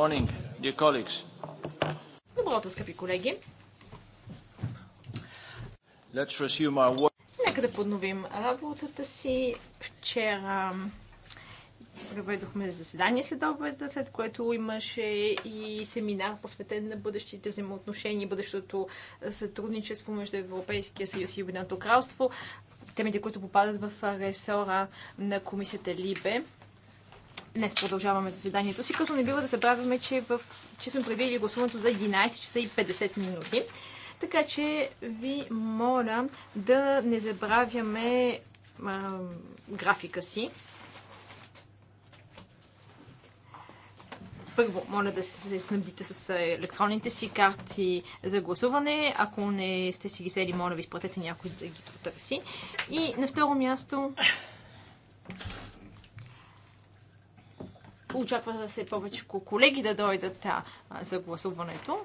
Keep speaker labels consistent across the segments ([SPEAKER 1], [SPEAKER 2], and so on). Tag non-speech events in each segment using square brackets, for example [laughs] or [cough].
[SPEAKER 1] morning, dear colleagues.
[SPEAKER 2] Добро утро, скъпи колеги.
[SPEAKER 1] Let's resume our work.
[SPEAKER 2] Нека да подновим работата си. Вчера проведохме заседание след обеда, след което имаше и семинар посветен на бъдещите взаимоотношения, и бъдещото сътрудничество между Европейския съюз и Обединеното кралство, темите, които попадат в ресора на комисията Либе. Днес продължаваме заседанието си, като не бива да забравяме, че, в... че сме предвидили гласуването за 11 часа и 50 минути. Така че ви моля да не забравяме а, графика си. първо, моля да се снабдите с електронните си карти за гласуване. Ако не сте си ги сели, моля ви изплатете някой да ги потърси. И на второ място, Очаква се повече колеги да дойдат а, за гласуването.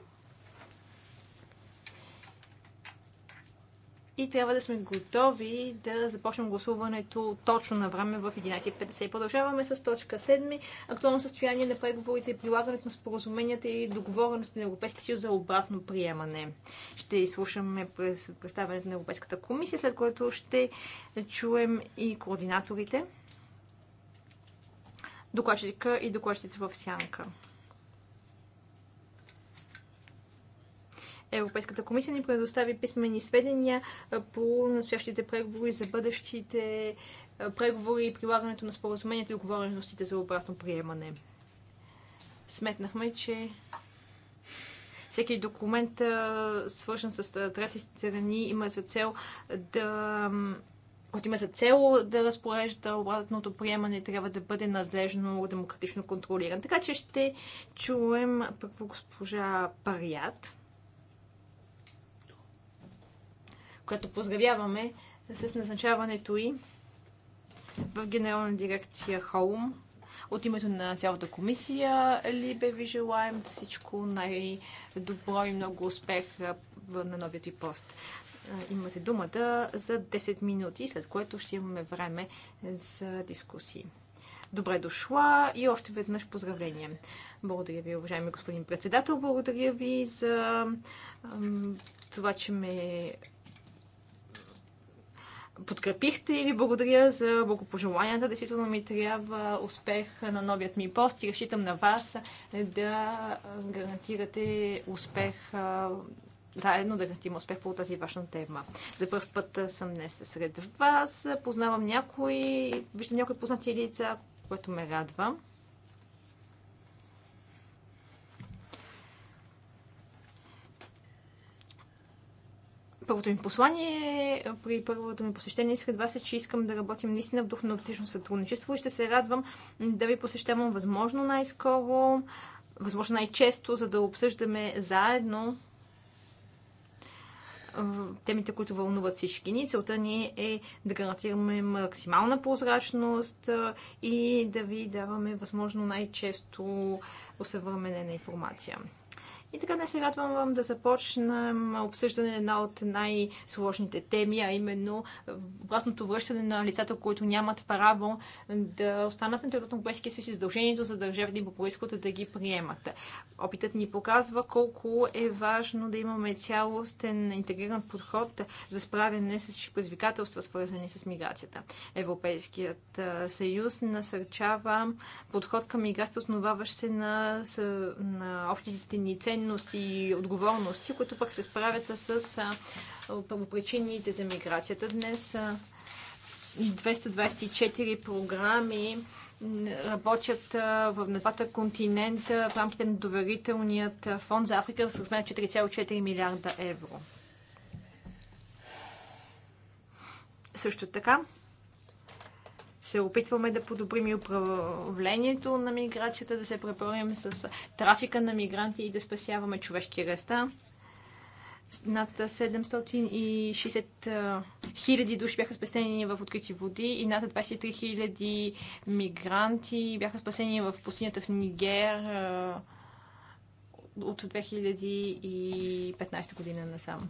[SPEAKER 2] И трябва да сме готови да започнем гласуването точно на време в 11.50. Продължаваме с точка 7. Актуално състояние на преговорите и прилагането на споразуменията и договореност на Европейския съюз за обратно приемане. Ще изслушаме през представянето на Европейската комисия, след което ще чуем и координаторите докладчика и докладчиците в сянка. Европейската комисия ни предостави писмени сведения по настоящите преговори за бъдещите преговори и прилагането на споразумението и оговореностите за обратно приемане. Сметнахме, че всеки документ, свършен с трети страни, има за цел да който има за цел да разпорежда обратното приемане, трябва да бъде надлежно демократично контролиран. Така че ще чуем първо госпожа Парият, която поздравяваме с назначаването и в Генерална дирекция Холм. От името на цялата комисия бе ви желаем всичко най-добро и много успех на новият и пост имате думата за 10 минути, след което ще имаме време за дискусии. Добре дошла и още веднъж поздравление. Благодаря ви, уважаеми господин председател. Благодаря ви за това, че ме подкрепихте и ви благодаря за благопожеланията. Действително ми трябва успех на новият ми пост и разчитам на вас да гарантирате успех заедно да гарантим успех по тази важна тема. За първ път съм днес сред вас, познавам някои, виждам някои познати лица, което ме радва. първото ми послание при първото ми посещение сред вас е, че искам да работим наистина в дух на отлично сътрудничество и ще се радвам да ви посещавам възможно най-скоро, възможно най-често, за да обсъждаме заедно темите, които вълнуват всички ни. Целта ни е да гарантираме максимална прозрачност и да ви даваме възможно най-често усъвременена информация. И така днес се радвам да започнем обсъждане на една от най-сложните теми, а именно обратното връщане на лицата, които нямат право да останат на територията на Европейския съюз и задължението за държавни по происход да ги приемат. Опитът ни показва колко е важно да имаме цялостен интегриран подход за справяне с предизвикателства, свързани с миграцията. Европейският съюз насърчава подход към миграция, основаващ се на, на общите ни цени ценности и отговорности, които пък се справят с първопричините за миграцията. Днес 224 програми работят в двата континента в рамките на доверителният фонд за Африка с размер 4,4 милиарда евро. Също така, се опитваме да подобрим и управлението на миграцията, да се преправим с трафика на мигранти и да спасяваме човешки реста. Над 760 хиляди души бяха спасени в открити води и над 23 хиляди мигранти бяха спасени в пустинята в Нигер от 2015 година насам.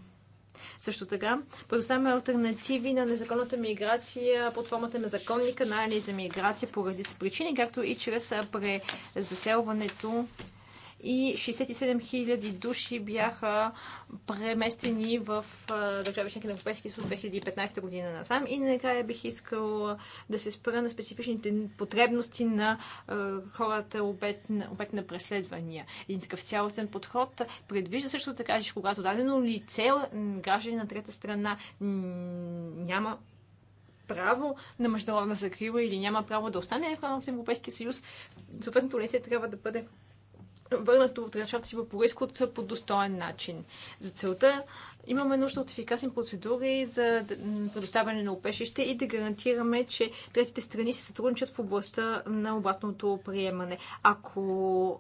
[SPEAKER 2] Също така, предоставяме альтернативи на незаконната миграция под формата на законни канали за миграция по редица причини, както и чрез презаселването и 67 000 души бяха преместени в държави членки на Европейския съюз 2015 година насам. И накрая бих искал да се спра на специфичните потребности на хората обект, обект на преследвания. Един такъв цялостен подход предвижда също така, че когато дадено лице, граждани на трета страна няма право на международна закрива или няма право да остане в Европейския съюз, съответното лице трябва да бъде върнато в държавата си по происход по достоен начин. За целта имаме нужда от ефикасни процедури за предоставяне на опешище и да гарантираме, че третите страни се сътрудничат в областта на обратното приемане. Ако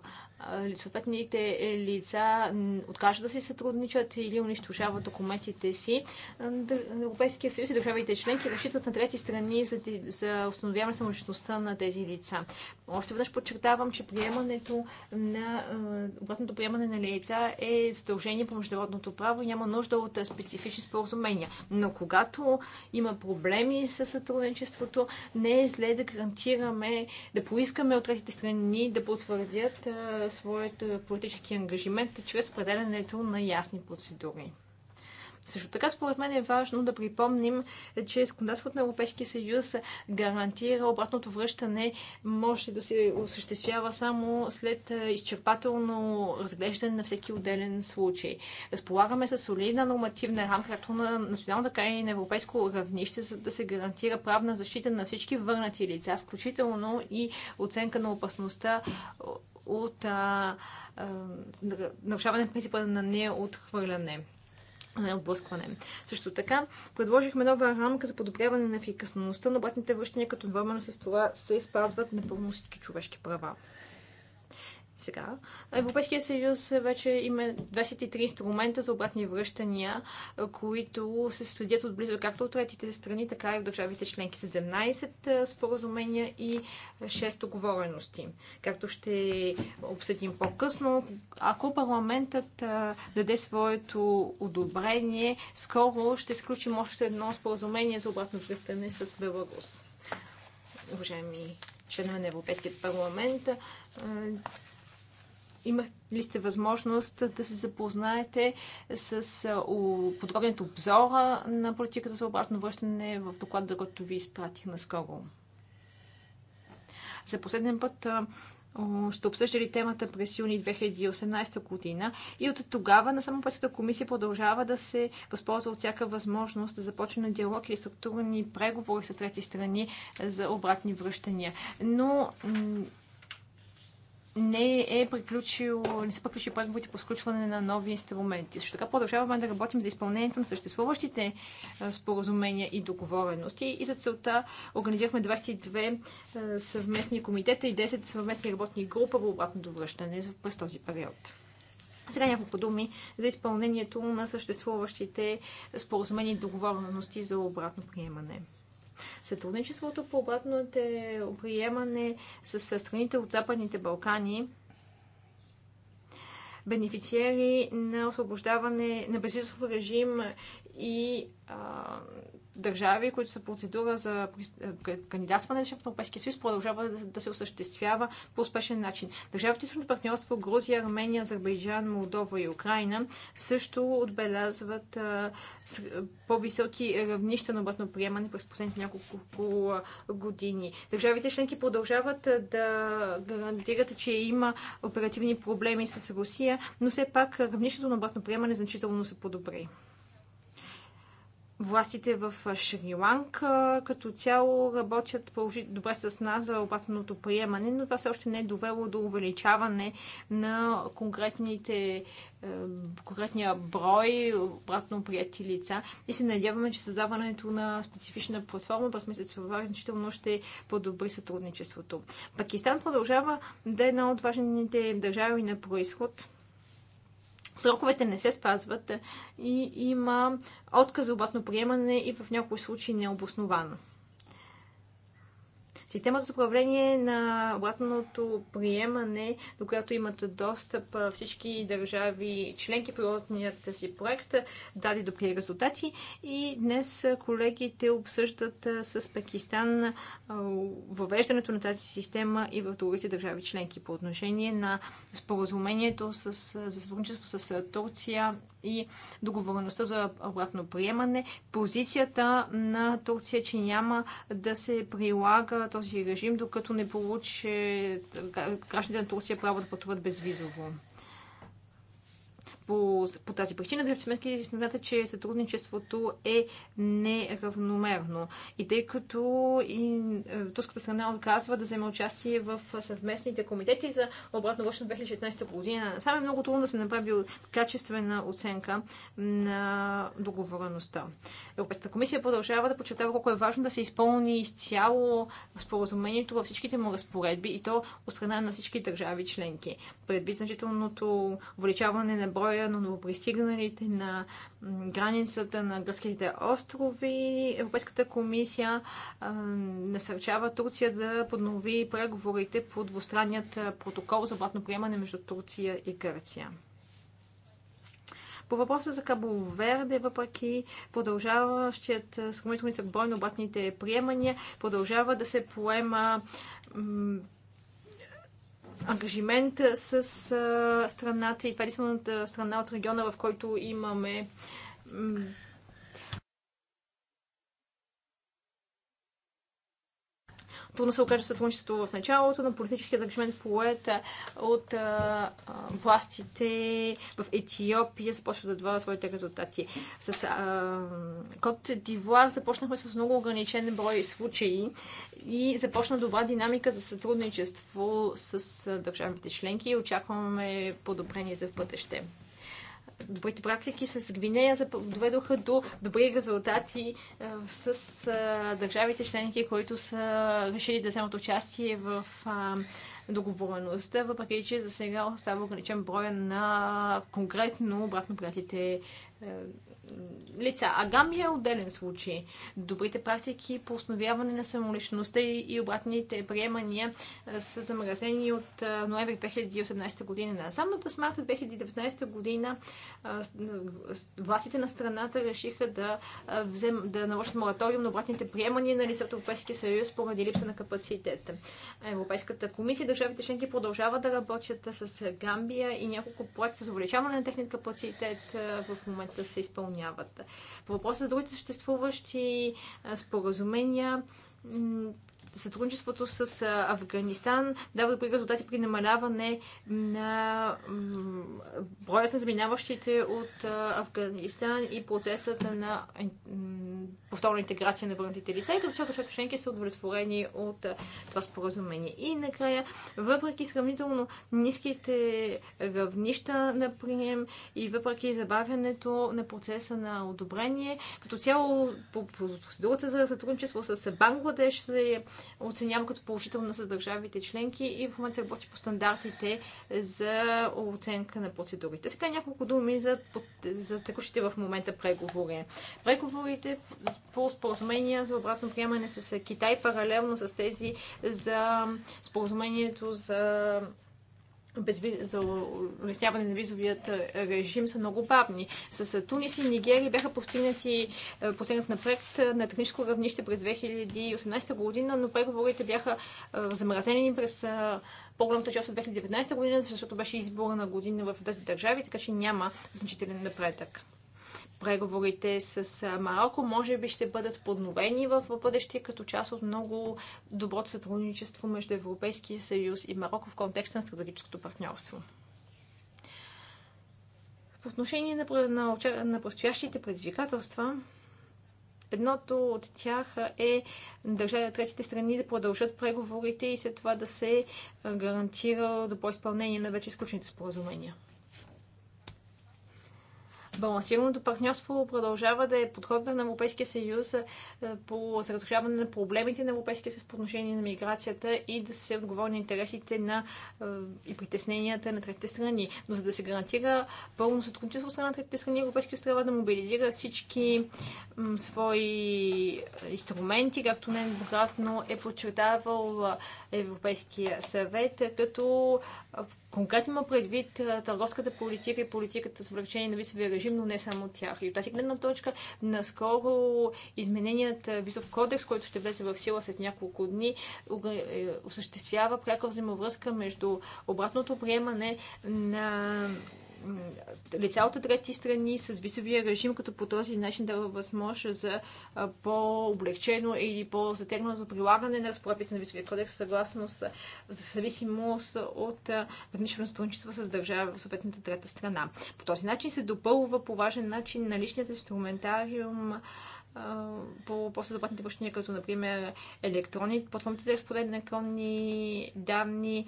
[SPEAKER 2] съответните лица откажат да си сътрудничат или унищожават документите си, Европейския съюз и държавите членки разчитат на трети страни за, за установяване самочетността на тези лица. Още веднъж подчертавам, че приемането на е, обратното приемане на лица е задължение по международното право и няма нужда от специфични споразумения. Но когато има проблеми с сътрудничеството, не е зле да гарантираме, да поискаме от третите страни да потвърдят е, своят е, политически ангажимент чрез определенето на ясни процедури. Също така, според мен е важно да припомним, че законодателството на Европейския съюз гарантира обратното връщане може да се осъществява само след изчерпателно разглеждане на всеки отделен случай. Разполагаме с солидна нормативна рамка, както на национално, така и на европейско равнище, за да се гарантира правна защита на всички върнати лица, включително и оценка на опасността от а, а, нарушаване на принципа на неотхвърляне отблъскване. Също така, предложихме нова рамка за подобряване на ефикасността на обратните връщания, като едновременно с това се спазват напълно всички човешки права сега. Европейския съюз вече има 23 инструмента за обратни връщания, които се следят отблизо както от третите страни, така и в държавите членки 17 споразумения и 6 договорености. Както ще обсъдим по-късно, ако парламентът даде своето одобрение, скоро ще сключим още едно споразумение за обратно връщане с Беларус. Уважаеми членове на Европейският парламент. Има ли сте възможност да се запознаете с подробният обзора на политиката за обратно връщане в доклада, който ви изпратих наскоро? За последен път ще обсъждали темата през юни 2018 година и от тогава на само комисия продължава да се възползва от всяка възможност да започне диалог или структурни преговори с трети страни за обратни връщания. Но не е приключил, не са приключили преговорите по сключване на нови инструменти. Също така продължаваме да работим за изпълнението на съществуващите споразумения и договорености. И за целта организирахме 22 съвместни комитета и 10 съвместни работни групи по обратното връщане през този период. Сега няколко думи за изпълнението на съществуващите споразумени и договорености за обратно приемане. Сътрудничеството по обратното приемане с страните от Западните Балкани бенефициери на освобождаване на безвизов режим и а, държави, които са процедура за кандидатстване в Европейския съюз, продължава да, да се осъществява по успешен начин. Държавите източно партньорство Грузия, Армения, Азербайджан, Молдова и Украина също отбелязват по-високи равнища на обратно приемане през последните няколко години. Държавите членки продължават да гарантират, че има оперативни проблеми с Русия, но все пак равнището на обратно приемане значително се подобри. Властите в Шри-Ланка като цяло работят добре с нас за обратното приемане, но това все още не е довело до увеличаване на конкретните е, конкретния брой обратно прияти лица и се надяваме, че създаването на специфична платформа през месец февруари значително ще подобри сътрудничеството. Пакистан продължава да е една от важните държави на происход сроковете не се спазват е, и има отказ за обратно приемане и в някои случаи необосновано. Системата за управление на обратното приемане, до която имат достъп всички държави членки пилотният си проект, даде добри резултати и днес колегите обсъждат с Пакистан въвеждането на тази система и в другите държави членки по отношение на споразумението с, за сътрудничество с Турция и договореността за обратно приемане. Позицията на Турция, че няма да се прилага този режим, докато не получи гражданите на Турция право да пътуват безвизово по, по тази причина, държавите сметки смятат, че сътрудничеството е неравномерно. И тъй като и е, турската страна отказва да вземе участие в съвместните комитети за обратно вършна 2016 година, само е много трудно да се направи качествена оценка на договореността. Европейската комисия продължава да подчертава колко е важно да се изпълни изцяло споразумението във всичките му разпоредби и то от страна на всички държави членки. Предвид значителното увеличаване на броя територия, на новопристигналите на границата на гръцките острови. Европейската комисия насърчава Турция да поднови преговорите по двустранният протокол за обратно приемане между Турция и Гърция. По въпроса за Кабо Верде, въпреки продължаващият сравнително нисък брой на обратните приемания, продължава да се поема ангажимент с страната и това е единствената страна от региона, в който имаме Трудно се окаже сътрудничество в началото, но политическия ангажимент поет е от а, а, властите в Етиопия започва да дава своите резултати. С а, Кот Дивуар започнахме с много ограничен брой случаи и започна добра динамика за сътрудничество с държавите членки и очакваме подобрение за в бъдеще добрите практики с Гвинея доведоха до добри резултати е, с е, държавите членки, които са решили да вземат участие в е, договореността, въпреки че за сега остава ограничен броя на конкретно обратно приятите е, лица. а гамбия е отделен случай. Добрите практики по установяване на самоличността и обратните приемания са замразени от ноември 2018 година. Само през марта 2019 година властите на страната решиха да, взем, да наложат мораториум на обратните приемания на лица от Европейския съюз поради липса на капацитет. Европейската комисия и държавите членки продължават да работят с Гамбия и няколко проекта за увеличаване на техния капацитет в момента да се изпълняват. По въпроса за другите съществуващи споразумения, сътрудничеството с Афганистан дава добри резултати при намаляване на броят на заминаващите от Афганистан и процесът на повторна интеграция на върнатите лица. И като цялото чето членки са удовлетворени от това споразумение. И накрая, въпреки сравнително ниските равнища на прием и въпреки забавянето на процеса на одобрение, като цяло по процедурата за сътрудничество с Бангладеш се оценява като положителна за държавите членки и в момента се работи по стандартите за оценка на процедурите. Сега няколко думи за, за текущите в момента преговори. Преговорите по споразумения за обратно приемане с Китай паралелно с тези за споразумението за за улесняване на визовият е, режим са много бавни. С е, Тунис и Нигерия бяха постигнати е, постигнат напред на техническо равнище през 2018 година, но преговорите бяха замразени през по-голямата част от 2019 година, защото беше избора на година в тази държави, така че няма значителен напредък преговорите с Марокко може би ще бъдат подновени в бъдеще като част от много доброто сътрудничество между Европейския съюз и Марокко в контекста на стратегическото партньорство. По отношение на, на, на предстоящите предизвикателства, едното от тях е държави третите страни да продължат преговорите и след това да се гарантира добро изпълнение на вече изключените споразумения. Балансираното партньорство продължава да е подхода на Европейския съюз е, по разрешаване на проблемите на Европейския съюз по отношение на миграцията и да се отговори на интересите на е, и притесненията на третите страни. Но за да се гарантира пълно сътрудничество страна на третите страни, Европейския съюз трябва да мобилизира всички свои е, инструменти, както нееднократно е подчертавал Европейския съвет, като конкретно има предвид търговската политика и политиката с облегчение на висовия режим, но не само тях. И от тази гледна точка, наскоро измененият висов кодекс, който ще влезе в сила след няколко дни, е, осъществява пряка взаимовръзка между обратното приемане на лица от трети страни с висовия режим, като по този начин дава възможност за по-облегчено или по-затегнато прилагане на разпоредбите на висовия кодекс, съгласно с зависимост от вътрешно сътрудничество с държава в съответната трета страна. По този начин се допълва по важен начин наличният инструментариум по по съзапатните връщания, като например електронни, платформите за разпоред електронни данни,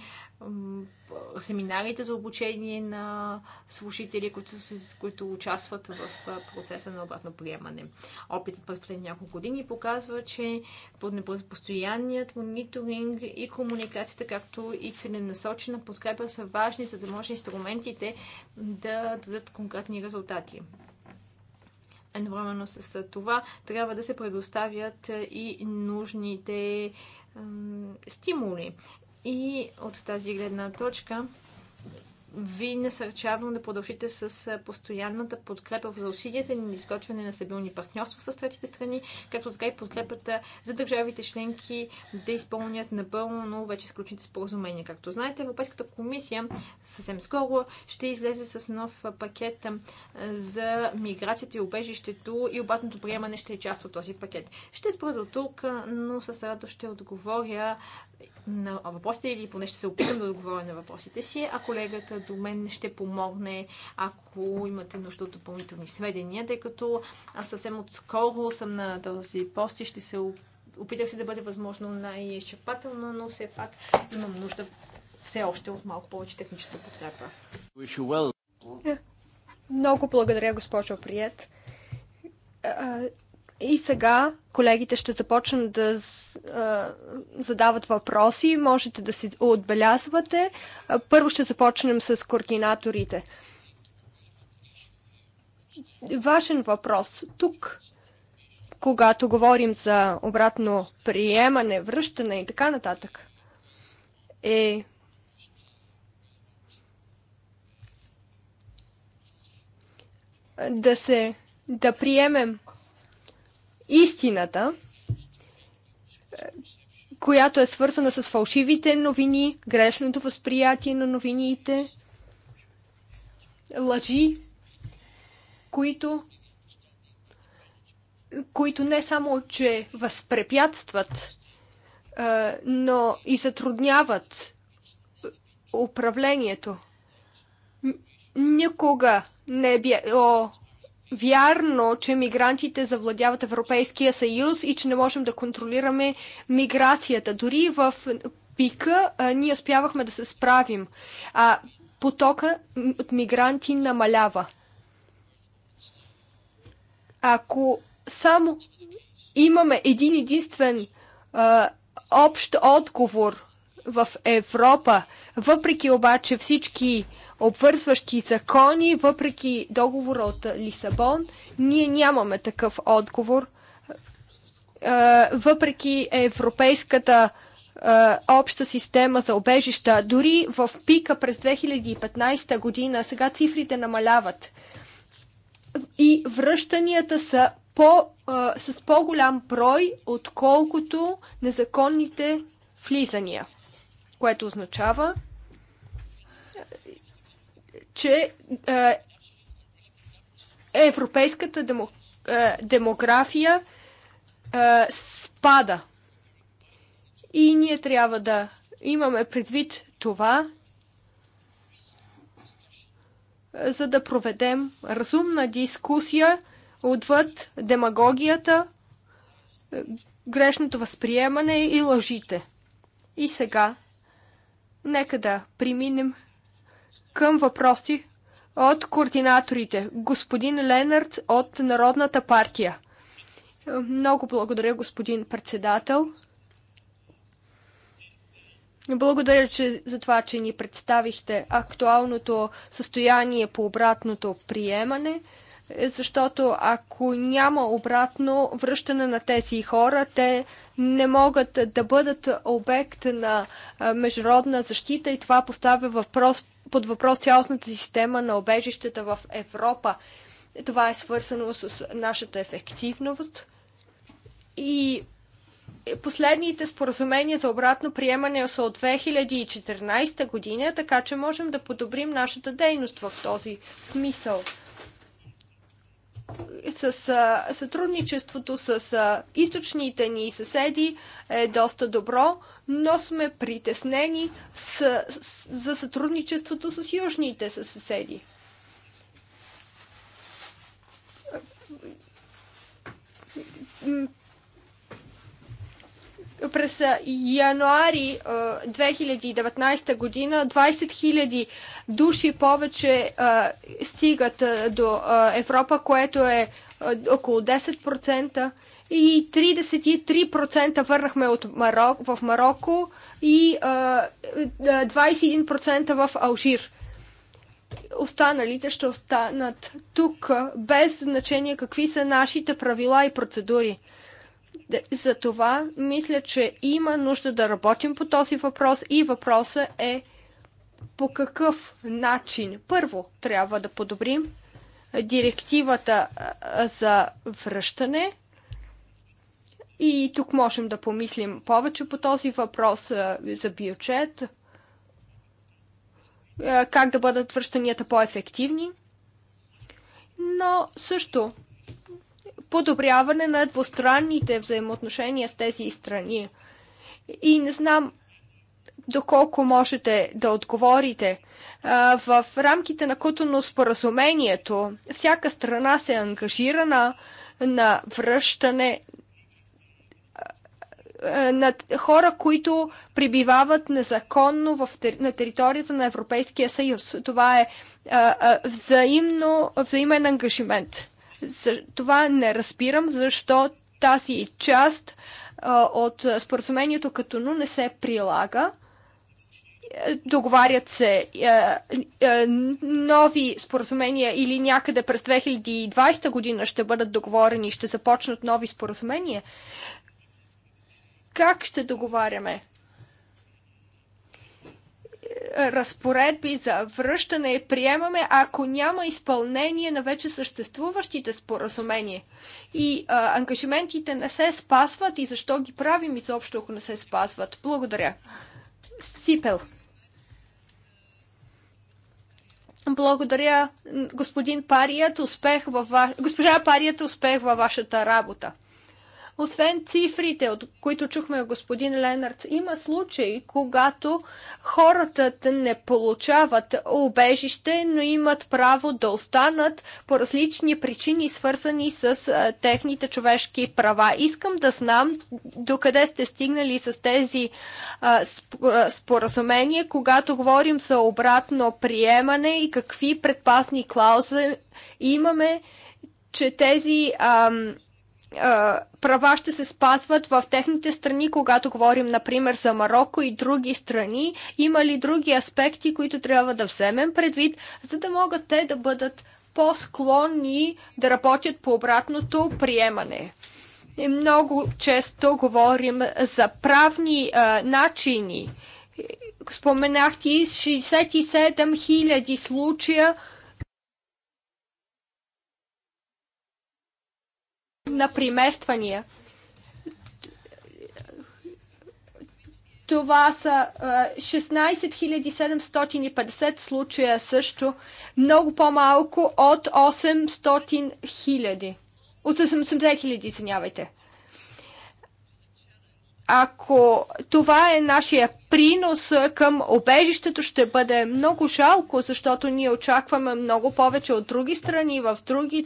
[SPEAKER 2] семинарите за обучение на слушатели, които, които участват в процеса на обратно приемане. Опитът през последните няколко години показва, че под постоянният мониторинг и комуникацията, както и целенасочена подкрепа са важни, за да може инструментите да дадат конкретни резултати едновременно с това трябва да се предоставят и нужните стимули. И от тази гледна точка ви насърчавам да продължите с постоянната подкрепа за усилията ни на изготвяне на стабилни партньорства с третите страни, както така и подкрепата за държавите членки да изпълнят напълно вече сключените споразумения. Както знаете, Европейската комисия съвсем скоро ще излезе с нов пакет за миграцията и убежището и обратното приемане ще е част от този пакет. Ще спра до тук, но с радост ще отговоря на въпросите или поне ще се опитам да отговоря на въпросите си, а колегата като мен ще помогне, ако имате нужда от допълнителни сведения, тъй като аз съвсем отскоро съм на този пост и ще се опитах се да бъде възможно най-изчерпателно, но все пак имам нужда все още от малко повече техническа подкрепа.
[SPEAKER 1] Е, много благодаря, госпожо Прият. И сега колегите ще започнат да задават въпроси. Можете да си отбелязвате. Първо ще започнем с координаторите. Важен въпрос. Тук, когато говорим за обратно приемане, връщане и така нататък, е да се да приемем истината, е, която е свързана с фалшивите новини, грешното възприятие на новините, лъжи, които, които не само, че възпрепятстват, е, но и затрудняват управлението. Никога не е било вярно, че мигрантите завладяват Европейския съюз и че не можем да контролираме миграцията. Дори в пика а, ние успявахме да се справим. А потока от мигранти намалява. Ако само имаме един единствен а, общ отговор в Европа, въпреки обаче всички а, обвързващи закони, въпреки договора от Лисабон. Ние нямаме такъв отговор. Е, въпреки европейската е, обща система за обежища, дори в пика през 2015 година, сега цифрите намаляват. И връщанията са по, а, е, с по-голям брой, отколкото незаконните влизания. Което означава, че е, европейската демо, е, демография е, спада. И ние трябва да имаме предвид това, за да проведем разумна дискусия отвъд демагогията, е, грешното възприемане и лъжите. И сега, нека да преминем към въпроси от координаторите. Господин Ленард от Народната партия. Много благодаря, господин председател. Благодаря че, за това, че ни представихте актуалното състояние по обратното приемане, защото ако няма обратно връщане на тези хора, те не могат да бъдат обект на международна защита и това поставя въпрос под въпрос цялостната система на обежищата в Европа. Това е свързано с нашата ефективност и последните споразумения за обратно приемане са от 2014 година, така че можем да подобрим нашата дейност в този смисъл с а, сътрудничеството с а, източните ни съседи е доста добро, но сме притеснени с, с, за сътрудничеството с южните съседи през януари 2019 година 20 000 души повече стигат до Европа, което е около 10% и 33% върнахме от Марок, в Марокко и 21% в Алжир. Останалите ще останат тук, без значение какви са нашите правила и процедури. За това мисля, че има нужда да работим по този въпрос и въпросът е по какъв начин. Първо трябва да подобрим директивата за връщане. И тук можем да помислим повече по този въпрос за бюджет, как да бъдат връщанията по-ефективни. Но също подобряване на двустранните взаимоотношения с тези страни. И не знам доколко можете да отговорите. В рамките на Кутоно споразумението всяка страна се е ангажирана на връщане на хора, които прибивават незаконно в, на територията на Европейския съюз. Това е а, а, взаимно, взаимен ангажимент. За това не разбирам защо тази част а, от споразумението като ну не се прилага. Е, договарят се а, е, а, е, нови споразумения или някъде през 2020 година ще бъдат договорени и ще започнат нови споразумения. Как ще договаряме? разпоредби за връщане приемаме, ако няма изпълнение на вече съществуващите споразумения и а, ангажиментите не се спазват и защо ги правим изобщо, ако не се спазват. Благодаря. Сипел. Благодаря, господин Парият, успех във ва... госпожа Парият, успех във вашата работа. Освен цифрите, от които чухме господин Ленард, има случаи, когато хората не получават обежище, но имат право да останат по различни причини, свързани с техните човешки права. Искам да знам докъде сте стигнали с тези споразумения, когато говорим за обратно приемане и какви предпасни клаузи имаме, че тези ам, права ще се спазват в техните страни, когато говорим, например, за Марокко и други страни? Има ли други аспекти, които трябва да вземем предвид, за да могат те да бъдат по-склонни да работят по обратното приемане? Много често говорим за правни а, начини. Споменахте 67 000 случая, на примествания. Това са 16 750 случая също, много по-малко от 800 000. От 80 000, извинявайте ако това е нашия принос към обежището, ще бъде много жалко, защото ние очакваме много повече от други страни, в, други,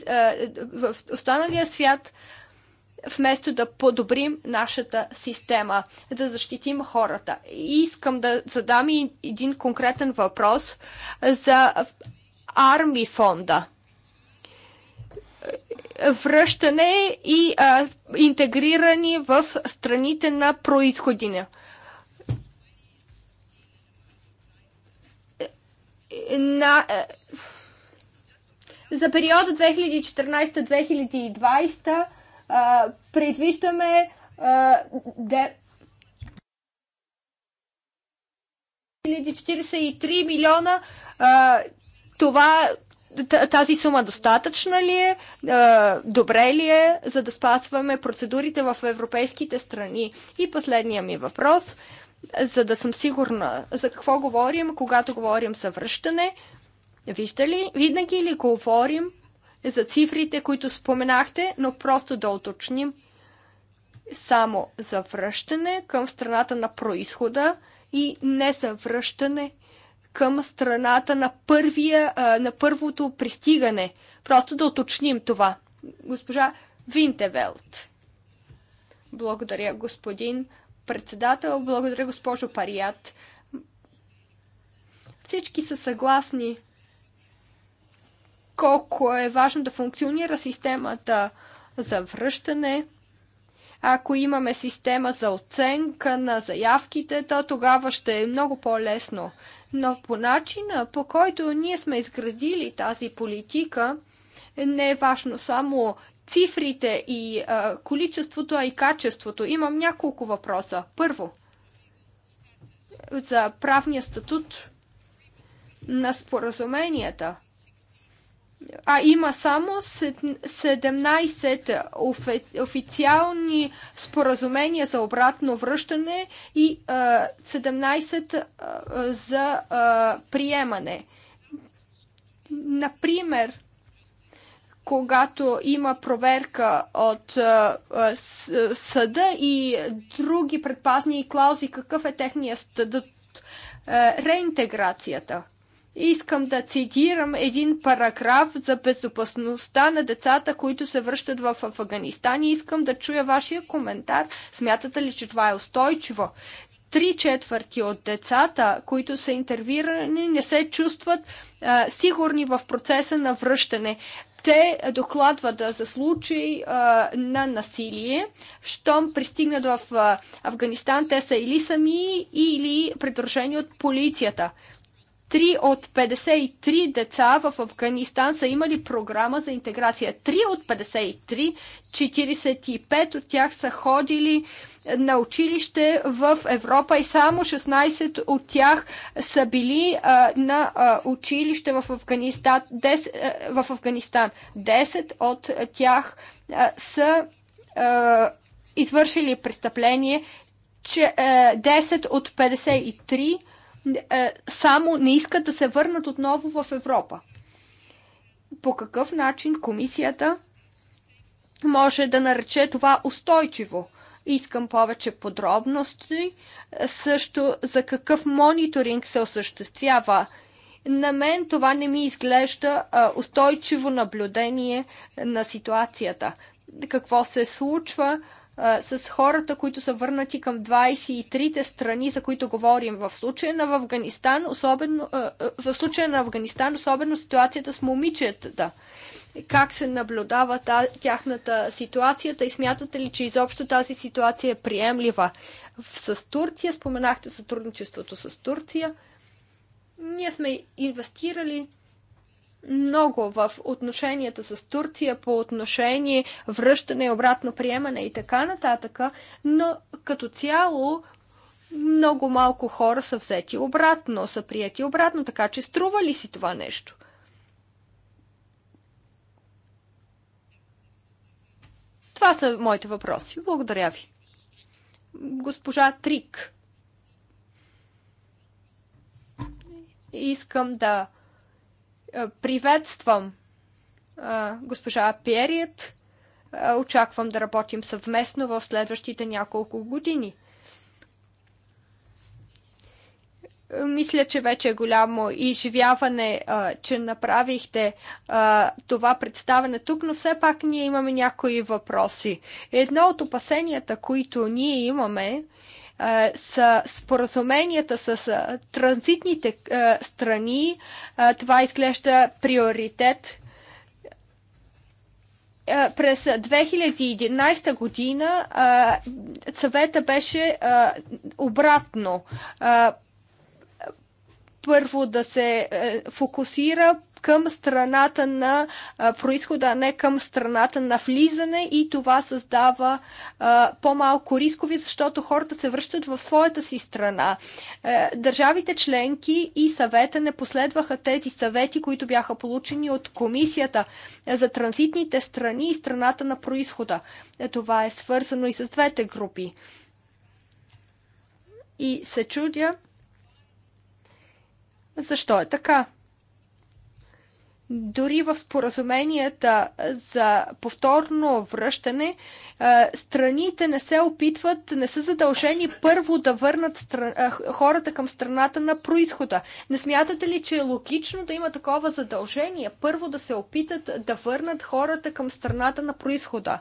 [SPEAKER 1] в останалия свят, вместо да подобрим нашата система, да защитим хората. И искам да задам и един конкретен въпрос за арми фонда връщане и а, интегрирани в страните на происходина. На, е, за периода 2014-2020 предвиждаме а, де, милиона. А, това тази сума достатъчна ли е, добре ли е, за да спасваме процедурите в европейските страни? И последния ми въпрос, за да съм сигурна за какво говорим, когато говорим за връщане, вижда ли, винаги ли говорим за цифрите, които споменахте, но просто да уточним само за връщане към страната на происхода и не за връщане към страната на, първия, на първото пристигане. Просто да уточним това. Госпожа Винтевелт. Благодаря, господин председател. Благодаря, госпожо Парият. Всички са съгласни колко е важно да функционира системата за връщане. Ако имаме система за оценка на заявките, то тогава ще е много по-лесно но по начина по който ние сме изградили тази политика, не е важно само цифрите и а, количеството, а и качеството. Имам няколко въпроса. Първо, за правния статут на споразуменията – а има само 17 официални споразумения за обратно връщане и 17 за приемане. Например, когато има проверка от съда и други предпазни клаузи, какъв е техният статут? Реинтеграцията – Искам да цитирам един параграф за безопасността на децата, които се връщат в Афганистан и искам да чуя вашия коментар. Смятате ли, че това е устойчиво? три четвърти от децата, които са интервирани, не се чувстват а, сигурни в процеса на връщане. Те докладват за случаи а, на насилие. Щом пристигнат в а, Афганистан, те са или сами, или придружени от полицията. Три от 53 деца в Афганистан са имали програма за интеграция. Три от 53, 45 от тях са ходили на училище в Европа и само 16 от тях са били а, на а, училище в Афганистан. 10, а, в Афганистан. 10 от тях а, са а, извършили престъпление. Че, а, 10 от 53 е, само не искат да се върнат отново в Европа. По какъв начин комисията може да нарече това устойчиво? Искам повече подробности, също за какъв мониторинг се осъществява. На мен това не ми изглежда устойчиво наблюдение на ситуацията. Какво се случва? с хората, които са върнати към 23-те страни, за които говорим в случая на Афганистан, особено, в случая на Афганистан, особено ситуацията с момичетата. Как се наблюдава та, тяхната ситуация и смятате ли, че изобщо тази ситуация е приемлива? С Турция, споменахте сътрудничеството с Турция. Ние сме инвестирали много в отношенията с Турция по отношение връщане, обратно приемане и така нататък, но като цяло много малко хора са взети обратно, са прияти обратно, така че струва ли си това нещо? Това са моите въпроси. Благодаря ви. Госпожа Трик. Искам да е, приветствам е, госпожа Перият. Е, очаквам да работим съвместно в следващите няколко години. мисля, че вече е голямо изживяване, че направихте това представене тук, но все пак ние имаме някои въпроси. Едно от опасенията, които ние имаме, с споразуменията с транзитните страни. Това изглежда приоритет през 2011 година съвета беше обратно първо да се е, фокусира към страната на е, происхода, а не към страната на влизане и това създава е, по-малко рискови, защото хората се връщат в своята си страна. Държавите членки и съвета не последваха тези съвети, които бяха получени от комисията за транзитните страни и страната на происхода. Това е свързано и с двете групи. И се чудя защо е така? Дори в споразуменията за повторно връщане, е, страните не се опитват, не са задължени първо да върнат е, хората към страната на происхода. Не смятате ли, че е логично да има такова задължение? Първо да се опитат да върнат хората към страната на происхода.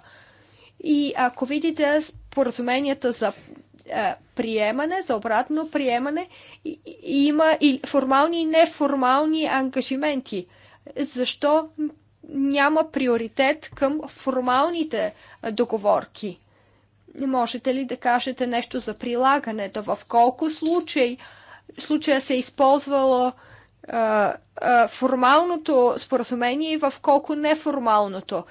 [SPEAKER 1] И ако видите споразуменията за е, приемане, за обратно приемане. И, и има и формални и неформални ангажименти. Защо няма приоритет към формалните е, договорки? Можете ли да кажете нещо за прилагането? В колко случай, случая се е използвало формалното споразумение и в колко неформалното.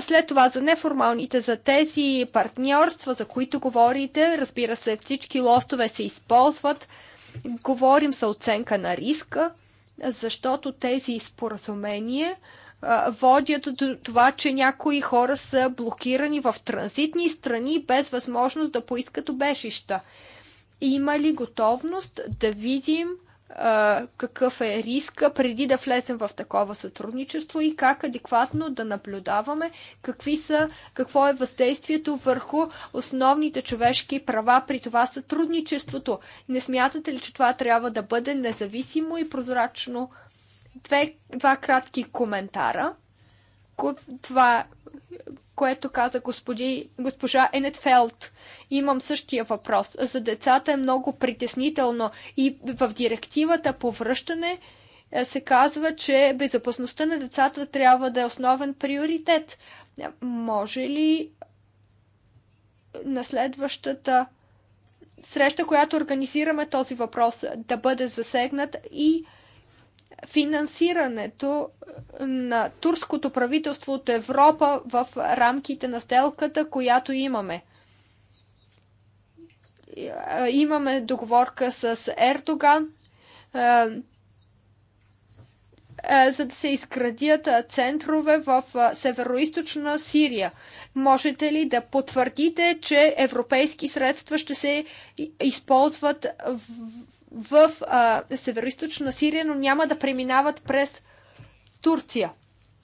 [SPEAKER 1] След това за неформалните, за тези партньорства, за които говорите, разбира се, всички лостове се използват. Говорим за оценка на риска, защото тези споразумения водят до това, че някои хора са блокирани в транзитни страни без възможност да поискат обежища. Има ли готовност да видим какъв е риска преди да влезем в такова сътрудничество и как адекватно да наблюдаваме какви са, какво е въздействието върху основните човешки права при това сътрудничеството. Не смятате ли, че това трябва да бъде независимо и прозрачно? Две, два кратки коментара. Това което каза господи, госпожа Енетфелд. Имам същия въпрос. За децата е много притеснително и в директивата по връщане е, се казва, че безопасността на децата трябва да е основен приоритет. Може ли на следващата среща, която организираме този въпрос, да бъде засегнат и финансирането е, на турското правителство от Европа в рамките на сделката, която имаме. Е, имаме договорка с Ердоган, е, за да се изградят центрове в северо Сирия. Можете ли да потвърдите, че европейски средства ще се използват в в северо Сирия, но няма да преминават през Турция.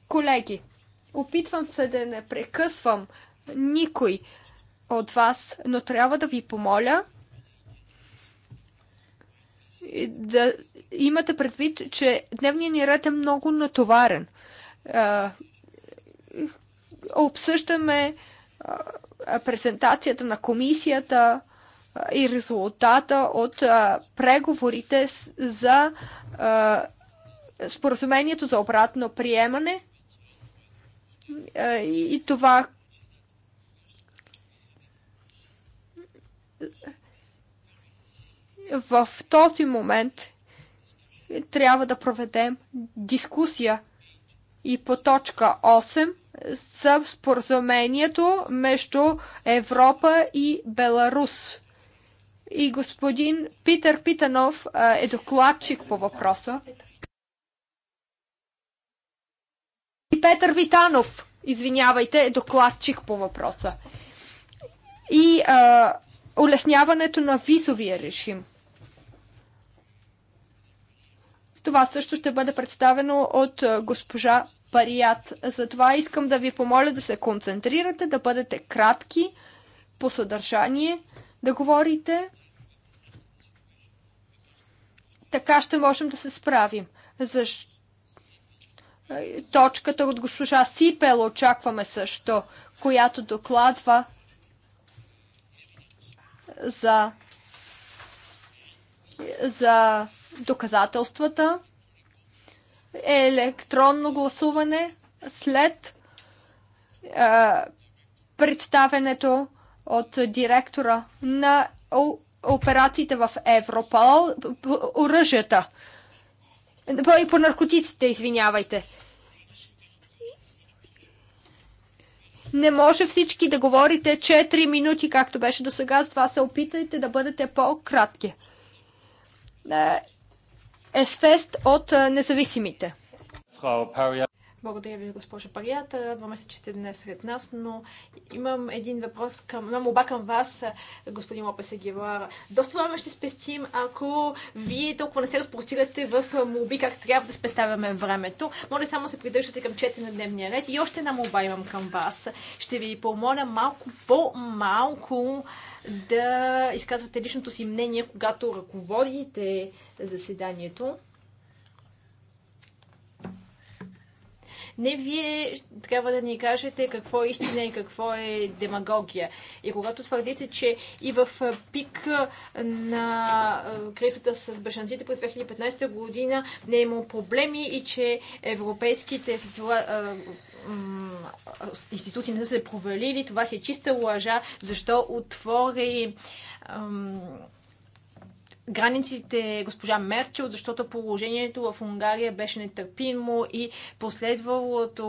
[SPEAKER 1] Колеги, опитвам се да не прекъсвам никой от вас, но трябва да ви помоля да имате предвид, че дневният ни ред е много натоварен. Обсъждаме презентацията на комисията, и резултата от преговорите за споразумението за обратно приемане и това в този момент трябва да проведем дискусия и по точка 8 за споразумението между Европа и Беларус и господин Питър Питанов е докладчик по въпроса. И Петър Витанов, извинявайте, е докладчик по въпроса. И а, улесняването на визовия режим. Това също ще бъде представено от госпожа Парият. Затова искам да ви помоля да се концентрирате, да бъдете кратки по съдържание да говорите. Така ще можем да се справим. Защ... Точката от госпожа Сипел очакваме също, която докладва за, за доказателствата, електронно гласуване след е, представенето от директора на операциите в Европол, оръжията. По, по наркотиците, извинявайте. Не може всички да говорите 4 минути, както беше до сега. С това се опитайте да бъдете по-кратки. Есфест е от е, независимите.
[SPEAKER 2] Благодаря ви, госпожа Парията. Радваме се, че сте днес сред нас, но имам един въпрос към... Имам оба към вас, господин Лопес Егивар. Доста време ще спестим, ако вие толкова не се разпростирате в молби как трябва да спеставяме времето. Моля само се придържате към чете на дневния ред. И още една молба имам към вас. Ще ви помоля малко по-малко да изказвате личното си мнение, когато ръководите заседанието Не вие трябва да ни кажете какво е истина и какво е демагогия. И когато твърдите, че и в пик на кризата с бешанците през 2015 година не е имало проблеми и че европейските институции не са се провалили, това си е чиста лъжа. Защо отвори границите госпожа Меркел, защото положението в Унгария беше нетърпимо и последвалото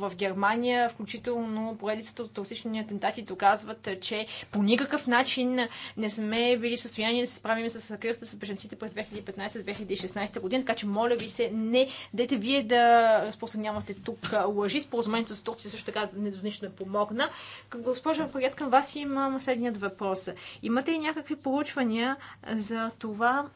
[SPEAKER 2] в Германия, включително поредицата от токсични атентати, доказват, че по никакъв начин не сме били в състояние да се справим с кръста с бежанците през 2015-2016 година, така че моля ви се, не дайте вие да разпространявате тук лъжи. Споразумението с Турция също така недознично е помогна. Госпожа Фарият, към вас имам следният въпрос. Имате ли някакви проучвания за това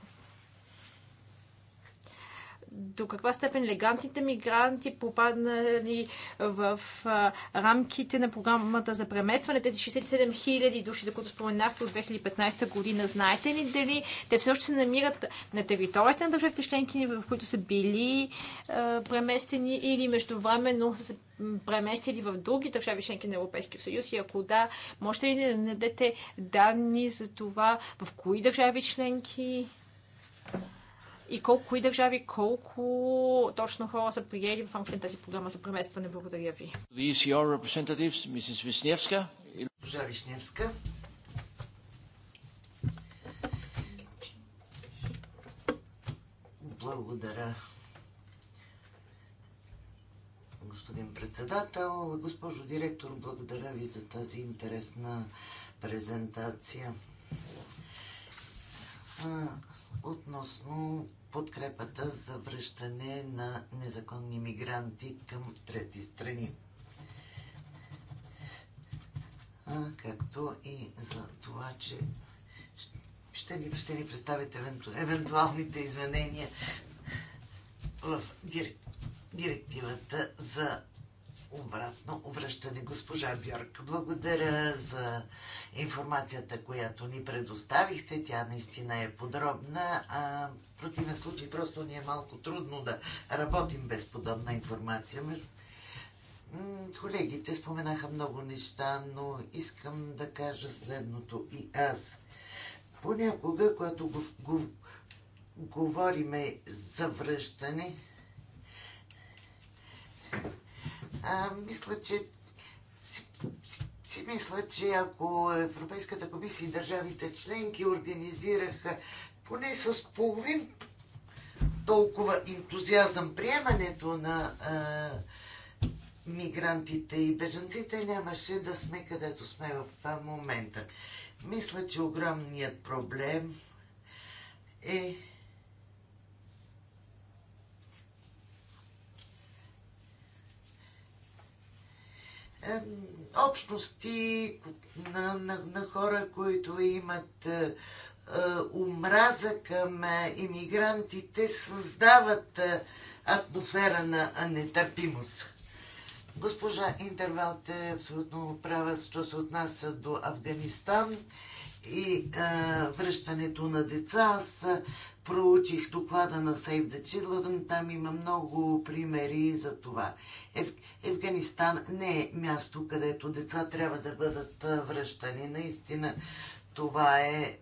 [SPEAKER 2] до каква степен легантните мигранти попаднали в а, рамките на програмата за преместване, тези 67 хиляди души, за които споменахте от 2015 година, знаете ли дали те все още се намират на територията на държавите членки, в които са били а, преместени или междувременно са се преместили в други държави членки на Европейския съюз и ако да, можете ли да дадете данни за това в кои държави членки и колко, и държави, колко точно хора са приели в рамките на тази програма за преместване. Благодаря ви.
[SPEAKER 3] E Госпожа Вишневска. Благодаря, господин председател. Госпожо директор, благодаря ви за тази интересна презентация. А, относно подкрепата за връщане на незаконни мигранти към трети страни. А, както и за това, че ще ни, ще ни представите евенту, евентуалните изменения в дир, директивата за обратно връщане. Госпожа Бьорк, благодаря за информацията, която ни предоставихте. Тя наистина е подробна. А в противен случай просто ни е малко трудно да работим без подобна информация. Между... Колегите споменаха много неща, но искам да кажа следното и аз. Понякога, когато го, го, говориме за връщане, а, мисля, че си, си, си мисля, че ако Европейската комисия и държавите членки организираха поне с половин толкова ентузиазъм приемането на а, мигрантите и бежанците, нямаше да сме където сме в момента. Мисля, че огромният проблем е общности на, на, на хора, които имат е, е, омраза към е, иммигрантите, създават атмосфера на нетърпимост. Госпожа Интервалт е абсолютно права, що се отнася до Афганистан и а, връщането на деца. Аз проучих доклада на Save the Children, там има много примери за това. Ев, Афганистан не е място, където деца трябва да бъдат връщани. Наистина това е, е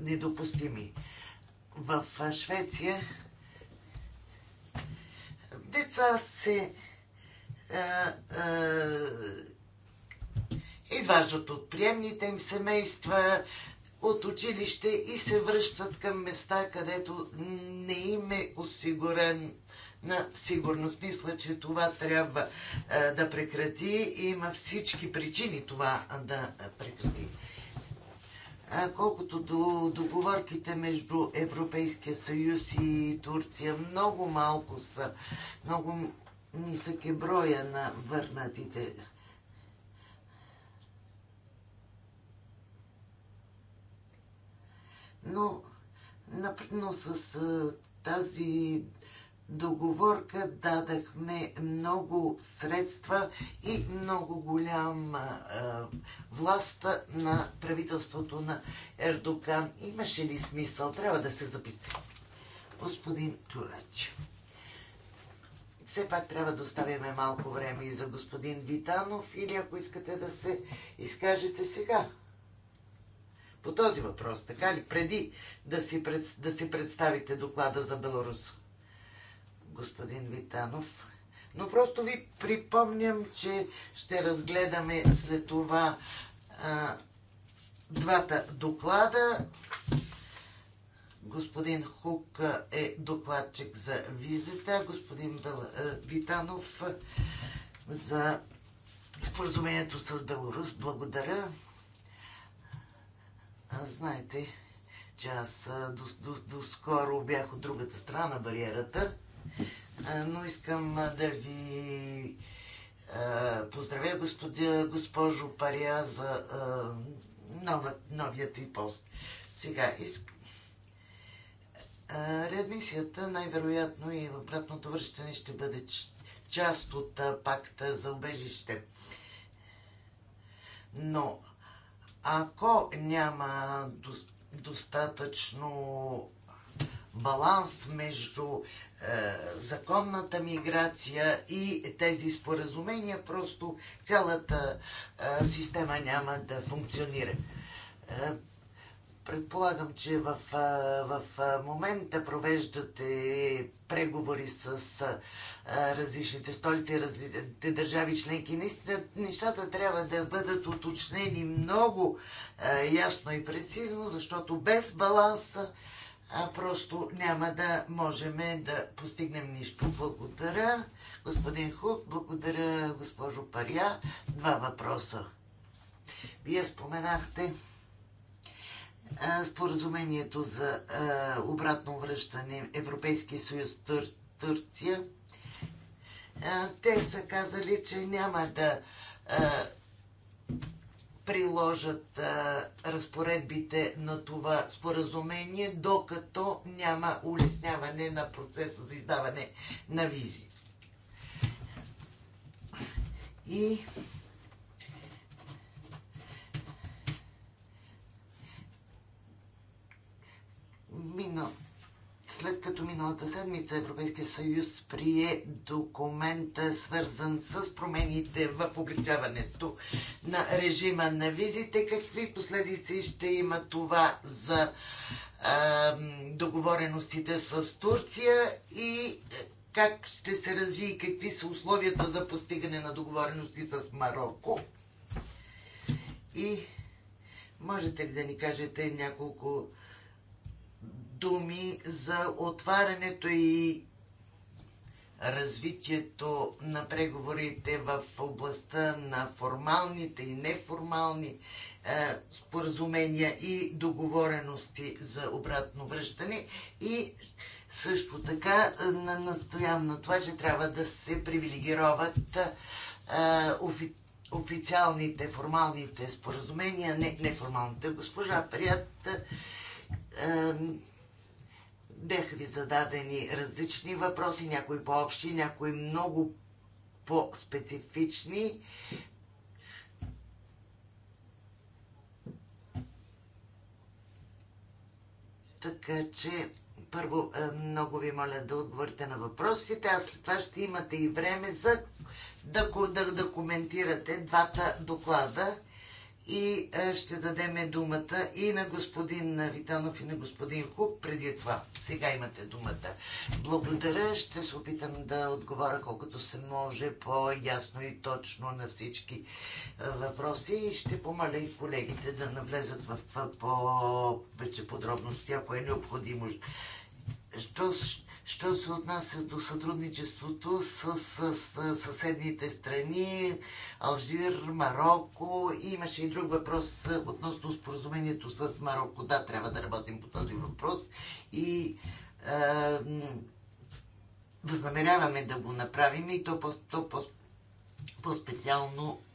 [SPEAKER 3] недопустими. В Швеция деца се е, е, изваждат от приемните им семейства, от училище и се връщат към места, където не им е осигурен на сигурност. Мисля, че това трябва а, е, да прекрати и има всички причини това е, да прекрати. А, колкото до договорките между Европейския съюз и Турция, много малко са, много нисък е броя на върнатите но, но с тази договорка дадахме много средства и много голяма власт на правителството на Ердоган. Имаше ли смисъл? Трябва да се записа. Господин Турач. Все пак трябва да оставяме малко време и за господин Витанов или ако искате да се изкажете сега по този въпрос, така ли? Преди да си, пред, да си представите доклада за Беларус, господин Витанов. Но просто ви припомням, че ще разгледаме след това а, двата доклада. Господин Хук е докладчик за визита, господин Витанов за споразумението с Беларус. Благодаря. Знаете, че аз доскоро до, до бях от другата страна на бариерата, но искам да ви поздравя господи, госпожо Пария за нова, новият ви пост. Сега, искам реадмисията най-вероятно и обратното връщане ще бъде част от пакта за убежище. Но ако няма достатъчно баланс между е, законната миграция и тези споразумения, просто цялата е, система няма да функционира. Е, Предполагам, че в, в момента провеждате преговори с различните столици, различните държави членки. Наистина, нещата трябва да бъдат уточнени много ясно и прецизно, защото без баланса просто няма да можем да постигнем нищо. Благодаря, господин Хук, благодаря, госпожо Паря. Два въпроса. Вие споменахте споразумението за обратно връщане Европейски съюз Турция. Те са казали, че няма да приложат разпоредбите на това споразумение, докато няма улесняване на процеса за издаване на визи. И мина, след като миналата седмица Европейския съюз прие документа, е свързан с промените в обличаването на режима на визите, какви последици ще има това за а, договореностите с Турция и е, как ще се развие и какви са условията за постигане на договорености с Марокко. И можете ли да ни кажете няколко думи за отварянето и развитието на преговорите в областта на формалните и неформални е, споразумения и договорености за обратно връщане и също така е, на, настоявам на това, че трябва да се привилегироват е, офи, официалните, формалните споразумения, не неформалните. Госпожа Прият е, бяха ви зададени различни въпроси, някои по-общи, някои много по-специфични. Така че, първо, е, много ви моля да отговорите на въпросите, а след това ще имате и време за да, да, да коментирате двата доклада и е, ще дадем думата и на господин Витанов и на господин Хук преди това. Сега имате думата. Благодаря. Ще се опитам да отговоря колкото се може по-ясно и точно на всички е, въпроси и ще помоля и колегите да навлезат в по-вече подробности, ако е необходимо. Що Що се отнася до сътрудничеството с, с, с съседните страни, Алжир, Марокко, имаше и друг въпрос относно споразумението с Марокко. Да, трябва да работим по този въпрос и е, възнамеряваме да го направим и то по-специално по, по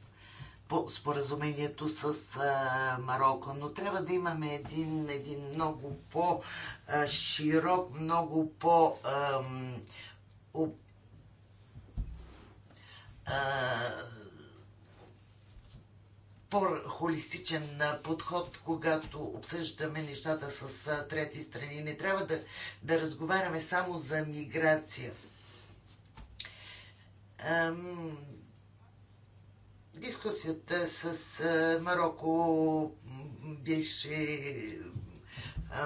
[SPEAKER 3] по споразумението с а, Марокко, но трябва да имаме един, един много по-широк, много по- по-холистичен подход, когато обсъждаме нещата с а, трети страни. Не трябва да, да разговаряме само за миграция. Ам, Дискусията с Марокко беше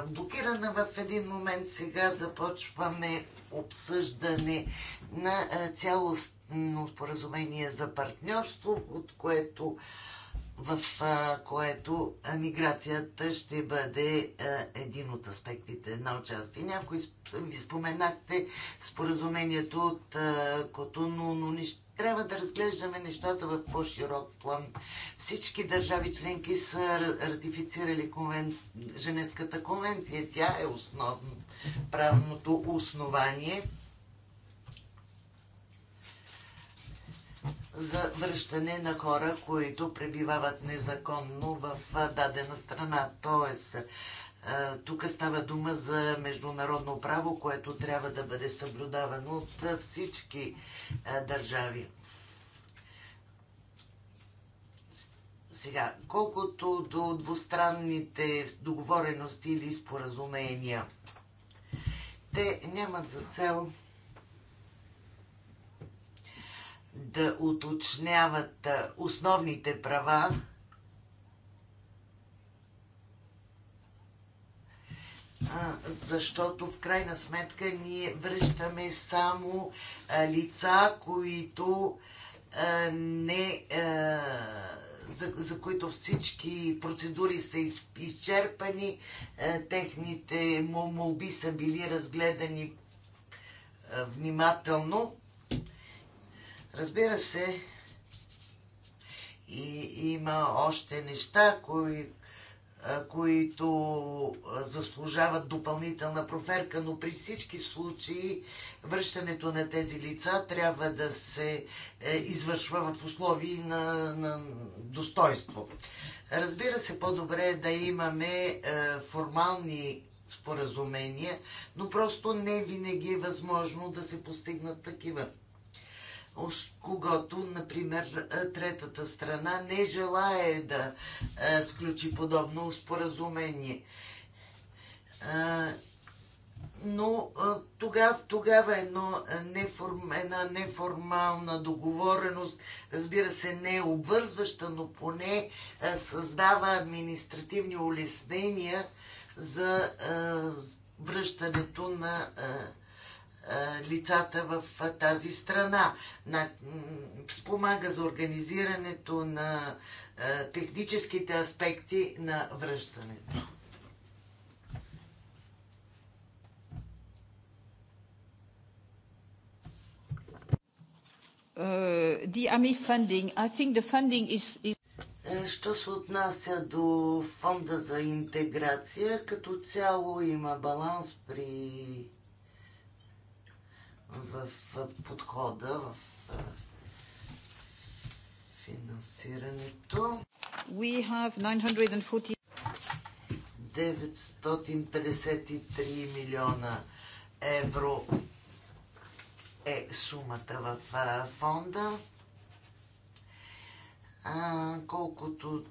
[SPEAKER 3] блокирана в един момент. Сега започваме обсъждане на цялостно споразумение за партньорство, от което в което миграцията ще бъде един от аспектите на участие. Някои ви споменахте споразумението от Котоно, но нищо трябва да разглеждаме нещата в по-широк план. Всички държави членки са ратифицирали конвен... Женевската конвенция. Тя е основно правното основание за връщане на хора, които пребивават незаконно в дадена страна. Тоест, тук става дума за международно право, което трябва да бъде съблюдавано от всички държави. Сега, колкото до двустранните договорености или споразумения, те нямат за цел да уточняват основните права защото в крайна сметка ние връщаме само лица, които не, за, за които всички процедури са из, изчерпани, техните молби са били разгледани внимателно. Разбира се, и има още неща, които които заслужават допълнителна проверка, но при всички случаи връщането на тези лица трябва да се е, извършва в условии на, на достоинство. Разбира се, по-добре е да имаме е, формални споразумения, но просто не винаги е възможно да се постигнат такива когато, например, е, третата страна не желае да е, сключи подобно споразумение. Е, но тогава, тогава едно неформ, една неформална договореност, разбира се, не е обвързваща, но поне създава административни улеснения за връщането на лицата в тази страна. Спомага за организирането на техническите аспекти на връщането.
[SPEAKER 2] Uh, the AMI funding, I think the funding is, is...
[SPEAKER 3] Е, що се отнася до фонда за интеграция, като цяло има баланс при в подхода, в финансирането.
[SPEAKER 2] We
[SPEAKER 1] have 940...
[SPEAKER 3] 953 милиона евро е сумата в фонда. А, колкото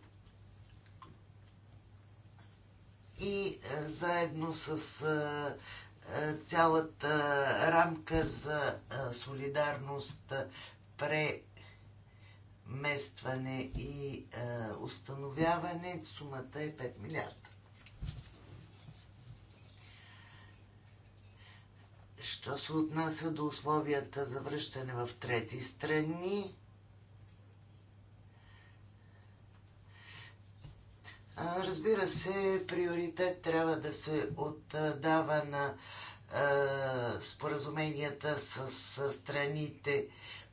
[SPEAKER 3] и заедно с е, цялата рамка за е, солидарност, е, преместване и установяване, сумата е 5 милиарда. Що се отнася до условията за връщане в трети страни, Разбира се, приоритет трябва да се отдава на споразуменията с, страните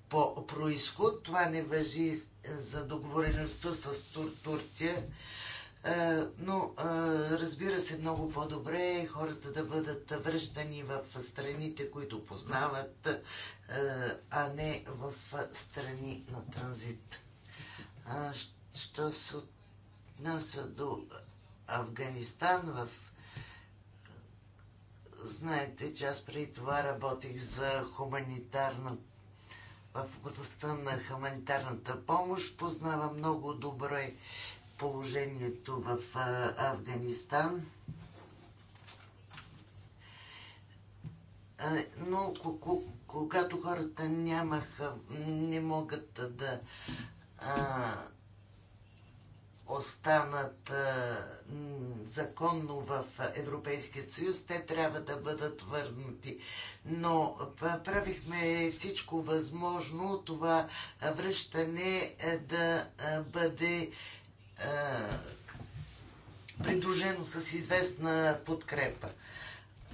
[SPEAKER 3] по происход. Това не въжи за договореността с Тур, Турция, но разбира се много по-добре е хората да бъдат връщани в страните, които познават, а не в страни на транзит. Що се от отнася до Афганистан в Знаете, че аз преди това работих за хуманитарна в областта на хуманитарната помощ. Познавам много добре положението в Афганистан. Но когато хората нямаха, не могат да останат законно в Европейския съюз, те трябва да бъдат върнати. Но правихме всичко възможно това връщане да бъде придружено с известна подкрепа.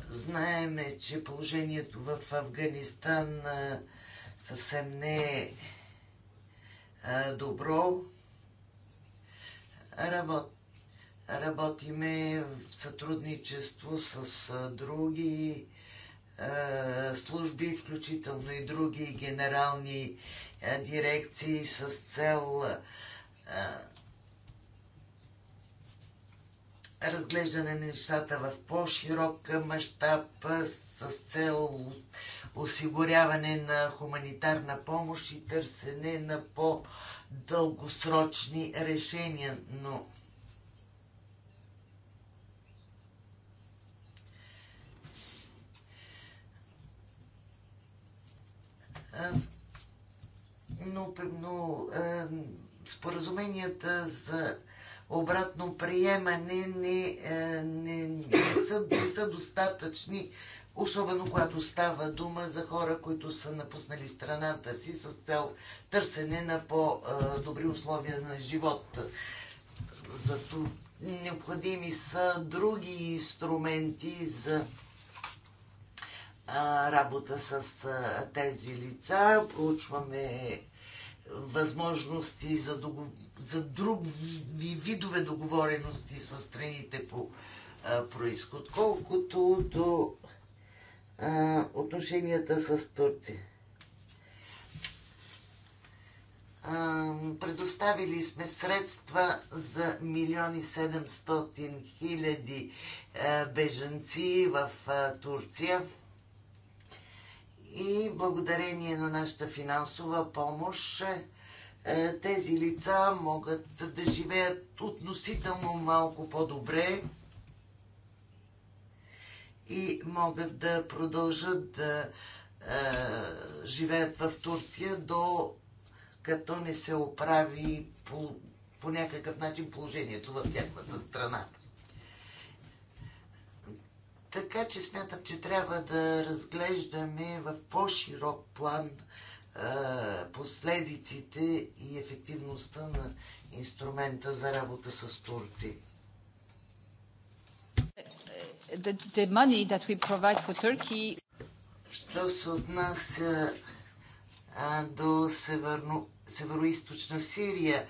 [SPEAKER 3] Знаеме, че положението в Афганистан съвсем не е добро. Работ, работиме в сътрудничество с други служби, включително и други генерални дирекции с цел разглеждане на нещата в по-широк мащаб с цел осигуряване на хуманитарна помощ и търсене на по- дългосрочни решения, но но, но е, споразуменията за обратно приемане не, е, не, не, са, не са достатъчни особено когато става дума за хора, които са напуснали страната си с цел търсене на по-добри условия на живот. Зато необходими са други инструменти за работа с тези лица. Проучваме възможности за, догов... за други видове договорености с страните по происход, колкото до отношенията с Турция. предоставили сме средства за милиони 700 хиляди е, бежанци в е, Турция и благодарение на нашата финансова помощ е, тези лица могат да живеят относително малко по-добре и могат да продължат да е, живеят в Турция до като не се оправи по, по някакъв начин положението в тяхната страна. Така че смятам, че трябва да разглеждаме в по-широк план е, последиците и ефективността на инструмента за работа с Турци.
[SPEAKER 2] Е, е, the, money that we
[SPEAKER 3] provide for Turkey. Що се отнася до северо-источна Сирия,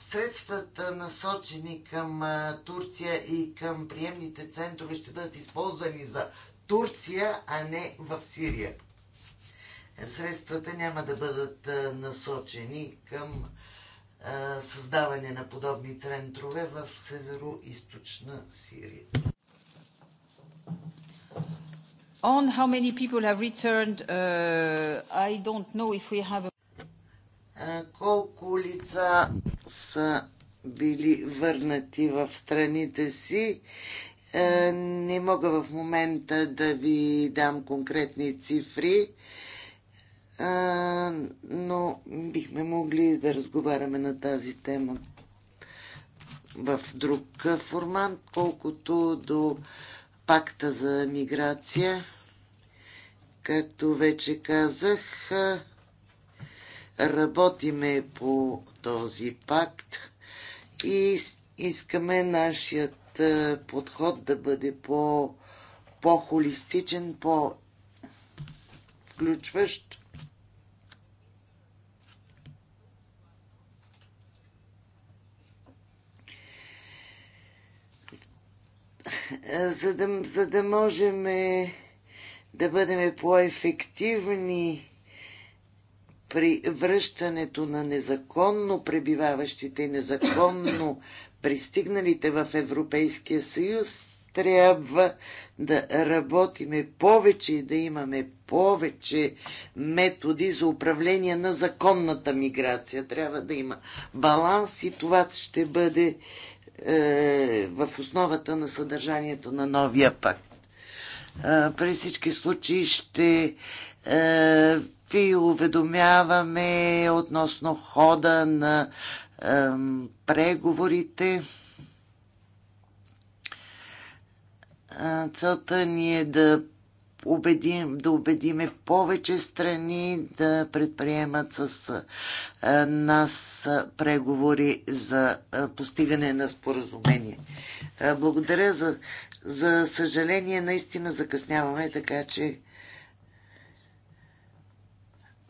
[SPEAKER 3] средствата насочени към Турция и към приемните центрове ще бъдат използвани за Турция, а не в Сирия. Средствата няма да бъдат насочени към създаване на подобни центрове в северо-источна Сирия.
[SPEAKER 2] On how many people have returned, uh, I don't know if we
[SPEAKER 3] have a... Е, колко лица са били върнати в страните си? Е, не мога в момента да ви дам конкретни цифри, е, но бихме могли да разговаряме на тази тема в друг формат, колкото до пакта за миграция. Както вече казах, работиме по този пакт и искаме нашият подход да бъде по, по-холистичен, по-включващ за да, за да можем е, да бъдем по-ефективни при връщането на незаконно пребиваващите и незаконно пристигналите в Европейския съюз, трябва да работиме повече и да имаме повече методи за управление на законната миграция. Трябва да има баланс и това ще бъде е в основата на съдържанието на новия пакт. Е, при всички случаи ще е, ви уведомяваме относно хода на е, преговорите. Целта ни е да убедим, да убедиме повече страни да предприемат с а, нас преговори за а, постигане на споразумение. А, благодаря за, за съжаление, наистина закъсняваме, така че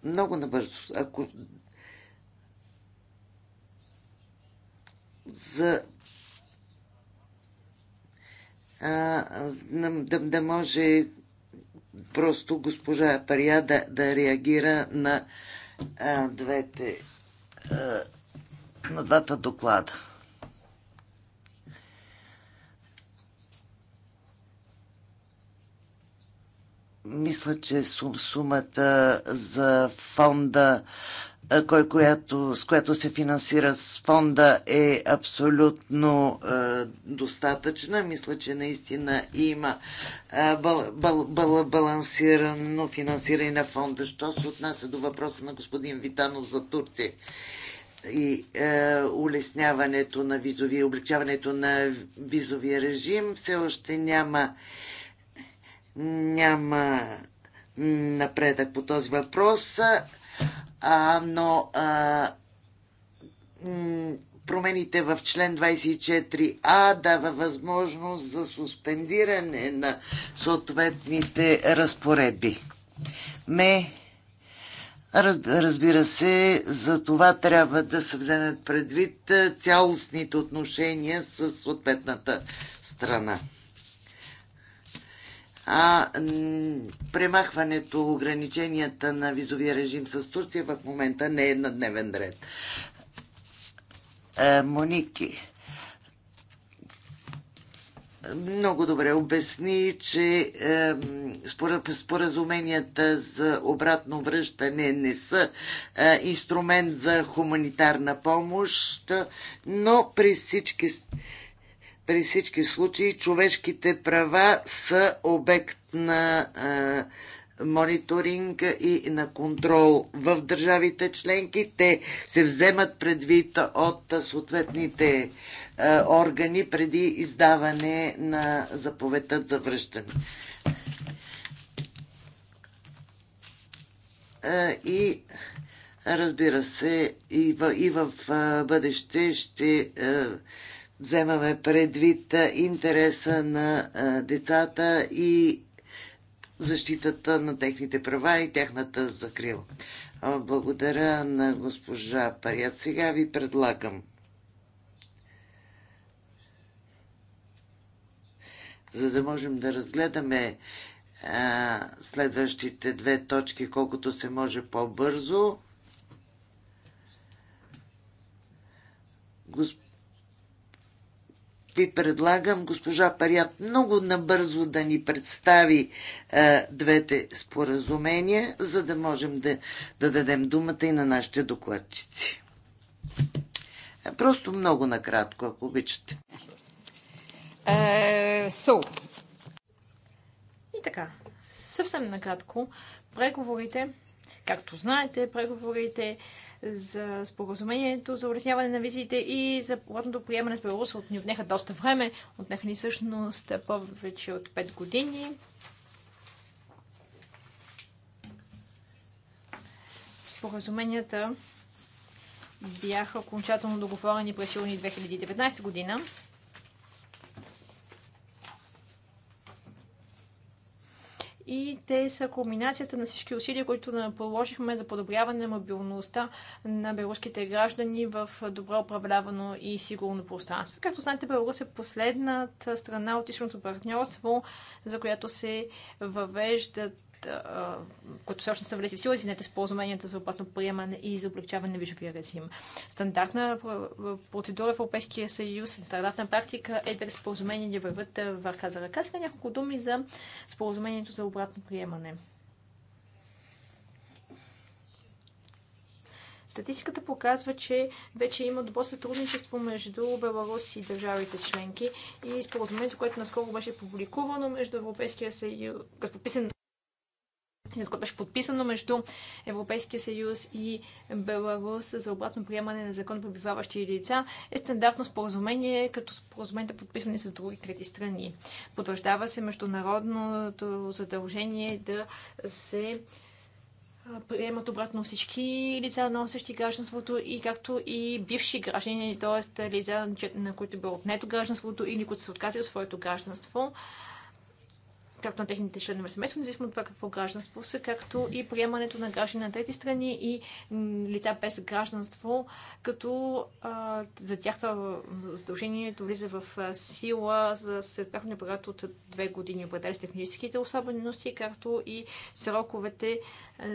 [SPEAKER 3] много набързо. Ако за да, да може просто госпожа Пария да, да реагира на а, двете а, на двата доклада. Мисля, че сум, сумата за фонда кой, която, с която се финансира с фонда е абсолютно е, достатъчна. Мисля, че наистина има е, бал, бал, бал, балансирано финансиране на фонда. Що се отнася до въпроса на господин Витанов за Турция и е, улесняването на визови, обличаването на визовия режим, все още няма няма напредък по този въпрос а, но а, промените в член 24а дава възможност за суспендиране на съответните разпоредби. Ме, разбира се, за това трябва да се вземат предвид цялостните отношения с съответната страна а премахването ограниченията на визовия режим с Турция в момента не е на дневен ред. Е, Моники много добре обясни, че е, споразуменията за обратно връщане не са е, инструмент за хуманитарна помощ, но при всички при всички случаи човешките права са обект на а, мониторинг и на контрол в държавите членки. Те се вземат предвид от съответните а, органи преди издаване на заповедта за връщане. и разбира се, и в, и в бъдеще ще вземаме предвид интереса на децата и защитата на техните права и тяхната закрила. Благодаря на госпожа Парият. Сега ви предлагам за да можем да разгледаме следващите две точки колкото се може по-бързо. Госп ви предлагам госпожа Парят много набързо да ни представи е, двете споразумения, за да можем да, да дадем думата и на нашите докладчици. Просто много накратко, ако обичате.
[SPEAKER 2] Uh, so. И така, съвсем накратко, преговорите, както знаете, преговорите uh, за споразумението за улесняване на визите и за плотното приемане с Беларус ни отнеха доста време. Отнеха ни всъщност повече от 5 години. Споразуменията бяха окончателно договорени през юни 2019 година. и те са кулминацията на всички усилия, които положихме за подобряване на мобилността на белорусските граждани в добро управлявано и сигурно пространство. Както знаете, Белорус е последната страна от източното партньорство, за която се въвеждат които също са влезли в сила, извинете, споразуменията за обратно приемане и за облегчаване на вижовия режим. Стандартна процедура в Европейския съюз, стандартна практика е двете споразумения да върват върха за ръка. Сега няколко думи за споразумението за обратно приемане. Статистиката показва, че вече има добро сътрудничество между Беларус и държавите членки и споразумението, което наскоро беше публикувано между Европейския съюз, подписан което беше подписано между Европейския съюз и Беларус за обратно приемане на закон пребиваващи лица, е стандартно споразумение, като споразуменията подписани с други трети страни. Потвърждава се международното задължение да се приемат обратно всички лица, носещи гражданството и както и бивши граждани, т.е. лица, на които бе отнето гражданството или които са отказали от своето гражданство както на техните членове семейство, независимо от това какво гражданство са, както и приемането на граждани на трети страни и лица без гражданство, като а, за тях задължението влиза в сила за след преходния период от две години, определя с техническите особености, както и сроковете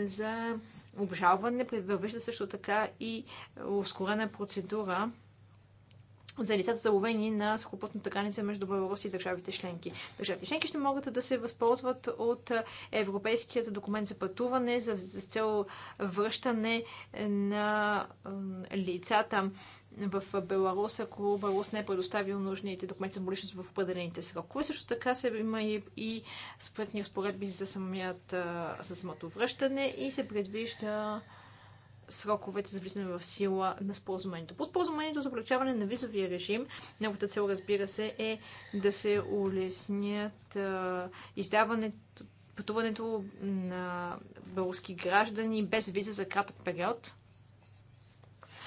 [SPEAKER 2] за обжалване. Въвежда също така и ускорена процедура за лицата заловени на сухопътната граница между Беларус и държавите членки. Държавите членки ще могат да се възползват от Европейският документ за пътуване за, за цел връщане на лицата в Беларус, ако Беларус не е предоставил нужните документи за самоличност в определените срокове. Също така се има и, и спътни разпоредби за, самият, за самото връщане и се предвижда сроковете за влизане в сила на споразумението. По споразумението за облегчаване на визовия режим, неговата цел, разбира се, е да се улеснят а, издаването, пътуването на български граждани без виза за кратък период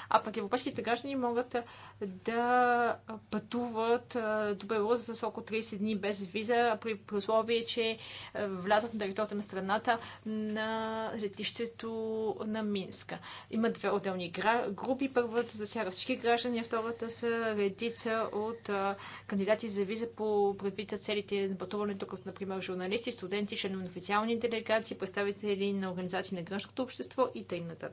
[SPEAKER 2] а пък европейските граждани могат да пътуват до Беларус за около 30 дни без виза, при условие, че влязат на територията на страната на летището на Минска. Има две отделни групи. Първата засяга всички граждани, а втората са редица от кандидати за виза по предвид целите на пътуването, като например журналисти, студенти, членове на официални делегации, представители на организации на гражданското общество и т.н.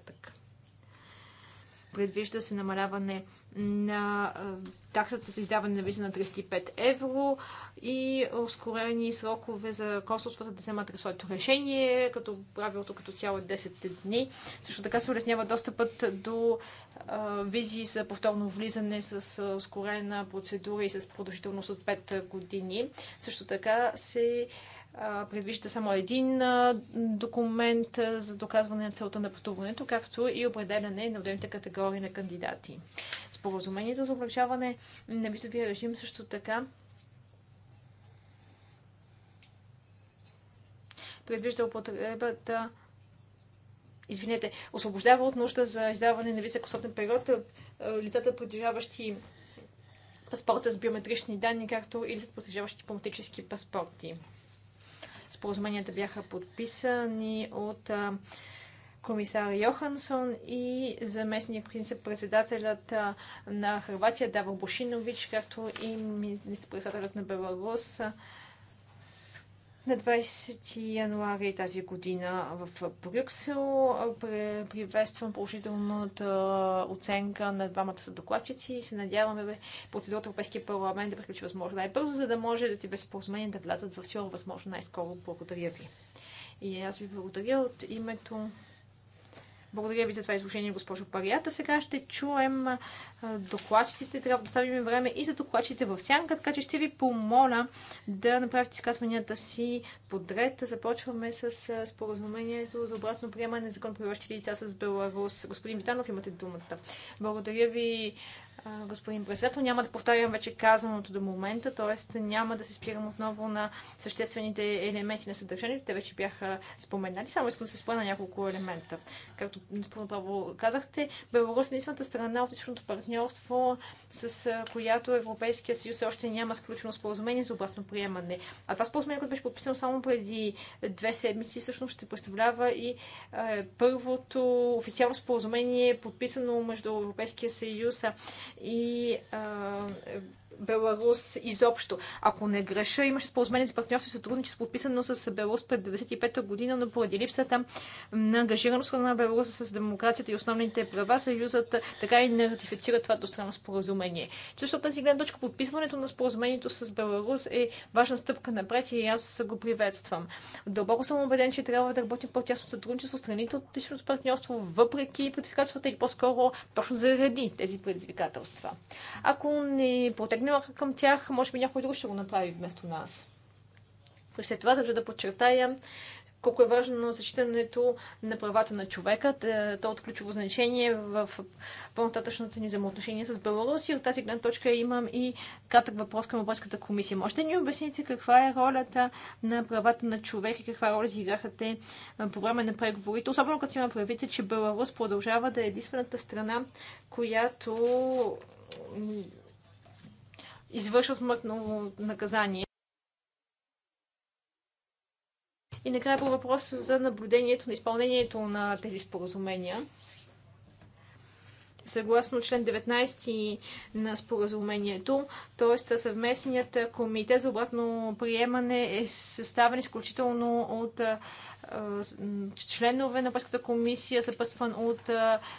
[SPEAKER 2] Предвижда се намаляване на таксата за издаване на виза на 35 евро и ускорени срокове за консулствата да вземат своето решение, като правилото като цяло е 10 дни. Също така се улеснява достъпът до визи за повторно влизане с ускорена процедура и с продължителност от 5 години. Също така се предвижда само един документ за доказване на целта на пътуването, както и определяне на отделните категории на кандидати. Споразумението за облегчаване на визовия режим също така предвижда употребата извинете, освобождава от нужда за издаване на висок особен период лицата, притежаващи паспорт с биометрични данни, както и лицата, притежаващи дипломатически паспорти. Споразуменията бяха подписани от комисар Йохансон и заместния принцип председателят на Хрватия Давор Бошинович, както и министр председателят на Беларус на 20 януари тази година в Брюксел. Приветствам положителната оценка на двамата са докладчици и се надяваме процедурата в Европейския парламент да приключи възможно най-бързо, за да може да ти безпоразумения да влязат в сила възможно най-скоро. Благодаря ви. И аз ви благодаря от името благодаря ви за това изложение, госпожо Парията. Сега ще чуем докладчиците. Трябва да оставим време и за докладчите в сянка, така че ще ви помоля да направите изказванията си подред. Започваме с споразумението за обратно приемане на закон, лица с Беларус. Господин Витанов, имате думата. Благодаря ви, господин председател. Няма да повтарям вече казаното до момента, т.е. няма да се спирам отново на съществените елементи на съдържанието. Те вече бяха споменати. Само искам да се спомена на няколко елемента. Както направо казахте, Беларус е единствената страна от личното партньорство, с която Европейския съюз още няма сключено споразумение за обратно приемане. А това споразумение, което беше подписано само преди две седмици, всъщност ще представлява и е, първото официално споразумение, подписано между Европейския съюз и а, Беларус изобщо. Ако не греша, имаше споразумение за партньорство и сътрудничество, подписано с Беларус пред 1995 година, но поради липсата на ангажираност на Беларус с демокрацията и основните права, Съюзът така и не ратифицира това двустранно споразумение. Защото тази гледна точка подписването на споразумението с Беларус е важна стъпка напред и аз го приветствам. Дълбоко съм убеден, че трябва да работим по-тясно сътрудничество страните от личното партньорство, въпреки предизвикателствата или по-скоро точно заради тези предизвикателства. Ако не протегнем тръгнала към тях, може би някой друг ще го направи вместо нас. След това държа да подчертая колко е важно зачитането на правата на човека. Е, то е от ключово значение в по-нататъчното ни взаимоотношение с Беларус и от тази гледна точка имам и кратък въпрос към Европейската комисия. Може да ни обясните каква е ролята на правата на човека и каква роля изиграха те е, по време на преговорите, особено като си има правите, че Беларус продължава да е единствената страна, която извършва смъртно наказание. И накрая по въпроса за наблюдението на изпълнението на тези споразумения съгласно член 19 на споразумението, т.е. съвместният комитет за обратно приемане е съставен изключително от членове на Пърската комисия, съпътстван от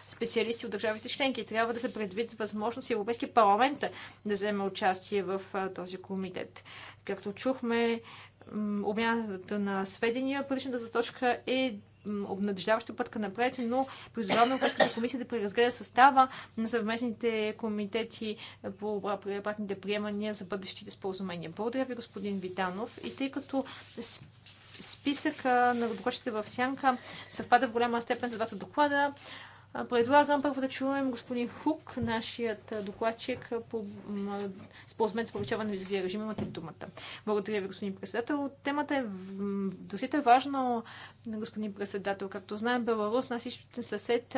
[SPEAKER 2] специалисти от държавите членки. Трябва да се предвиди възможност и Европейския парламент да вземе участие в този комитет. Както чухме, обмяната на сведения, предишната точка е обнадеждаваща пътка напред, но призоваваме Европейската комисия да преразгледа състава на съвместните комитети е, по препратните приемания за бъдещите споразумения. Благодаря ви, господин Витанов. И тъй като списъка на докладчите в Сянка съвпада в голяма степен с двата доклада, Предлагам първо да чуем господин Хук, нашият докладчик по споразумен с повечаване на визовия режим. Имате думата. Благодаря ви, господин председател. Темата е досите е важно, господин председател. Както знаем, Беларус, нас съсед,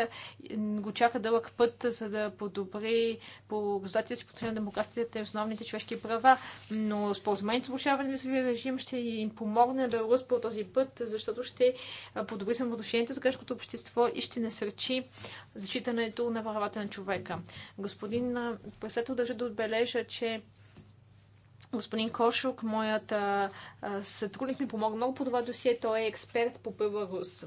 [SPEAKER 2] го чака дълъг път, за да подобри по резултатите си по на демокрацията и основните човешки права. Но споразумението с повечаване на визовия режим ще им помогне на Беларус по този път, защото ще подобри самоотношенията с гражданското общество и ще насърчи зачитането на правата на човека. Господин председател, държа да отбележа, че господин Кошук, моят а, сътрудник, ми помогна много по това досие. Той е експерт по Беларус.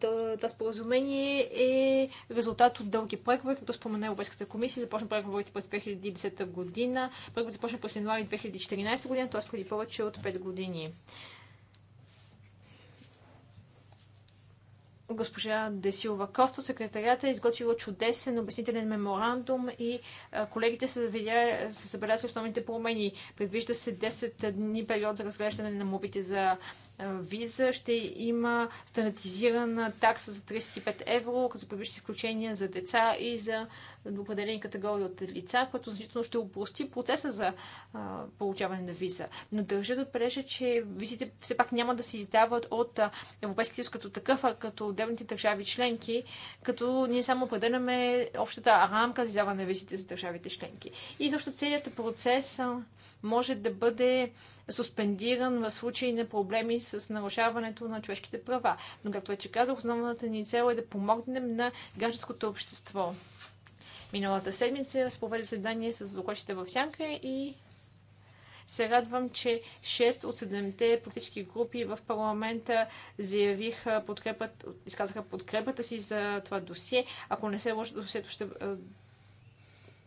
[SPEAKER 2] Това споразумение е резултат от дълги преговори, като спомена Европейската комисия. Започна преговорите през 2010 година. Преговорите започна през януари 2014 година, т.е. преди повече от 5 години. госпожа Десилва Коста, секретарята е изготвила чудесен обяснителен меморандум и колегите са, видя, са забелязали основните промени. Предвижда се 10 дни период за разглеждане на мобите за виза. Ще има стандартизирана такса за 35 евро, като се предвижда изключения за деца и за до определени категории от лица, което значително ще упрости процеса за а, получаване на виза. Но държа да отбележа, че визите все пак няма да се издават от Европейския съюз като такъв, а като отделните държави членки, като ние само определяме общата рамка за издаване на визите за държавите членки. И също целият процес а, може да бъде суспендиран в случай на проблеми с нарушаването на човешките права. Но, както вече казах, основната ни цел е да помогнем на гражданското общество Миналата седмица споведе заседание с докладчите в Сянка и се радвам, че 6 от 7-те политически групи в парламента заявиха подкрепът, изказаха подкрепата си за това досие. Ако не се лъжа, досието ще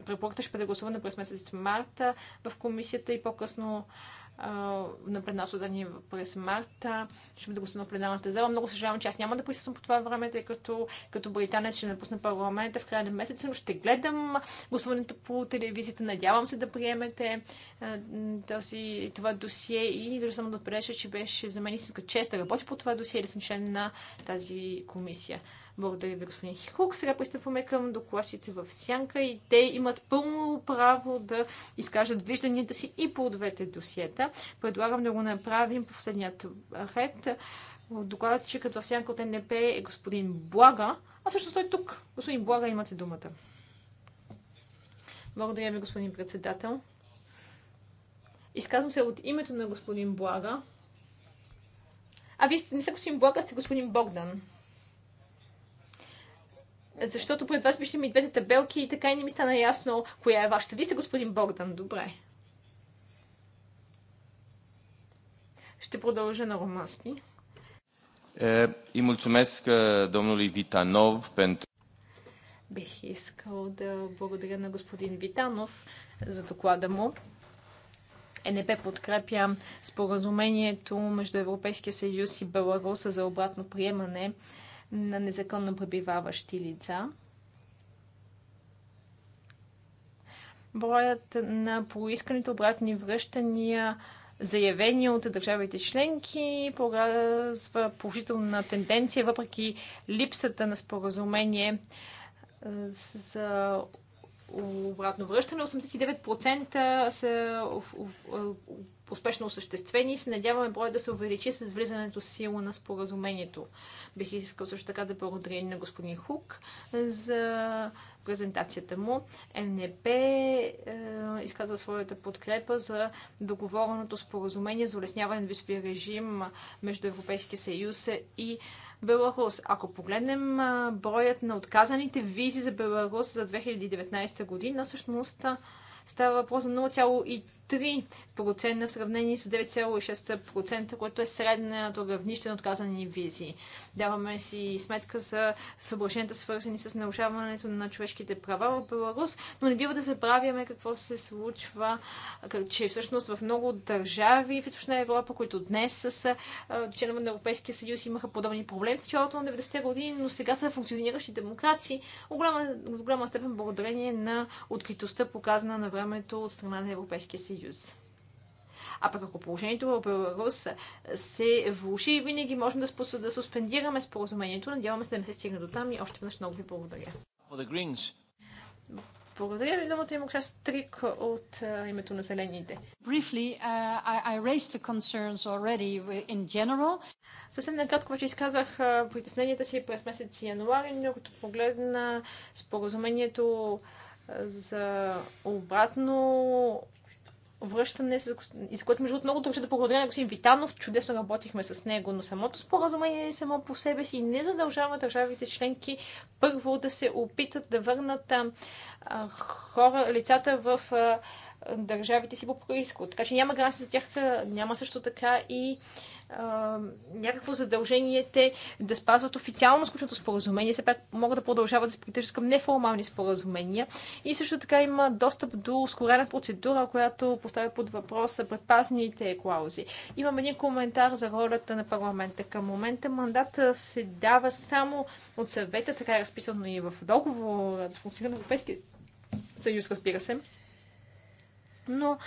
[SPEAKER 2] препоръката ще бъде гласувана през месец марта в комисията и по-късно на пленарно ни през марта. Ще да го на пленарната зала. Много съжалявам, че аз няма да присъствам по това време, тъй като като британец ще напусна парламента в края на месеца, но ще гледам гласуването по телевизията. Надявам се да приемете този, това досие и дори само да отпреша, че беше за мен истинска чест да работя по това досие и да съм член на тази комисия. Благодаря ви, господин Хихук. Сега пристъпваме към докладчите в Сянка и те имат пълно право да изкажат вижданията си и по двете досиета. Предлагам да го направим по последният ред. Докладчикът в Сянка от НДП е господин Блага, а всъщност той е тук. Господин Блага, имате думата. Благодаря ви, господин председател. Изказвам се от името на господин Блага. А вие сте, не сте господин Блага, сте господин Богдан. Защото пред вас виждам и двете табелки и така и не ми стана ясно коя е вашата. Вие сте господин Богдан, добре. Ще продължа на романски.
[SPEAKER 3] Е, и мулцумеск е, домнули Витанов пенту...
[SPEAKER 2] Бих искал да благодаря на господин Витанов за доклада му. ЕНП подкрепя споразумението между Европейския съюз и Беларуса за обратно приемане на незаконно пребиваващи лица. Броят на поисканите обратни връщания заявени от държавите членки показва положителна тенденция, въпреки липсата на споразумение за обратно връщане. 89% са успешно осъществени и се надяваме броя да се увеличи с влизането сила на споразумението. Бих искал също така да благодаря на господин Хук за презентацията му. НП е, изказва своята подкрепа за договореното споразумение за улесняване на висовия режим между Европейския съюз и Беларус. Ако погледнем е, броят на отказаните визи за Беларус за 2019 година, всъщност е, става въпрос за 3% в сравнение с 9,6%, което е средното равнище на отказани визи. Даваме си сметка за съображенията, свързани с нарушаването на човешките права в Беларус, но не бива да забравяме какво се случва, че всъщност в много държави в Източна Европа, които днес са членове на Европейския съюз, имаха подобни проблеми в началото на 90-те години, но сега са функциониращи демокрации, от голяма степен благодарение на откритостта, показана на времето от страна на Европейския съюз съюз. А пък ако положението в Беларус се влуши, винаги можем да, спос... да суспендираме споразумението. Надяваме се да не се стигне до там и още веднъж много ви благодаря. Благодаря ви, думата има част трик от името на зелените. Briefly, uh, I, I raised the concerns already in general. Съвсем накратко вече изказах притесненията си през месец януари, но като погледна споразумението за обратно връщане, за което между много държа да благодаря на господин Витанов. Чудесно работихме с него, но самото споразумение е само по себе си не задължава държавите членки първо да се опитат да върнат а, хора, лицата в а, държавите си по происход. Така че няма гаранция за тях, няма също така и а, някакво задължение те да спазват официално сключеното споразумение, все пак могат да продължават да се притежат към неформални споразумения. И също така има достъп до ускорена процедура, която поставя под въпроса предпазните клаузи. Имам един коментар за ролята на парламента. Към момента мандата се дава само от съвета, така е разписано и в договор за функциониране на Европейския съюз, разбира се но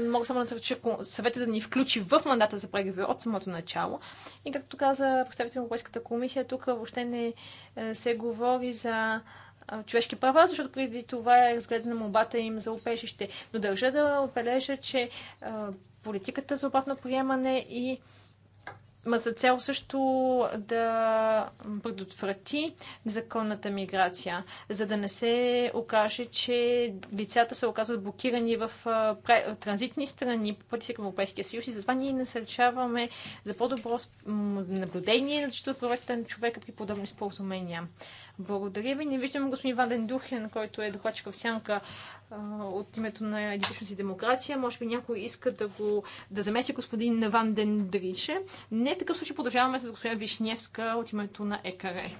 [SPEAKER 2] мога само да насърча съветът да ни включи в мандата за преговори от самото начало. И както каза представител на Европейската комисия, тук въобще не се говори за човешки права, защото преди това е разгледана мобата им за опешище. Но държа да отбележа, че политиката за обратно приемане и има за цел също да предотврати законната миграция, за да не се окаже, че лицата се оказват блокирани в транзитни страни по пътя към Европейския съюз и затова ние насърчаваме за по-добро наблюдение на защита правата на човека при подобни споразумения. Благодаря ви. Не виждам господин Ваден Духен, който е докладчика в сянка от името на идентичност и демокрация. Може би някой иска да го да замеси господин Ван Ден Дрише. Не в такъв случай продължаваме с господин Вишневска от името на ЕКАРЕ.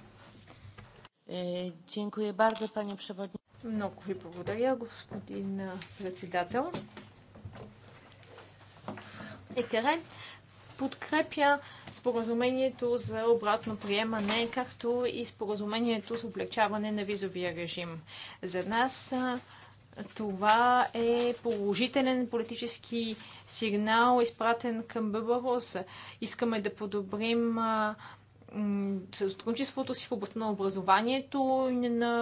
[SPEAKER 2] Е, дякую бардо, пани przewodniczący. Много ви благодаря, господин председател. ЕКАРЕ подкрепя споразумението за обратно приемане, както и споразумението с облегчаване на визовия режим. За нас това е положителен политически сигнал, изпратен към Беларус. Искаме да подобрим сътрудничеството си в областта на образованието и на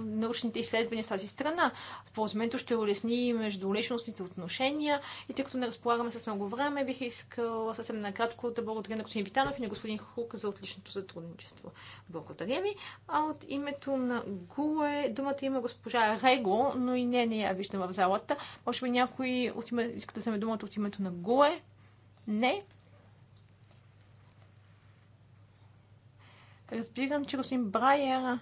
[SPEAKER 2] научните изследвания с тази страна. Споразумението ще улесни между личностните отношения и тъй като не разполагаме с много време, бих искала съвсем накратко да благодаря на господин Витанов и на господин Хук за отличното сътрудничество. Благодаря ви. А от името на ГУЕ думата има госпожа Рего, но и не, не я виждам в залата. Може би някой от име... иска да вземе думата от името на ГУЕ? Не. Разбирам, че господин Брайер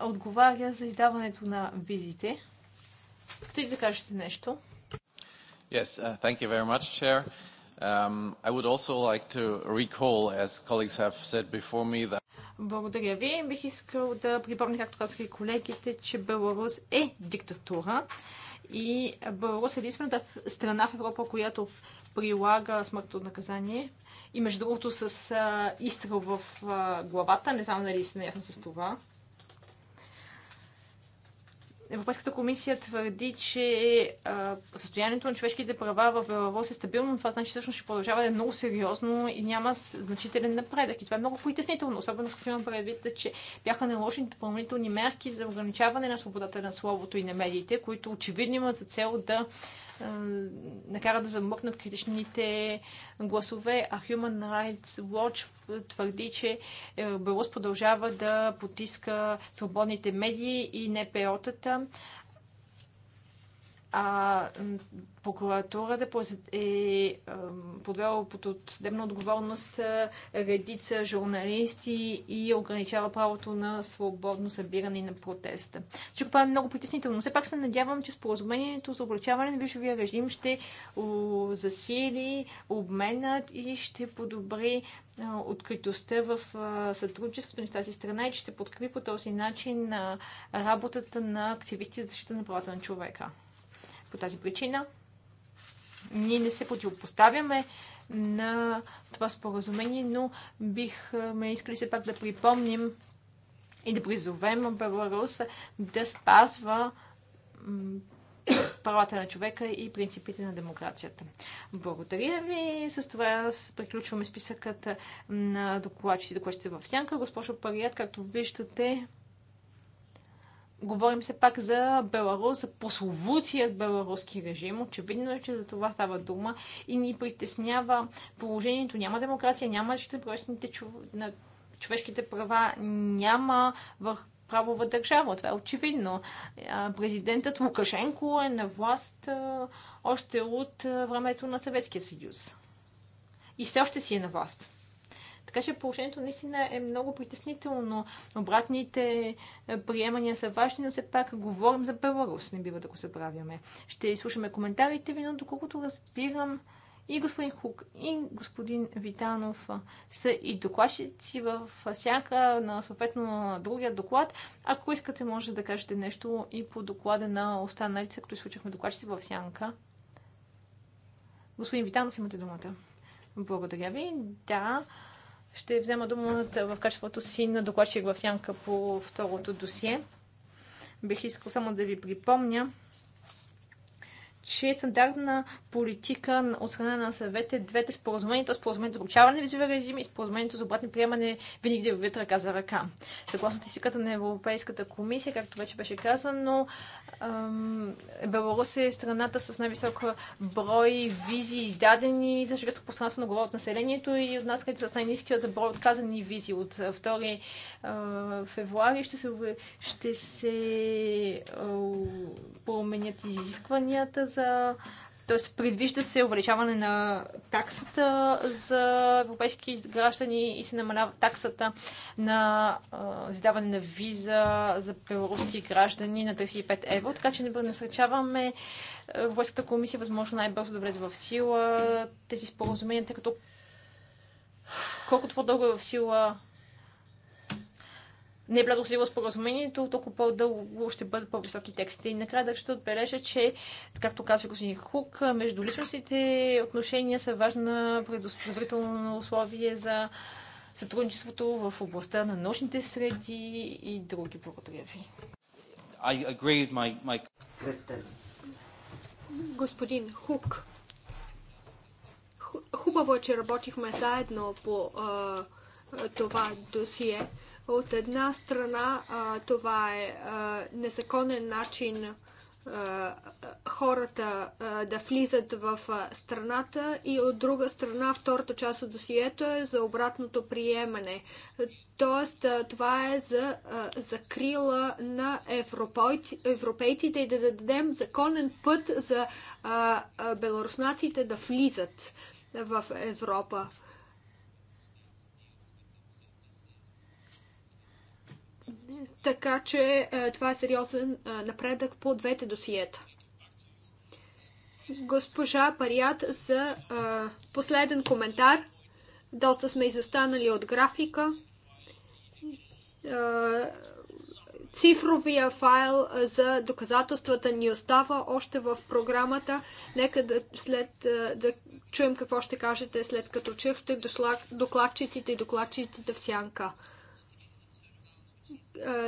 [SPEAKER 2] отговаря за издаването на визите. Искате ли да кажете нещо? Yes, uh, thank you very much, Chair. Um, I would also like to recall, as colleagues have said before me, that благодаря ви. Бих искал да припомня, както казаха и колегите, че Беларус е диктатура и Беларус е единствената страна в Европа, която прилага смъртно наказание. И между другото с а, изстрел в а, главата, не знам дали сте наясно с това. Европейската комисия твърди, че а, състоянието на човешките права в Беларус е стабилно, но това значи всъщност ще продължава да е много сериозно и няма значителен напредък. И това е много притеснително, особено като имам предвид, че бяха наложени допълнителни мерки за ограничаване на свободата на словото и на медиите, които очевидно имат за цел да накара да замъкнат критичните гласове, а Human Rights Watch твърди, че е, Беларус продължава да потиска свободните медии и НПО-тата, а прокуратурата е подвела под съдебна отговорност редица журналисти и ограничава правото на свободно събиране и на протеста. Че това е много притеснително. все пак се надявам, че споразумението за облегчаване на вишовия режим ще засили обменът и ще подобри откритостта в сътрудничеството ни с тази страна и че ще подкрепи по този начин работата на активисти за защита на правата на човека. По тази причина ние не се противопоставяме на това споразумение, но бихме искали все пак да припомним и да призовем Беларус да спазва правата на човека и принципите на демокрацията. Благодаря ви. С това приключваме списъкът на докладчици, докладчите в сянка. Госпожо Парият, както виждате, говорим се пак за Беларус, за прословутият беларуски режим. Очевидно е, че за това става дума и ни притеснява положението. Няма демокрация, няма защита чов... на човешките права, няма върх правова държава. Това е очевидно. Президентът Лукашенко е на власт още от времето на Съветския съюз. И все още си е на власт. Така че положението наистина е много притеснително. Обратните е, приемания са важни, но все пак говорим за Беларус. Не бива да го забравяме. Ще изслушаме коментарите ви, но доколкото разбирам, и господин Хук, и господин Витанов са и докладчици в сянка на съответно на другия доклад. Ако искате, може да кажете нещо и по доклада на останалите, като изслушахме докладчици в сянка. Господин Витанов, имате думата. Благодаря ви. Да, ще взема думата в качеството си на докладчик в сянка по второто досие. Бих искал само да ви припомня, че стандартна политика от страна на съвет е двете споразумения, то е споразумението за обучаване визовия режим и споразумението за обратно приемане винаги да вървят ръка за ръка. Съгласно тисиката на Европейската комисия, както вече беше казано, Беларус е страната с най-висок брой визи издадени за шегарско пространство на глава от населението и от нас с най-низкият брой отказани визи от 2 февруари ще се, ще се променят изискванията за Тоест, предвижда се увеличаване на таксата за европейски граждани и се намалява таксата на издаване на виза за белоруски граждани на 35 евро, така че не насърчаваме Европейската комисия възможно най-бързо да влезе в сила тези споразумения, тъй като колкото по-дълго е в сила не е влязло сила споразумението, толкова по-дълго ще бъдат по-високи текстите. И накрая да ще отбележа, че, както казва господин Хук, между личностите отношения са важна предоставително условие за сътрудничеството в областта на научните среди и други. Благодаря ви.
[SPEAKER 3] I agree with my, my...
[SPEAKER 1] Господин Хук, хубаво е, че работихме заедно по това досие. От една страна а, това е а, незаконен начин а, хората а, да влизат в а, страната и от друга страна втората част от досието е за обратното приемане. Тоест, това е за закрила на европейците и да зададем законен път за белоруснаците да влизат в Европа. така че е, това е сериозен е, напредък по двете досиета. Госпожа Парият за е, последен коментар. Доста сме изостанали от графика. Цифровия файл за доказателствата ни остава още в програмата. Нека да, след, да чуем какво ще кажете след като чухте докладчиците и докладчиците в сянка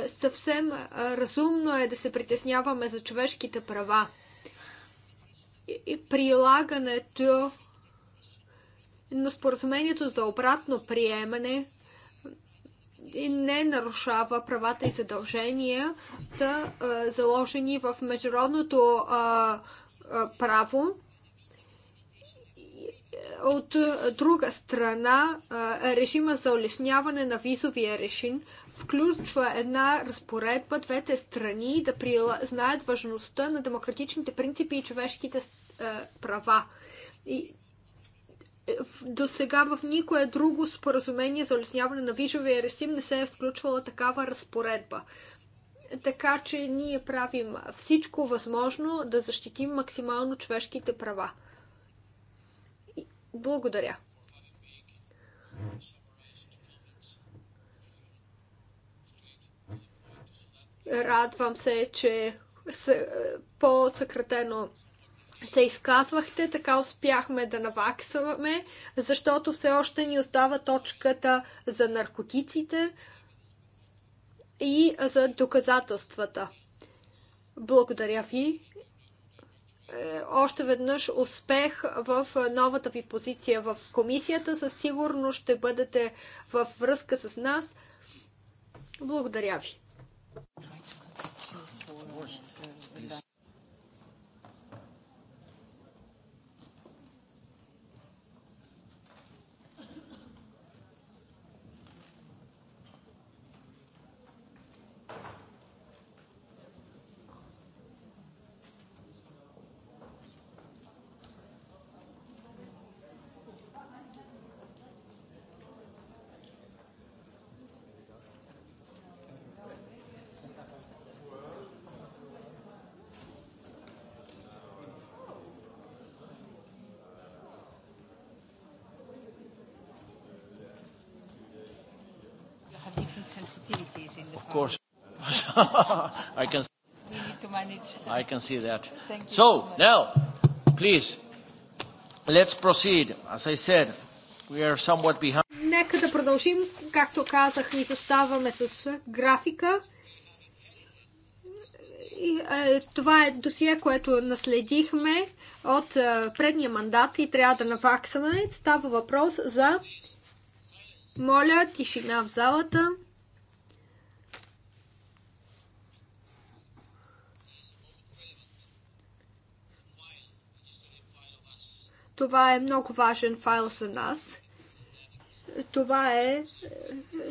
[SPEAKER 1] съвсем разумно е да се притесняваме за човешките права. И прилагането на споразумението за обратно приемане и не нарушава правата и задълженията, заложени в международното право от е, друга страна, е, режима за улесняване на визовия режим включва една разпоредба двете страни да признаят важността на демократичните принципи и човешките е, права. И до сега в никое друго споразумение за улесняване на визовия режим не се е включвала такава разпоредба. Така че ние правим всичко възможно да защитим максимално човешките права. Благодаря. Радвам се, че е, по-съкратено се изказвахте, така успяхме да наваксваме, защото все още ни остава точката за наркотиците и за доказателствата. Благодаря ви. Е, още веднъж успех в е, новата ви позиция в комисията. Със сигурност ще бъдете във връзка с нас. Благодаря ви.
[SPEAKER 2] Of uh, course. [laughs] I can
[SPEAKER 3] we need to manage. I can see that. Thank you so,
[SPEAKER 1] so now, please, let's proceed. As I said, we are somewhat behind. Нека да продължим. Както казах, ни заставаме с графика. И, е, това е досие, което наследихме от е, предния мандат и трябва да наваксаме. Става въпрос за моля тишина в залата. Това е много важен файл за нас. Това е, е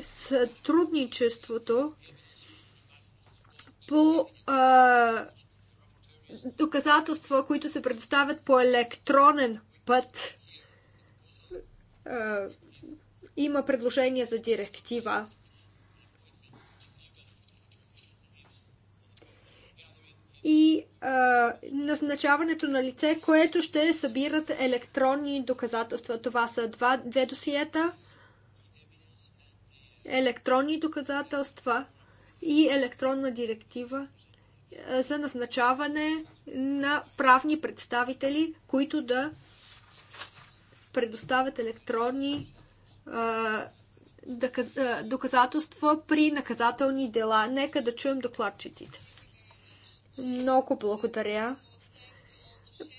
[SPEAKER 1] сътрудничеството по а, доказателства, които се предоставят по електронен път. А, има предложение за директива и а, назначаването на лице, което ще събират електронни доказателства. Това са два, две досиета. Електронни доказателства и електронна директива за назначаване на правни представители, които да предоставят електронни доказателства при наказателни дела. Нека да чуем докладчиците. Много благодаря.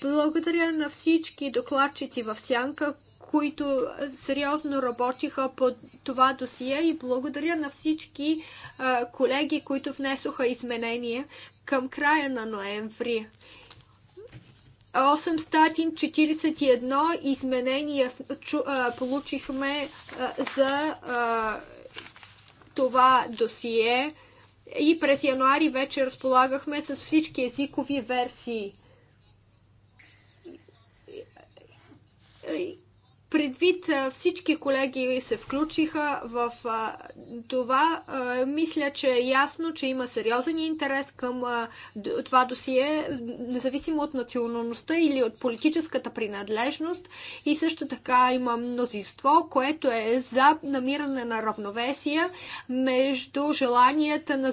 [SPEAKER 1] Благодаря на всички докладчици в Сянка, които сериозно работиха по това досие и благодаря на всички а, колеги, които внесоха изменения към края на ноември. 841 изменения чу, а, получихме а, за това досие. И през януари вече разполагахме с всички езикови версии предвид всички колеги се включиха в това, мисля, че е ясно, че има сериозен интерес към това досие, независимо от националността или от политическата принадлежност. И също така има мнозинство, което е за намиране на равновесие между желанията на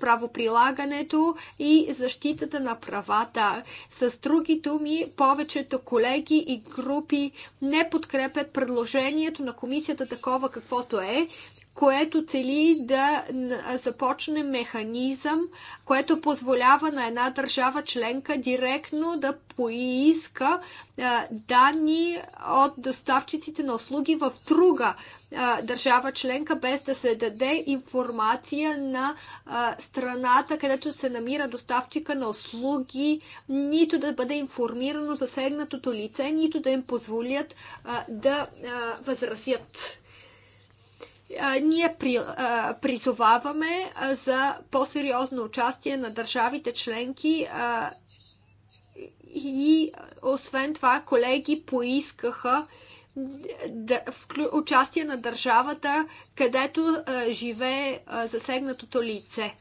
[SPEAKER 1] правоприлагането и защитата на правата. С други думи, повечето колеги и групи не подкрепят подкрепят предложението на комисията такова каквото е, което цели да започне механизъм, което позволява на една държава членка директно да поиска данни от доставчиците на услуги в друга държава членка, без да се даде информация на страната, където се намира доставчика на услуги, нито да бъде информирано засегнатото лице, нито да им позволят да възразят ние при, а, призоваваме за по-сериозно участие на държавите членки а, и освен това колеги поискаха да, вклю, участие на държавата, където а, живее а, засегнатото лице.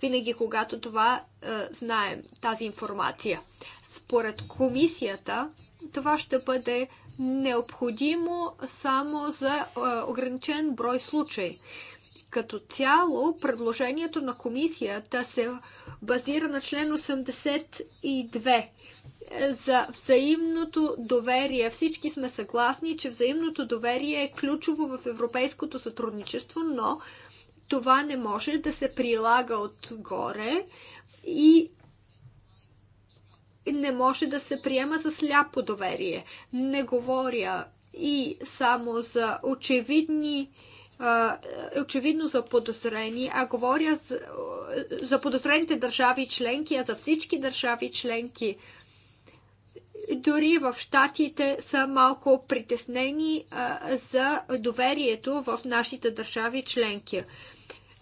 [SPEAKER 1] Винаги, когато това а, знаем, тази информация. Според комисията, това ще бъде необходимо само за е, ограничен брой случаи. Като цяло, предложението на комисията се базира на член 82 е, за взаимното доверие. Всички сме съгласни, че взаимното доверие е ключово в европейското сътрудничество, но това не може да се прилага отгоре и не може да се приема за сляпо доверие. Не говоря и само за очевидни очевидно за подозрени, а говоря за, за подозрените държави членки, а за всички държави членки. Дори в щатите са малко притеснени за доверието в нашите държави членки.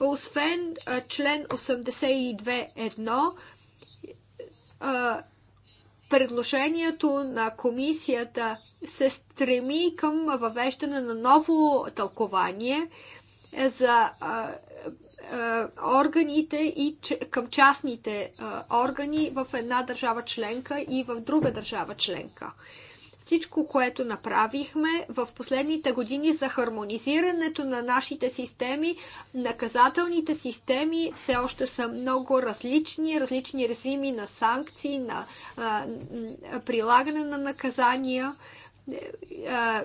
[SPEAKER 1] Освен член 82.1, предложението на комисията се стреми към въвеждане на ново тълкование за органите и към частните органи в една държава членка и в друга държава членка всичко, което направихме в последните години за хармонизирането на нашите системи, наказателните системи все още са много различни, различни резими на санкции, на а, прилагане на наказания, а,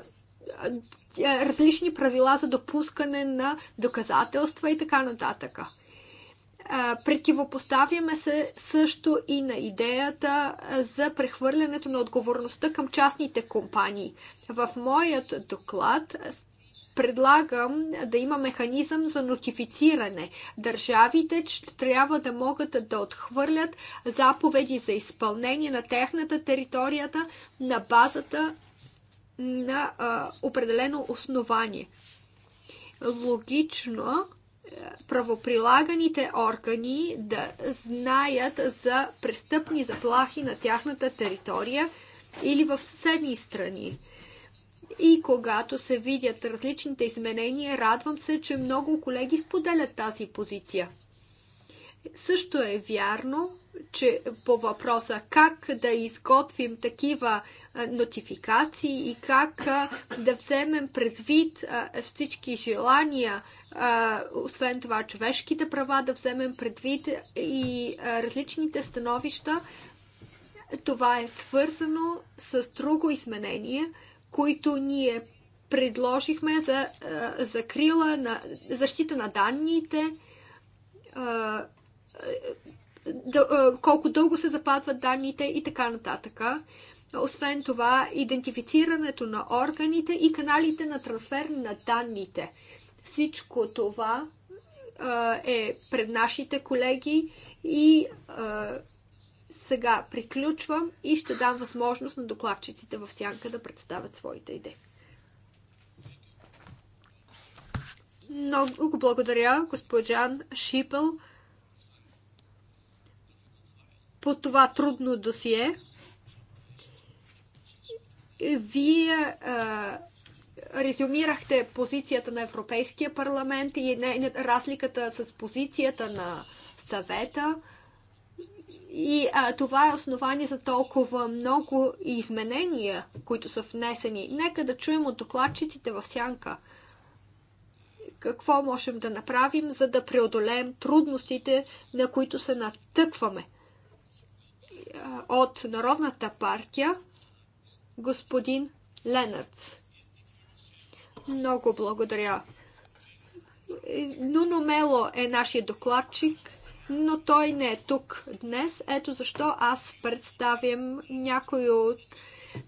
[SPEAKER 1] различни правила за допускане на доказателства и така нататък. Противопоставяме се също и на идеята за прехвърлянето на отговорността към частните компании. В моят доклад предлагам да има механизъм за нотифициране. Държавите трябва да могат да отхвърлят заповеди за изпълнение на техната територията на базата на а, определено основание. Логично правоприлаганите органи да знаят за престъпни заплахи на тяхната територия или в съседни страни. И когато се видят различните изменения, радвам се, че много колеги споделят тази позиция. Също е вярно, че по въпроса как да изготвим такива нотификации и как да вземем предвид всички желания, освен това човешките права, да вземем предвид и различните становища. Това е свързано с друго изменение, които ние предложихме за закрила на защита на данните колко дълго се запазват данните и така нататък. Освен това, идентифицирането на органите и каналите на трансфер на данните. Всичко това е пред нашите колеги и сега приключвам и ще дам възможност на докладчиците в сянка да представят своите идеи. Много благодаря, госпожан Шипел по това трудно досие. Вие а, резюмирахте позицията на Европейския парламент и не, разликата с позицията на съвета. И а, това е основание за толкова много изменения, които са внесени. Нека да чуем от докладчиците в сянка какво можем да направим, за да преодолеем трудностите, на които се натъкваме – от Народната партия господин Ленърц. Много благодаря. Нуно Мело е нашия докладчик, но той не е тук днес. Ето защо аз представям някои от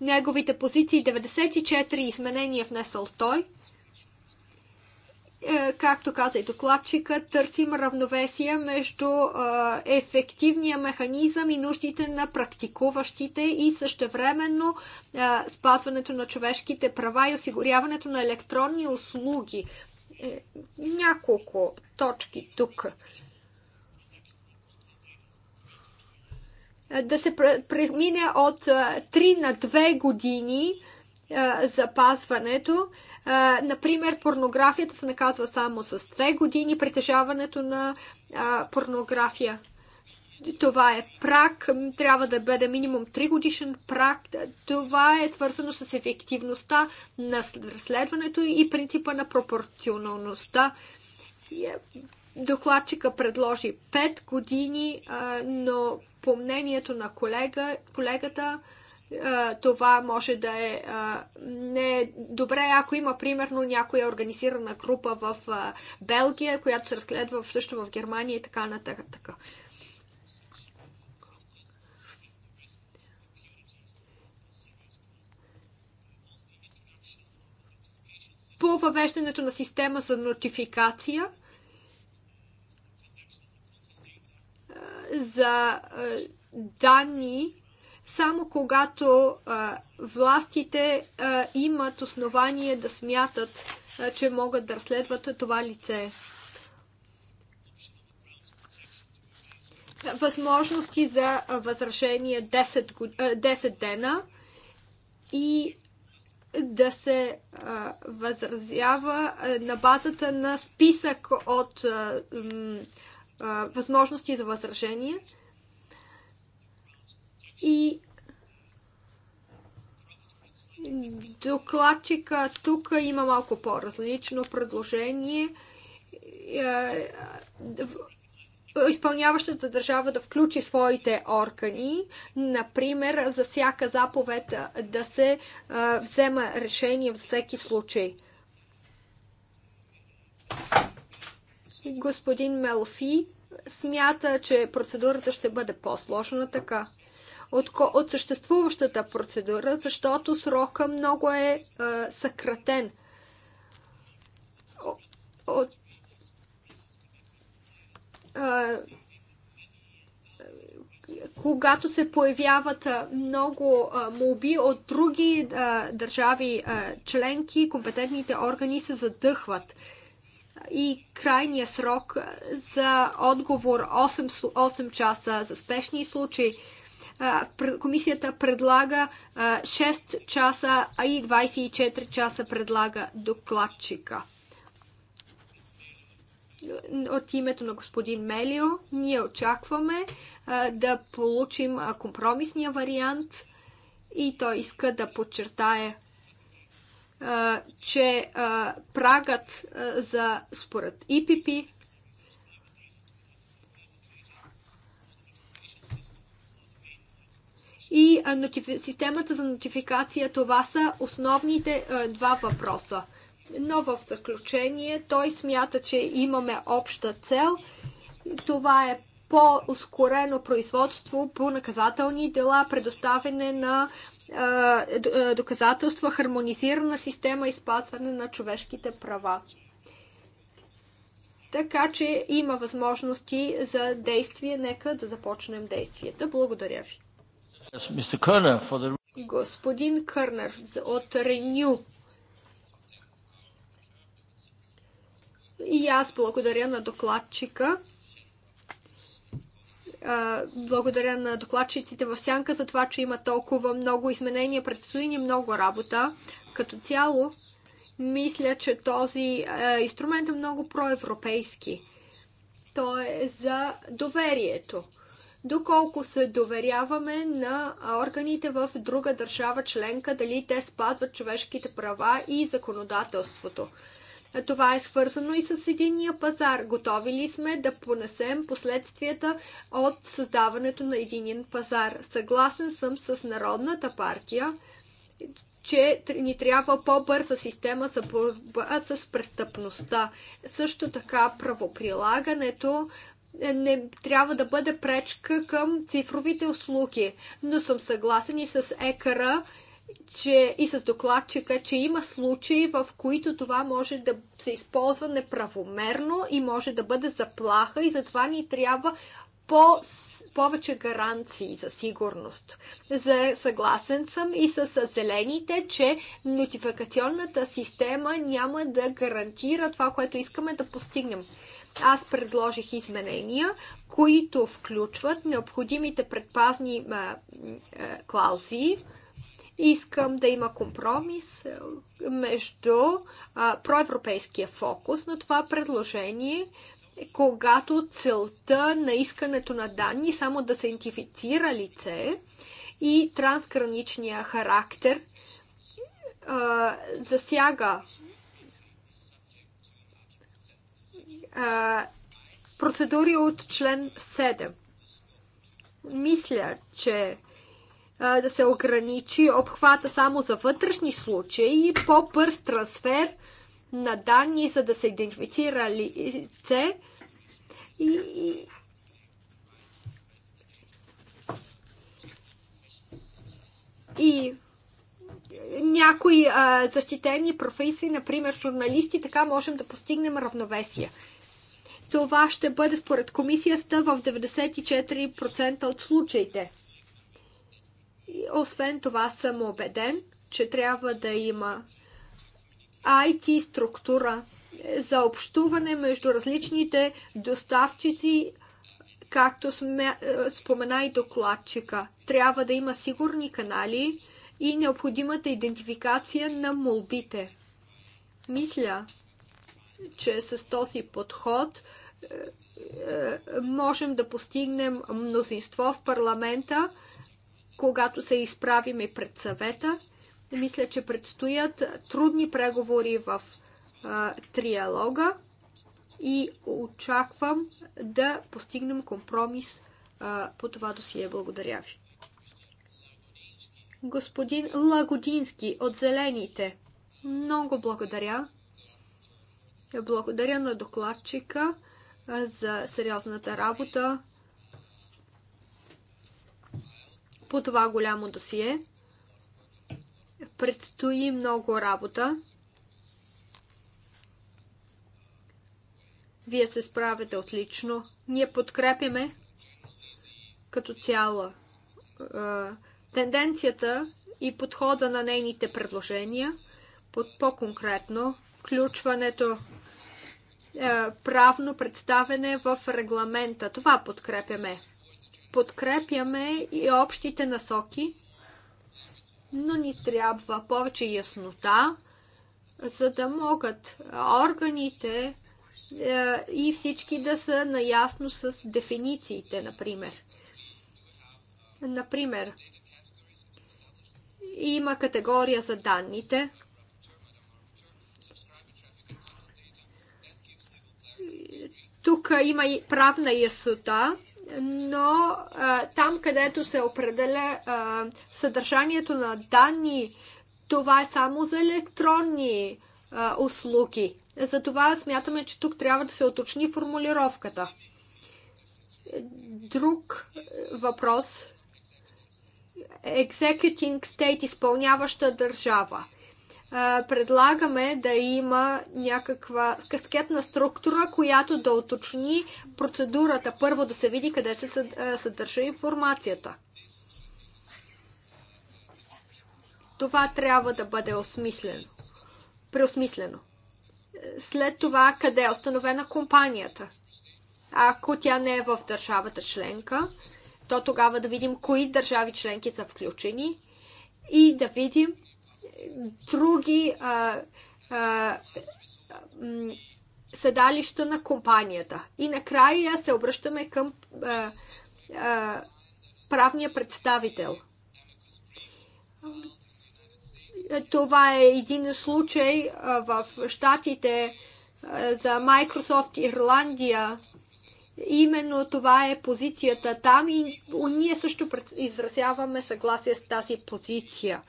[SPEAKER 1] неговите позиции. 94 изменения е внесъл той – е, както каза и докладчика, търсим равновесие между е, ефективния механизъм и нуждите на практикуващите и същевременно е, спазването на човешките права и осигуряването на електронни услуги. Няколко точки тук. Да се премине от 3 на 2 години запазването Например, порнографията се наказва само с 2 години притежаването на порнография. Това е прак, трябва да бъде минимум 3 годишен прак. Това е свързано с ефективността на разследването и принципа на пропорционалността е, докладчика предложи 5 години, но по мнението на колега, колегата това може да е не е добре, ако има примерно някоя организирана група в Белгия, която се разгледва също в Германия и така нататък. По въвеждането на система за нотификация за данни само когато а, властите а, имат основание да смятат, а, че могат да разследват това лице. Възможности за възражение 10, год... 10 дена и да се а, възразява а, на базата на списък от а, а, възможности за възражение. А, и докладчика тук има малко по-различно предложение. Е, изпълняващата държава да включи своите органи, например, за всяка заповед да се е, взема решение в всеки случай. Господин Мелфи смята, че процедурата ще бъде по-сложна така от, от съществуващата процедура, защото срока много е е съкратен. От, е, когато се появяват много молби от други държави членки, компетентните органи се задъхват. И крайния срок за отговор 8, 8 часа за спешни случаи комисията предлага 6 часа, а и 24 часа предлага докладчика. От името на господин Мелио ние очакваме да получим компромисния вариант и той иска да подчертае че прагът за според ИПП и системата за нотификация. Това са основните два въпроса. Но в заключение той смята, че имаме обща цел. Това е по-ускорено производство по наказателни дела, предоставяне на е, доказателства, хармонизирана система и спазване на човешките права. Така че има възможности за действие. Нека да започнем действията. Благодаря ви. Господин Кърнер от Реню. И аз благодаря на докладчика. Благодаря на докладчиците в Сянка за това, че има толкова много изменения, предстои ни много работа. Като цяло, мисля, че този инструмент е много проевропейски. Той е за доверието доколко се доверяваме на органите в друга държава членка, дали те спазват човешките права и законодателството. Това е свързано и с единния пазар. Готови ли сме да понесем последствията от създаването на единен пазар? Съгласен съм с Народната партия, че ни трябва по-бърза система за борба с престъпността. Също така правоприлагането не трябва да бъде пречка към цифровите услуги. Но съм съгласен и с екара че, и с докладчика, че има случаи, в които това може да се използва неправомерно и може да бъде заплаха и затова ни трябва по, повече гаранции за сигурност. За, съгласен съм и с, с зелените, че нотификационната система няма да гарантира това, което искаме да постигнем. Аз предложих изменения, които включват необходимите предпазни клаузи. Искам да има компромис между проевропейския фокус на това предложение когато целта на искането на данни е само да се идентифицира лице и трансграничния характер а, засяга а, процедури от член 7. Мисля, че а, да се ограничи обхвата само за вътрешни случаи, по-бърз трансфер на данни, за да се идентифицира лице и, и
[SPEAKER 3] някои
[SPEAKER 1] а, защитени професии, например журналисти, така можем да постигнем равновесие. Това ще бъде според комисията в 94% от случаите. И освен това съм убеден, че трябва да има IT структура за общуване между различните доставчици, както сме, е, спомена и докладчика. Трябва да има сигурни канали и необходимата идентификация на молбите. Мисля, че с този подход можем да постигнем мнозинство в парламента, когато се изправим и пред съвета. Мисля, че предстоят трудни преговори в триалога и очаквам да постигнем компромис по това досие. Благодаря ви. Господин Лагодински от Зелените. Много благодаря. Благодаря на докладчика за сериозната работа по това голямо досие. Предстои много работа. Вие се справяте отлично. Ние подкрепяме като цяло тенденцията и подхода на нейните предложения, под по-конкретно включването е, правно представене в регламента. Това подкрепяме. Подкрепяме и общите насоки, но ни трябва повече яснота, за да могат органите е, и всички да са наясно с дефинициите, например. Например, има категория за данните – Тук има и правна ясота, но а, там, където се определя а, съдържанието на данни, това е само за електронни а, услуги. Затова смятаме, че тук трябва да се оточни формулировката. Друг въпрос. Executing State, изпълняваща държава предлагаме да има някаква каскетна структура, която да уточни процедурата. Първо да се види къде се съдържа информацията. Това трябва да бъде осмислено. Преосмислено. След това къде е установена компанията. Ако тя не е в държавата членка, то тогава да видим кои държави членки са включени и да видим други а, а, седалища на компанията. И накрая се обръщаме към а, а, правния представител. Това е един случай в Штатите за Microsoft Ирландия. Именно това е позицията там и ние също изразяваме съгласие с тази позиция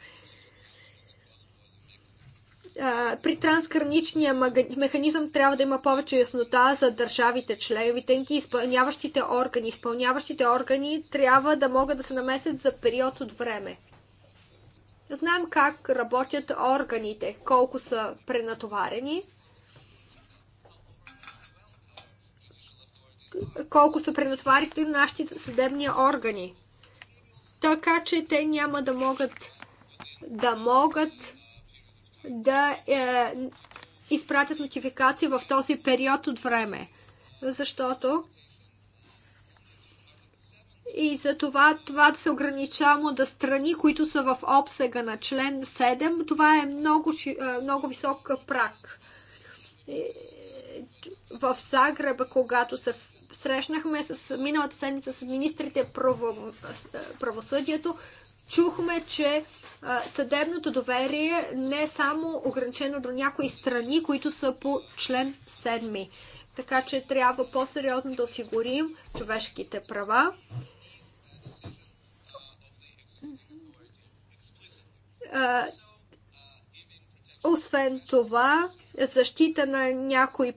[SPEAKER 1] при трансграничния механизъм трябва да има повече яснота за държавите, членовитенки, изпълняващите органи. Изпълняващите органи трябва да могат да се намесят за период от време. Знаем как работят органите, колко са пренатоварени, колко са пренатоварили нашите съдебни органи. Така че те няма да могат да могат да е, изпратят нотификации в този период от време. Защото и за това, това да се ограничава да страни, които са в обсега на член 7, това е много, е, много висок прак. В Загреба, когато се срещнахме с миналата седмица с министрите право, правосъдието, Чухме, че съдебното доверие не е само ограничено до някои страни, които са по член 7. Така че трябва по-сериозно да осигурим човешките права. Освен това, защита на някои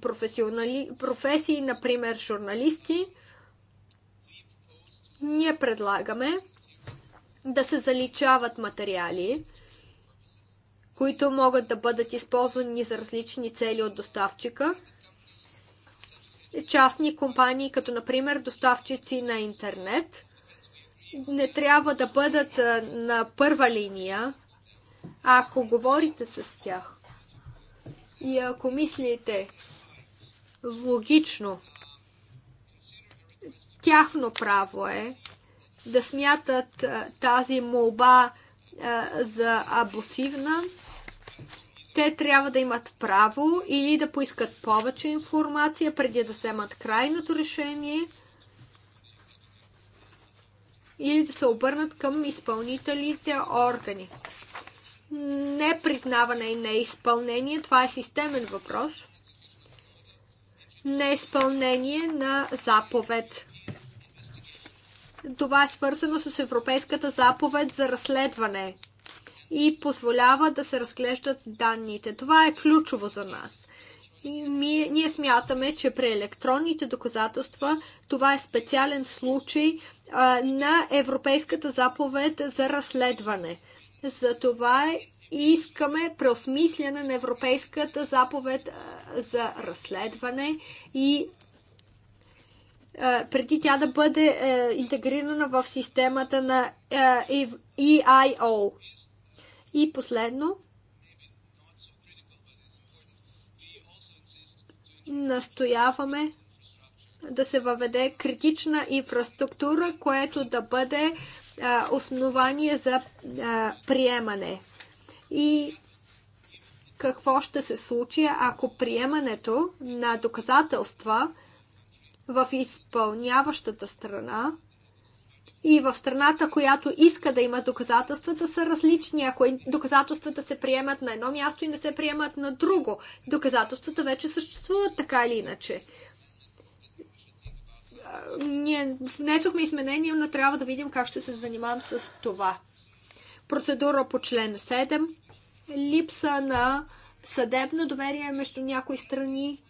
[SPEAKER 1] професии, например журналисти, ние предлагаме да се заличават материали, които могат да бъдат използвани за различни цели от доставчика. Частни компании, като например доставчици на интернет, не трябва да бъдат на първа линия, ако говорите с тях. И ако мислите логично, тяхно право е да смятат тази молба за абусивна. Те трябва да имат право или да поискат повече информация преди да вземат крайното решение или да се обърнат към изпълнителите органи. Не признаване и неизпълнение, това е системен въпрос. Неизпълнение на заповед. Това е свързано с Европейската заповед за разследване и позволява да се разглеждат данните. Това е ключово за нас. Ние, ние смятаме, че при електронните доказателства това е специален случай а, на Европейската заповед за разследване. Затова искаме преосмисляне на Европейската заповед а, за разследване и преди тя да бъде е, интегрирана в системата на EIO. Е, и последно, настояваме да се въведе критична инфраструктура, което да бъде е, основание за приемане. И какво ще се случи, ако приемането на доказателства в изпълняващата страна и в страната, която иска да има доказателствата, са различни. Ако доказателствата се приемат на едно място и не се приемат на друго, доказателствата вече съществуват така или иначе. Ние внесохме изменения, но трябва да видим как ще се занимавам с това. Процедура по член 7. Липса на съдебно доверие между някои страни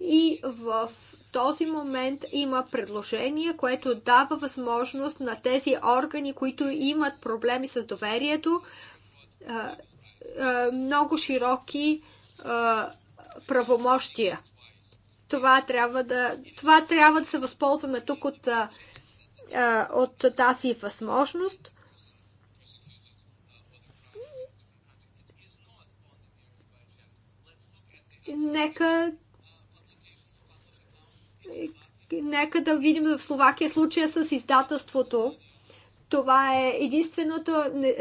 [SPEAKER 1] и в този момент има предложение, което дава възможност на тези органи, които имат проблеми с доверието, много широки правомощия. Това трябва да, това трябва да се възползваме тук от, от тази възможност. Нека Нека да видим в Словакия случая с издателството. Това е единственото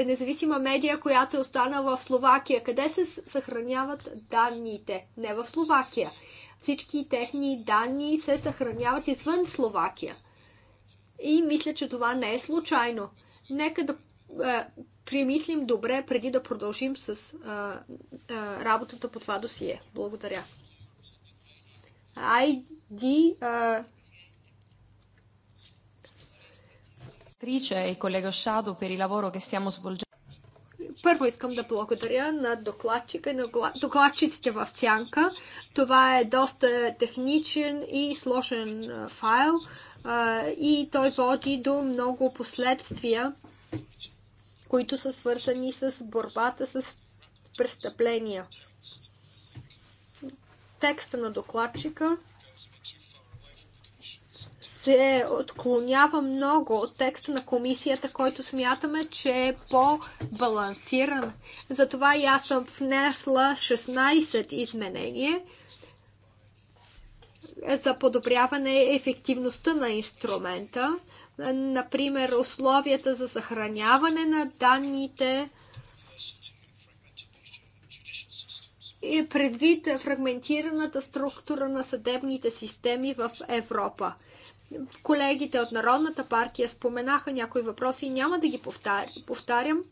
[SPEAKER 1] независима медия, която е останала в Словакия. Къде се съхраняват данните? Не в Словакия. Всички техни данни се съхраняват извън Словакия. И мисля, че това не е случайно. Нека да е, примислим добре преди да продължим с е, е, работата по това досие. Благодаря. ID е, Първо e искам да благодаря на докладчика и на докладчиците в Сянка. Това е доста техничен и сложен файл и той води до много последствия, които са свързани с борбата с престъпления. Текста на докладчика се отклонява много от текста на комисията, който смятаме, че е по-балансиран. Затова и аз съм внесла 16 изменения за подобряване ефективността на инструмента. Например, условията за съхраняване на данните, и предвид фрагментираната структура на съдебните системи в Европа. Колегите от Народната партия споменаха някои въпроси и няма да ги повтарям,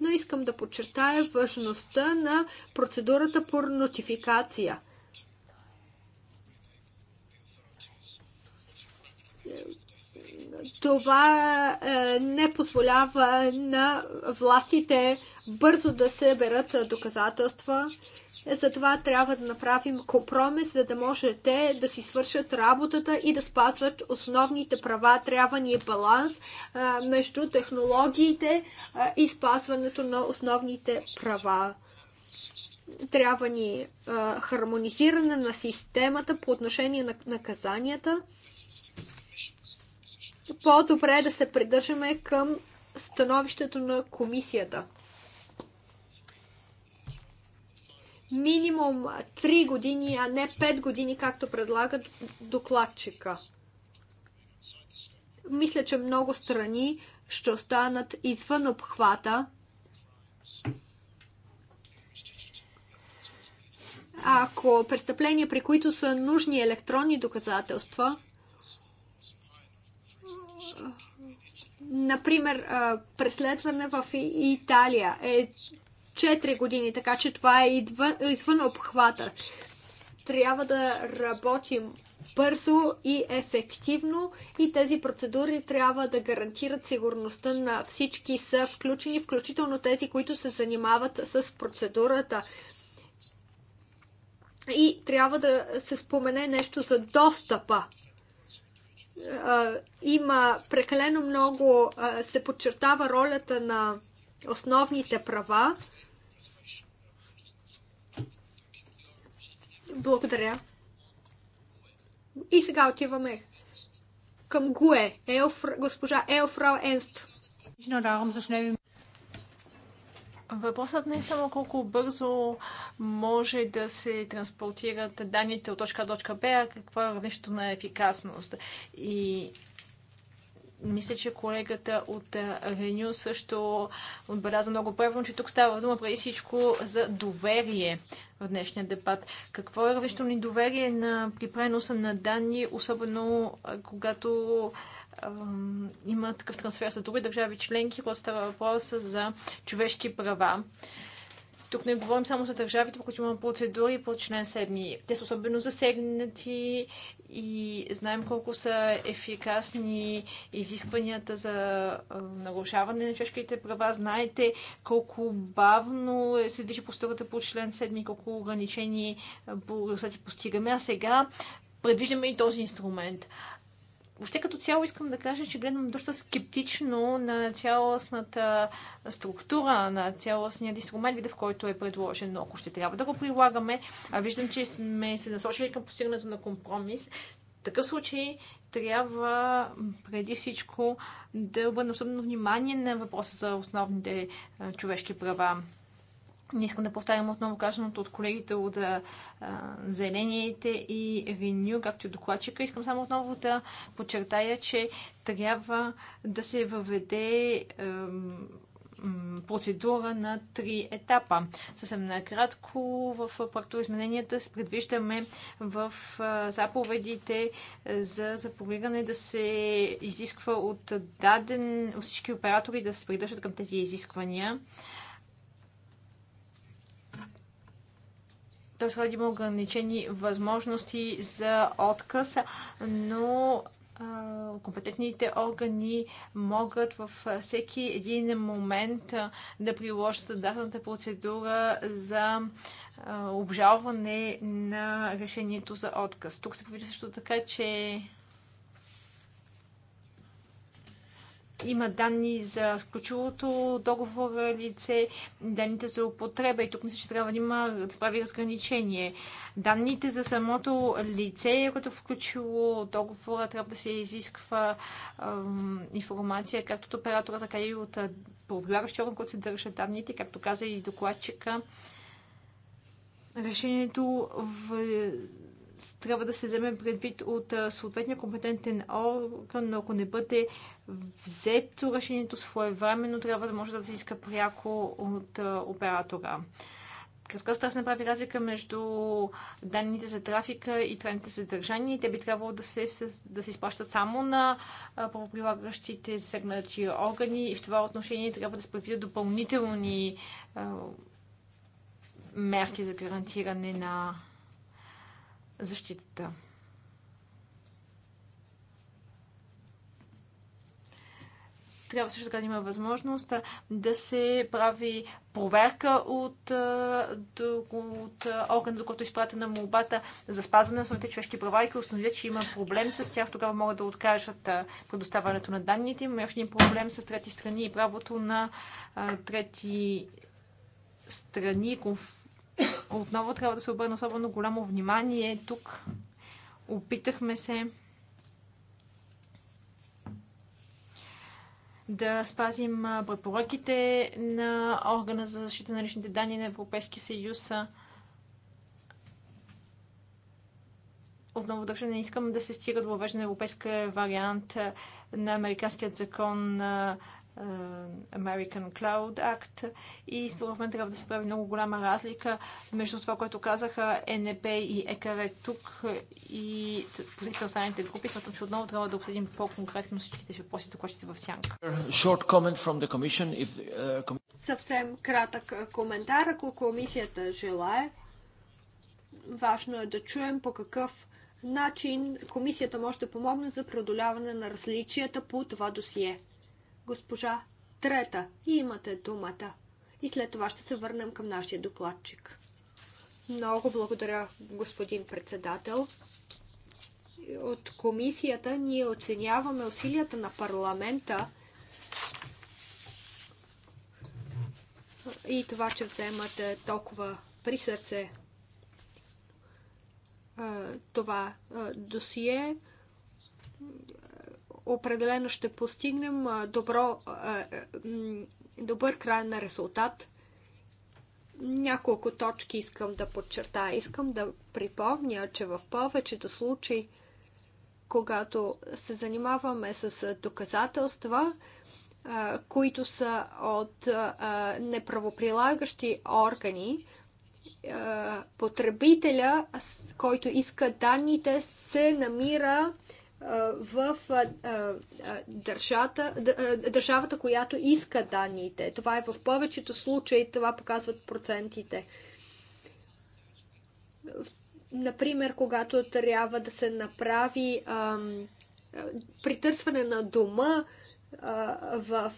[SPEAKER 1] но искам да подчертая важността на процедурата по нотификация. това е, не позволява на властите бързо да се берат доказателства затова трябва да направим компромис, за да може те да си свършат работата и да спазват основните права. Трябва ни е баланс между технологиите и спазването на основните права трябва ни хармонизиране на системата по отношение на наказанията. По-добре е да се придържаме към становището на комисията. минимум 3 години, а не 5 години, както предлага докладчика. Мисля, че много страни ще останат извън обхвата. Ако престъпления, при които са нужни електронни доказателства, например, преследване в Италия е 4 години, така че това е идва, извън обхвата. Трябва да работим бързо и ефективно и тези процедури трябва да гарантират сигурността на всички са включени, включително тези, които се занимават с процедурата. И трябва да се спомене нещо за достъпа. Има прекалено много, се подчертава ролята на основните права Благодаря. И сега отиваме към Гуе, Елфр, госпожа Елфрау Енст.
[SPEAKER 2] Въпросът не е само колко бързо може да се транспортират данните от точка до точка Б, а какво е равнището на ефикасност. И мисля, че колегата от Реню също отбеляза много правилно, че тук става дума преди всичко за доверие в днешния дебат. Какво е равнището ни доверие на, при преноса на данни, особено когато има такъв трансфер за други държави членки, когато става въпрос за човешки права. Тук не говорим само за държавите, по които има процедури по член 7. Те са особено засегнати и знаем колко са ефикасни изискванията за нарушаване на човешките права. Знаете колко бавно е, се движи постурата по член 7 колко ограничени по постигаме. А сега предвиждаме и този инструмент. Въобще като цяло искам да кажа, че гледам доста скептично на цялостната структура, на цялостния инструмент, вида в който е предложен. Но ако ще трябва да го прилагаме, а виждам, че сме се насочили към постигането на компромис, в такъв случай трябва преди всичко да обърна особено внимание на въпроса за основните човешки права. Не искам да повтарям отново казаното от колегите от а, Зелените и Реню, както и докладчика. Искам само отново да подчертая, че трябва да се въведе а, процедура на три етапа. Съвсем накратко в се предвиждаме в заповедите за заповиране да се изисква от даден от всички оператори да се придържат към тези изисквания. Той трябва има ограничени възможности за отказ, но компетентните органи могат във всеки един момент да приложат стандартната процедура за обжалване на решението за отказ. Тук се предвижда също така, че има данни за включилото договора лице, данните за употреба и тук мисля, че трябва да има да прави разграничение. Данните за самото лице, което е включило договора, трябва да се изисква ем, информация както от оператора, така и от проверяващия орган, който се държа данните, както каза и докладчика. Решението в трябва да се вземе предвид от съответния компетентен орган, но ако не бъде взето решението своевременно, трябва да може да се иска пряко от оператора. Краткостта се направи разлика между данните за трафика и трайните съдържания. Те би трябвало да се, да се изплащат само на правоприлагащите сегнати органи и в това отношение трябва да се предвидят допълнителни мерки за гарантиране на защитата. Трябва също така да има възможност да се прави проверка от, от органа, до който е изпратена молбата за спазване на основните човешки права и като установят, че има проблем с тях, тогава могат да откажат предоставянето на данните. Има още един проблем с трети страни и правото на трети страни, конф отново трябва да се обърне особено голямо внимание. Тук опитахме се да спазим препоръките на органа за защита на личните данни на Европейския съюз. Отново държа, не искам да се стига до въвеждане на европейска вариант на американският закон е, American Cloud Act и според мен трябва да се прави много голяма разлика между това, което казаха НП и ЕКР тук и позицията на останалите групи. Смятам, че отново трябва да обсъдим по-конкретно всичките си въпроси, така ще се в сянка.
[SPEAKER 3] Uh,
[SPEAKER 1] Съвсем кратък коментар, ако комисията желая. Важно е да чуем по какъв начин комисията може да помогне за преодоляване на различията по това досие госпожа Трета. И имате думата. И след това ще се върнем към нашия докладчик. Много благодаря, господин председател. От комисията ние оценяваме усилията на парламента и това, че вземате толкова при сърце това досие определено ще постигнем добро, добър на резултат. Няколко точки искам да подчертая. Искам да припомня, че в повечето случаи, когато се занимаваме с доказателства, които са от неправоприлагащи органи, потребителя, който иска данните, се намира в държата, държавата, която иска данните. Това е в повечето случаи, това показват процентите. Например, когато трябва да се направи притърсване на дома, в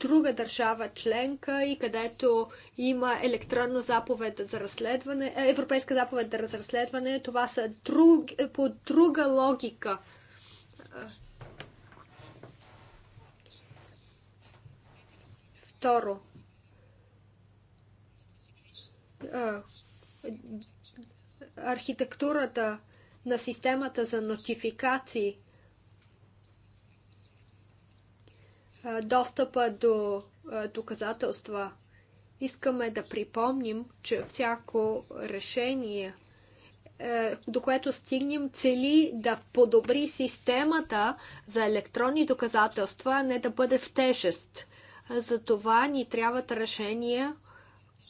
[SPEAKER 1] друга държава членка и където има електронна заповед за разследване, е, европейска заповед за разследване, това са друг, по друга логика. Второ. Архитектурата на системата за нотификации – достъпа до доказателства. Искаме да припомним, че всяко решение, е, до което стигнем, цели да подобри системата за електронни доказателства, а не да бъде в тежест. За това ни трябват решения,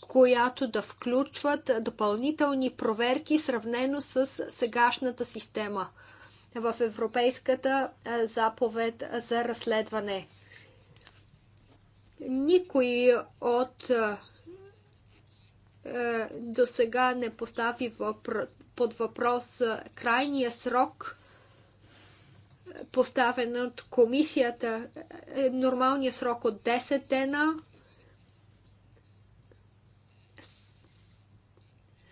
[SPEAKER 1] която да включват допълнителни проверки, сравнено с сегашната система в Европейската заповед за разследване. Никой от е, до сега не постави под въпрос е, крайния срок, е, поставен от комисията. нормалния срок от 10 дена.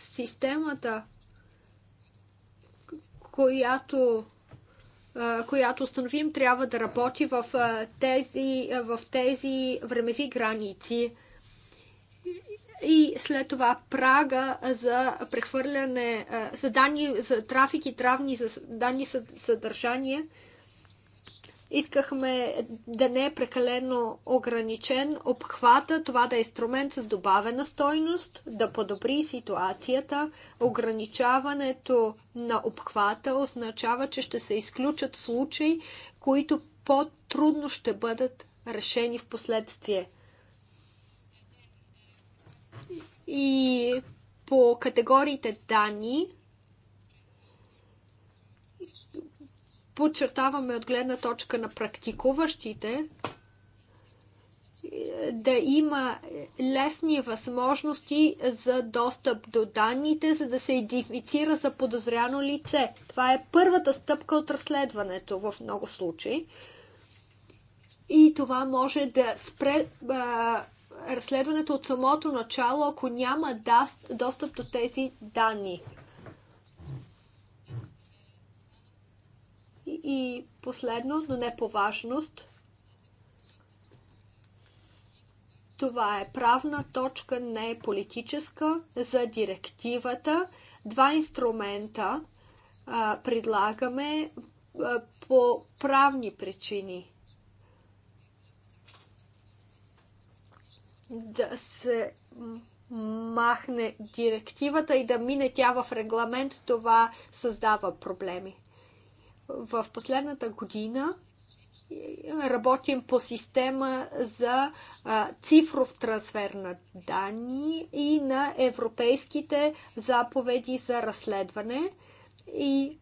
[SPEAKER 1] Системата, която която установим, трябва да работи в тези, в тези времеви граници. И след това прага за прехвърляне, за данни за трафик и травни за данни съдържание. За Искахме да не е прекалено ограничен обхвата, това да е инструмент с добавена стойност, да подобри ситуацията. Ограничаването на обхвата означава, че ще се изключат случаи, които по-трудно ще бъдат решени в последствие. И по категориите данни подчертаваме от гледна точка на практикуващите, да има лесни възможности за достъп до данните, за да се идентифицира за подозряно лице. Това е първата стъпка от разследването в много случаи. И това може да спре а, разследването от самото начало, ако няма достъп до тези данни. И последно, но не по важност, това е правна точка, не е политическа, за директивата. Два инструмента а, предлагаме а, по правни причини. Да се махне директивата и да мине тя в регламент, това създава проблеми. В последната година работим по система за цифров трансфер на данни и на европейските заповеди за разследване и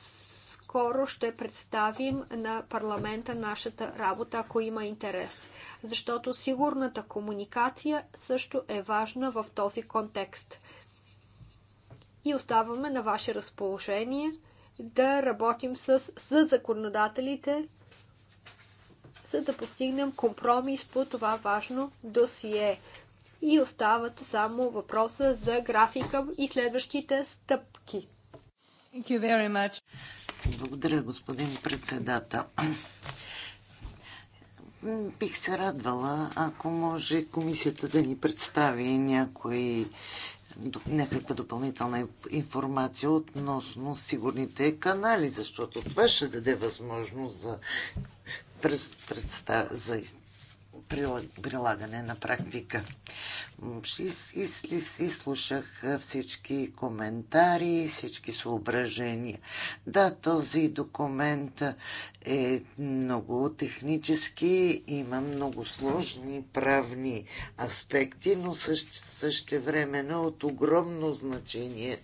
[SPEAKER 1] скоро ще представим на парламента нашата работа, ако има интерес. Защото сигурната комуникация също е важна в този контекст. И оставаме на ваше разположение – да работим с, с законодателите, за да постигнем компромис по това важно досие. И остават само въпроса за графика и следващите стъпки. Thank you very much.
[SPEAKER 3] Благодаря, господин председател. Бих се радвала, ако може комисията да ни представи някои някаква допълнителна информация относно сигурните канали, защото това ще даде възможност за, през, представ, за прилагане на практика. Изслушах всички коментари, всички съображения. Да, този документ е много технически, има много сложни правни аспекти, но също, е от огромно значение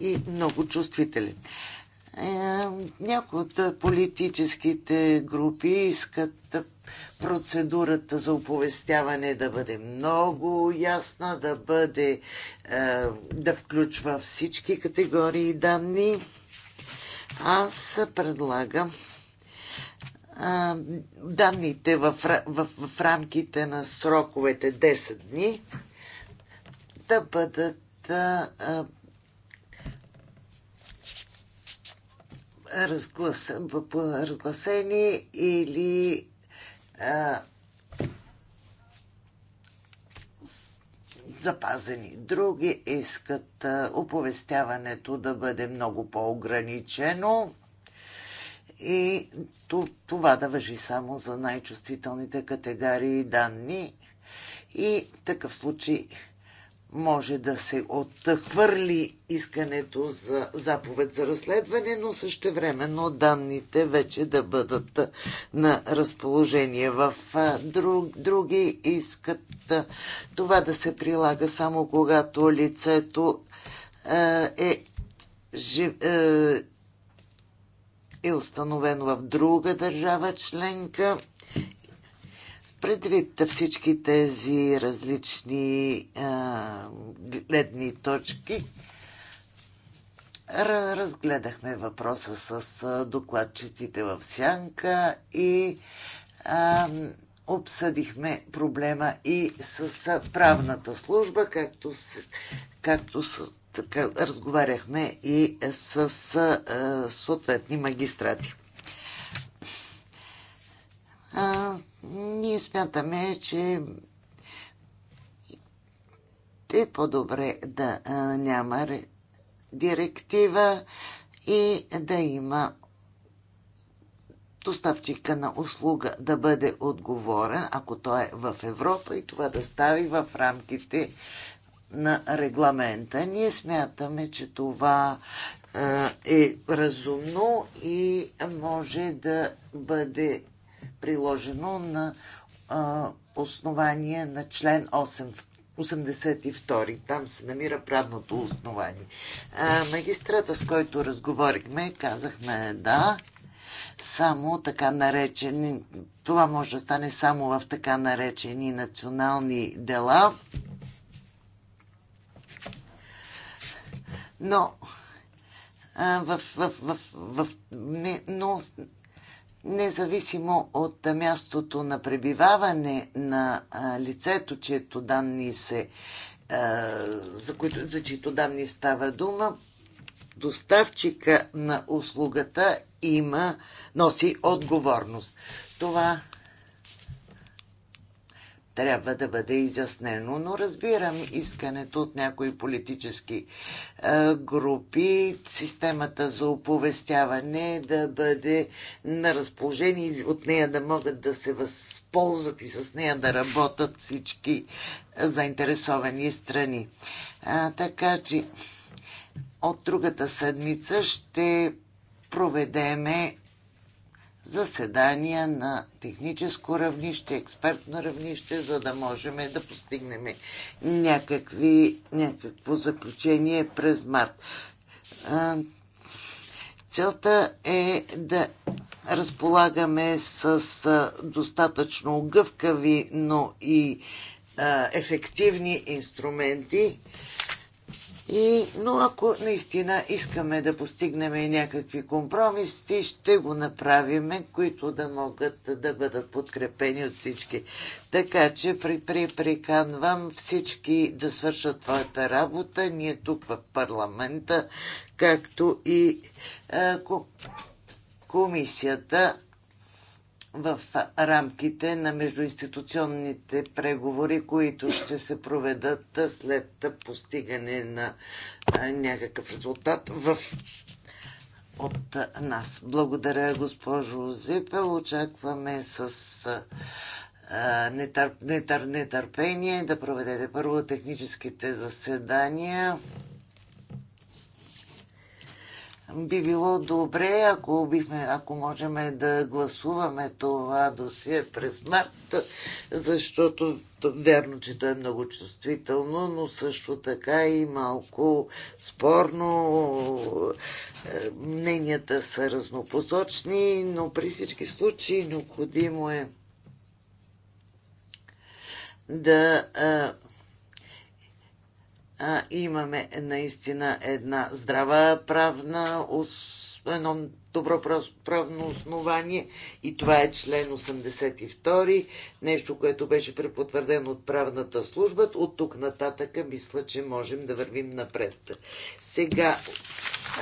[SPEAKER 3] и много чувствителен. Е, някои от политическите групи искат процедурата за оповестяване да бъде много ясна, да бъде е, да включва всички категории данни. Аз предлагам е, данните в, в, в рамките на сроковете 10 дни да бъдат а, е, разглас, разгласени или запазени. Други искат оповестяването да бъде много по-ограничено и това да въжи само за най-чувствителните категории данни. И в такъв случай може да се отхвърли искането за заповед за разследване, но също времено данните вече да бъдат на разположение в друг, други искат това да се прилага само когато лицето е, е, е установено в друга държава членка Предвид всички тези различни а, гледни точки, разгледахме въпроса с докладчиците в Сянка и а, обсъдихме проблема и с правната служба, както, с, както с, така, разговаряхме и с а, съответни магистрати. А, ние смятаме, че е по-добре да няма директива и да има доставчика на услуга да бъде отговорен, ако той е в Европа и това да стави в рамките на регламента. Ние смятаме, че това е разумно и може да бъде приложено на а, основание на член 8 82. Там се намира правното основание. А, магистрата, с който разговорихме, казахме да, само така наречени, това може да стане само в така наречени национални дела. Но в, в, в, в, не, но независимо от мястото на пребиваване на лицето, чието данни се, за, които, за чието данни става дума, доставчика на услугата има, носи отговорност. Това трябва да бъде изяснено, но разбирам искането от някои политически е, групи системата за оповестяване да бъде на разположение от нея да могат да се възползват и с нея да работят всички заинтересовани страни. А, така че от другата седмица ще проведеме заседания на техническо равнище, експертно равнище, за да можем да постигнем някакви, някакво заключение през март. Целта е да разполагаме с достатъчно гъвкави, но и ефективни инструменти, и, но ако наистина искаме да постигнем някакви компромиси, ще го направим, които да могат да бъдат подкрепени от всички. Така че при, при, приканвам всички да свършат твоята работа, ние тук в парламента, както и е, комисията в рамките на междуинституционните преговори, които ще се проведат след постигане на някакъв резултат в от нас. Благодаря, госпожо Зипел. Очакваме с нетър, нетър, нетърпение да проведете първо техническите заседания би било добре, ако, бихме, ако можем да гласуваме това досие през март, защото верно, че то е много чувствително, но също така и малко спорно. Е, мненията са разнопосочни, но при всички случаи необходимо е да е, а, имаме наистина една здрава правна, едно добро правно основание и това е член 82, нещо, което беше препотвърдено от правната служба. От тук нататък мисля, че можем да вървим напред. Сега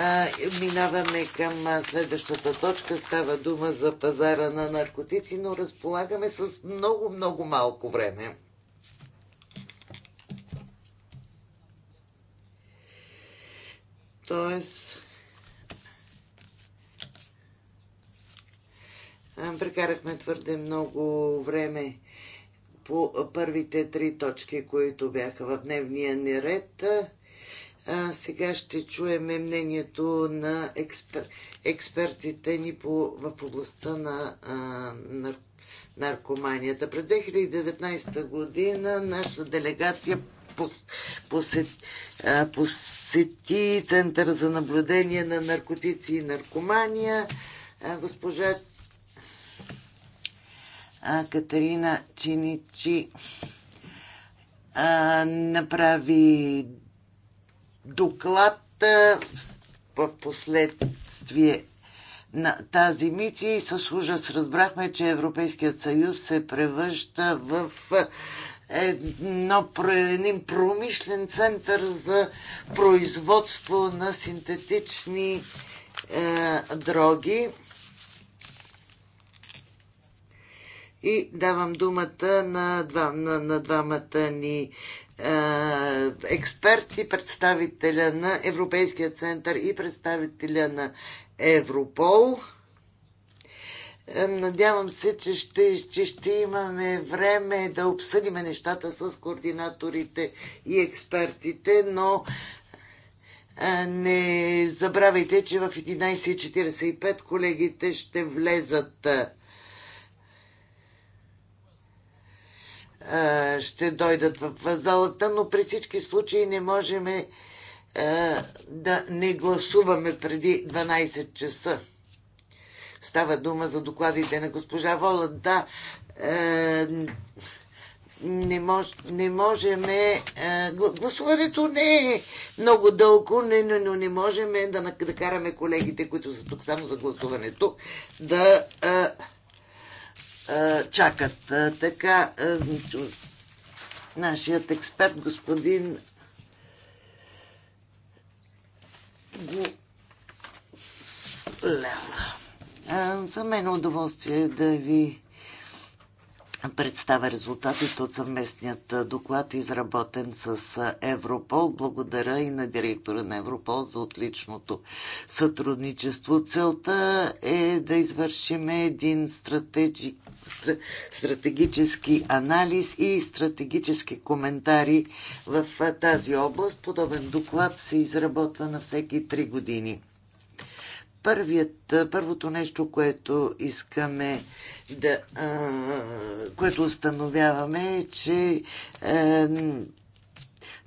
[SPEAKER 3] а, минаваме към следващата точка. Става дума за пазара на наркотици, но разполагаме с много-много малко време. Тоест, прекарахме твърде много време по първите три точки, които бяха в дневния ни ред. А, сега ще чуеме мнението на експер... експертите ни по... в областта на а, нар... наркоманията. През 2019 година наша делегация посети Центъра за наблюдение на наркотици и наркомания. Госпожа Катерина Чиничи направи доклад в последствие на тази мисия и с ужас разбрахме, че Европейският съюз се превръща в едно, един промишлен център за производство на синтетични е, дроги. И давам думата на, два, на, на двамата ни е, експерти, представителя на Европейския център и представителя на Европол. Е, надявам се, че ще, че ще имаме време да обсъдим нещата с координаторите и експертите, но е, не забравяйте, че в 11.45 колегите ще влезат. Е, ще дойдат в залата, но при всички случаи не можем да не гласуваме преди 12 часа. Става дума за докладите на госпожа Вола. Да, е, не, мож, не можем. Е, гласуването не е много дълго, не, но не, не можем да, да караме колегите, които са тук само за гласуването, да е, е, чакат. Е, така, е, нашият експерт, господин Лела. Е, за мен е удоволствие да ви представя резултатите от съвместният е, доклад, изработен с е, Европол. Благодаря и на директора на Европол за отличното сътрудничество. Целта е да извършим един стратеги... стратегически анализ и стратегически коментари в тази област. Подобен доклад се изработва на всеки 3 години първият, първото нещо, което искаме да, а, което установяваме е, че а, е,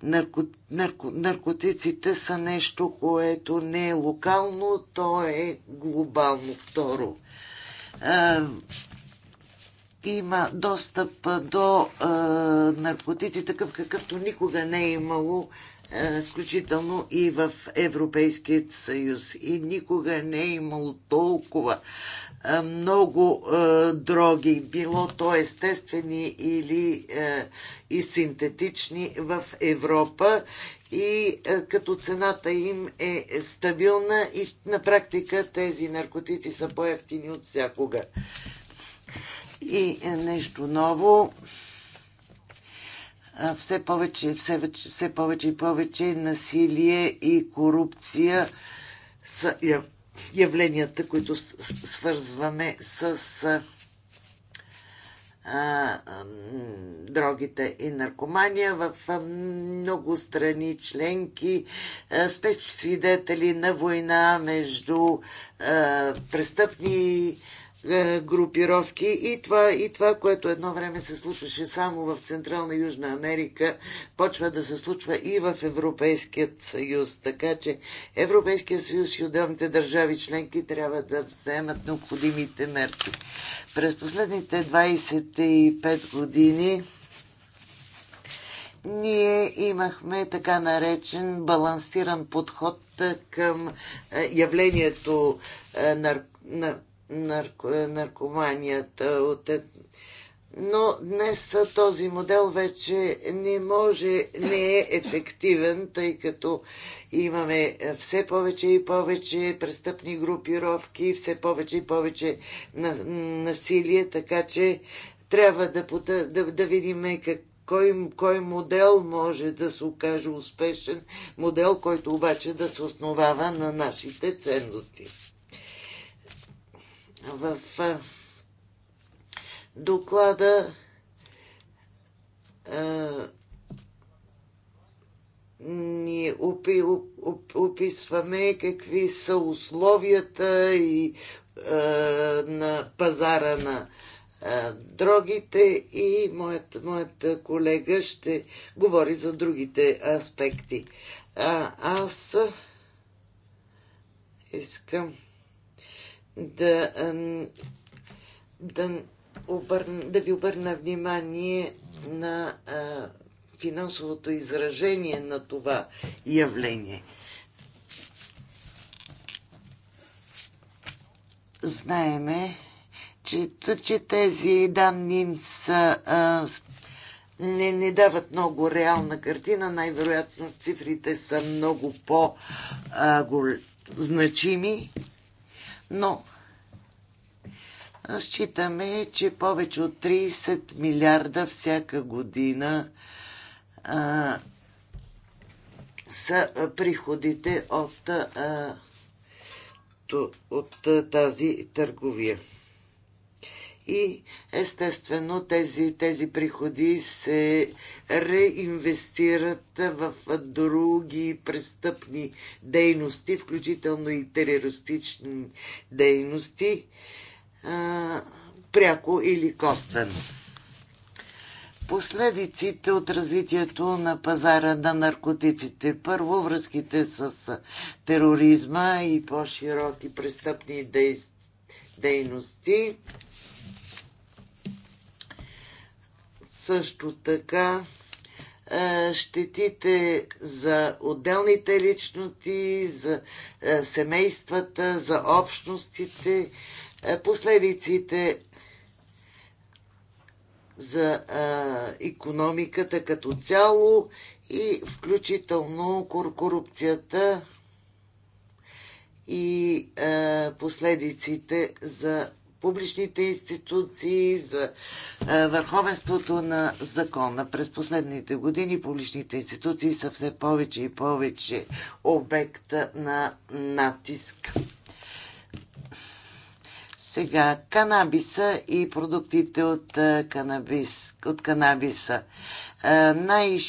[SPEAKER 3] нарко, нарко, наркотиците са нещо, което не е локално, то е глобално. Второ, а, има достъп до а, наркотици, такъв какъвто никога не е имало е, включително и в Европейският съюз. И никога не е имало толкова е, много е, дроги, било то естествени или и синтетични в Европа и като цената им е стабилна и на практика тези наркотици са по-ефтини от всякога. И нещо ново все повече, все, все повече и повече насилие и корупция са явленията, които свързваме с а, дрогите и наркомания в много страни членки, спецсвидетели на война между а, престъпни е, групировки и това, и това, което едно време се случваше само в Централна Южна Америка, почва да се случва и в Европейският съюз. Така че Европейският съюз и отделните държави членки трябва да вземат необходимите мерки. През последните 25 години ние имахме така наречен балансиран подход към е, явлението е, на нарко, е, наркоманията. От... Но днес този модел вече не може, не е ефективен, тъй като имаме е, все повече и повече престъпни групировки, все повече и повече на, насилие, така че трябва да, пота, да, да видим как, кой, кой модел може да се окаже успешен, модел, който обаче да се основава на нашите ценности в доклада ни описваме какви са условията и на пазара на дрогите и моят, моята колега ще говори за другите аспекти. А, аз искам да, да, обърна, да ви обърна внимание на а, финансовото изражение на това явление. Знаеме, че, че тези данни са, а, не, не дават много реална картина. Най-вероятно цифрите са много по-значими но считаме, че повече от 30 милиарда всяка година а, са приходите от, а, от, от тази търговия и естествено тези, тези приходи се реинвестират в други престъпни дейности, включително и терористични дейности, а, пряко или коствено. Последиците от развитието на пазара на наркотиците. Първо, връзките с тероризма и по-широки престъпни дейности. Също така щетите за отделните личности, за семействата, за общностите, последиците за економиката като цяло и включително корупцията и последиците за публичните институции, за върховенството на закона. През последните години публичните институции са все повече и повече обект на натиск. Сега, канабиса и продуктите от, канабис, от канабиса. Най,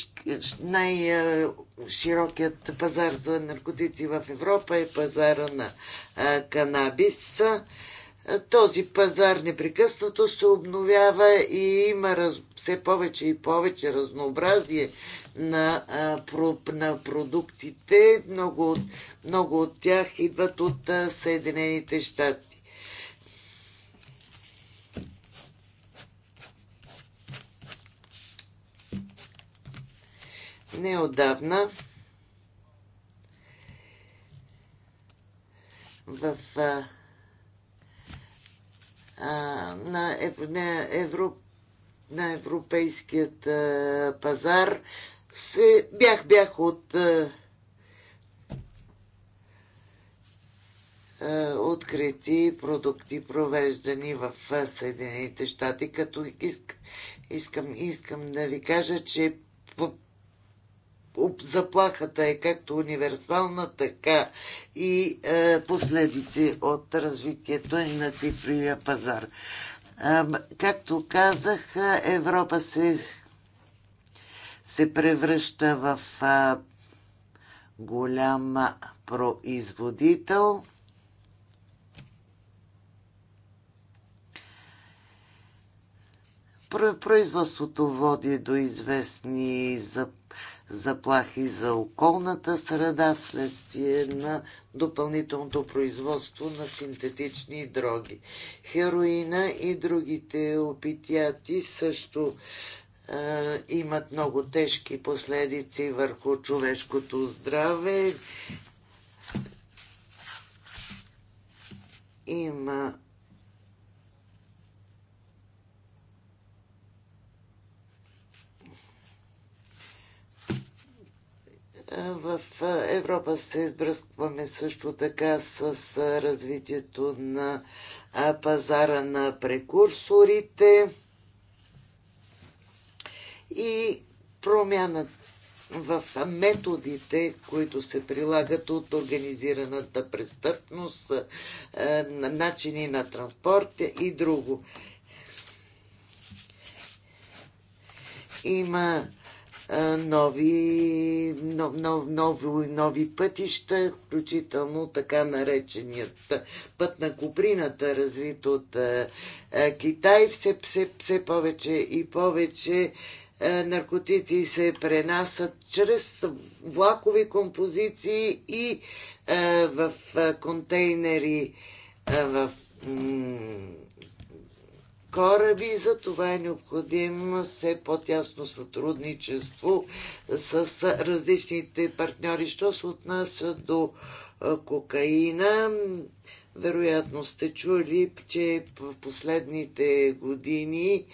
[SPEAKER 3] най-широкият пазар за наркотици в Европа е пазара на канабиса. Този пазар непрекъснато се обновява и има раз, все повече и повече разнообразие на, на продуктите. Много от, много от тях идват от Съединените щати. Неодавна в на, ев, на, Евро, на европейският а, пазар се, бях, бях от а, открити продукти, провеждани в Съединените щати, като иск, искам, искам да ви кажа, че заплахата е както универсална, така и е, последици от развитието и на цифрия пазар. Е, както казах, е, Европа се, се превръща в е, голям производител. Производството води до известни заплахи заплахи за околната среда вследствие на допълнителното производство на синтетични дроги. Хероина и другите опитяти също е, имат много тежки последици върху човешкото здраве. Има В Европа се избръскваме също така с развитието на пазара на прекурсорите и промяна в методите, които се прилагат от организираната престъпност, начини на транспорт и друго. Има нови, нов, нов, нов, нови пътища, включително така нареченият път на Куприната, развит от Китай. Все, все, все повече и повече наркотици се пренасят чрез влакови композиции и в контейнери в кораби. За това е необходимо все по-тясно сътрудничество с различните партньори. Що се отнася до кокаина, вероятно сте чули, че в последните години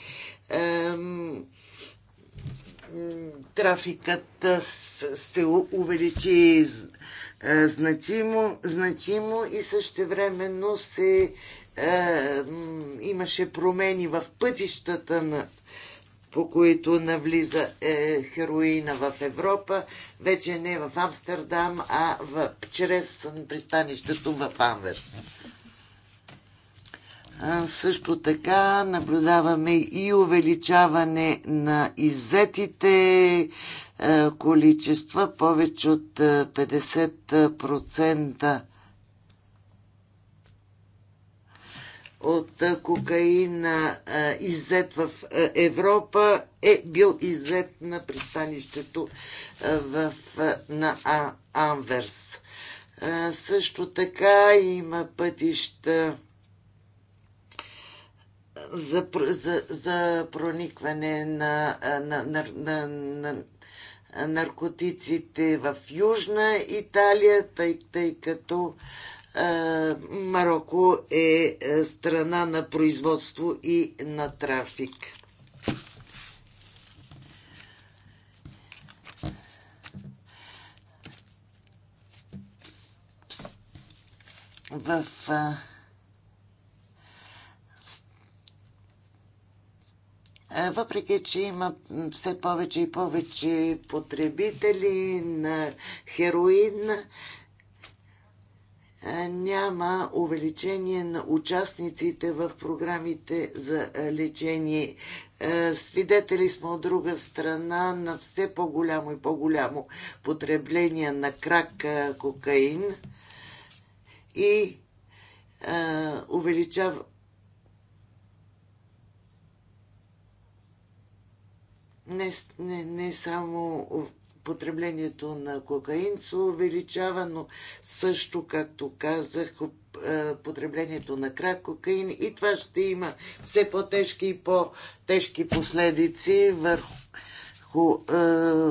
[SPEAKER 3] ем, трафикът се увеличи значимо, значимо и същевременно се е, имаше промени в пътищата, на, по които навлиза е, хероина в Европа, вече не в Амстердам, а в, чрез пристанището в Анверс. А, също така наблюдаваме и увеличаване на иззетите е, количества, повече от 50% е, от кокаин иззет в Европа е бил иззет на пристанището в, на Анверс. Също така има пътища за, за, за проникване на, на, на, на, на наркотиците в Южна Италия, тъй, тъй като Марокко е, е страна на производство и на трафик. В въпреки че има все повече и повече потребители на хероин, няма увеличение на участниците в програмите за лечение. Свидетели сме от друга страна на все по-голямо и по-голямо потребление на крак кокаин и увеличава не, не, не само потреблението на кокаин се увеличава, но също, както казах, е, потреблението на крак кокаин и това ще има все по-тежки и по-тежки последици върху е,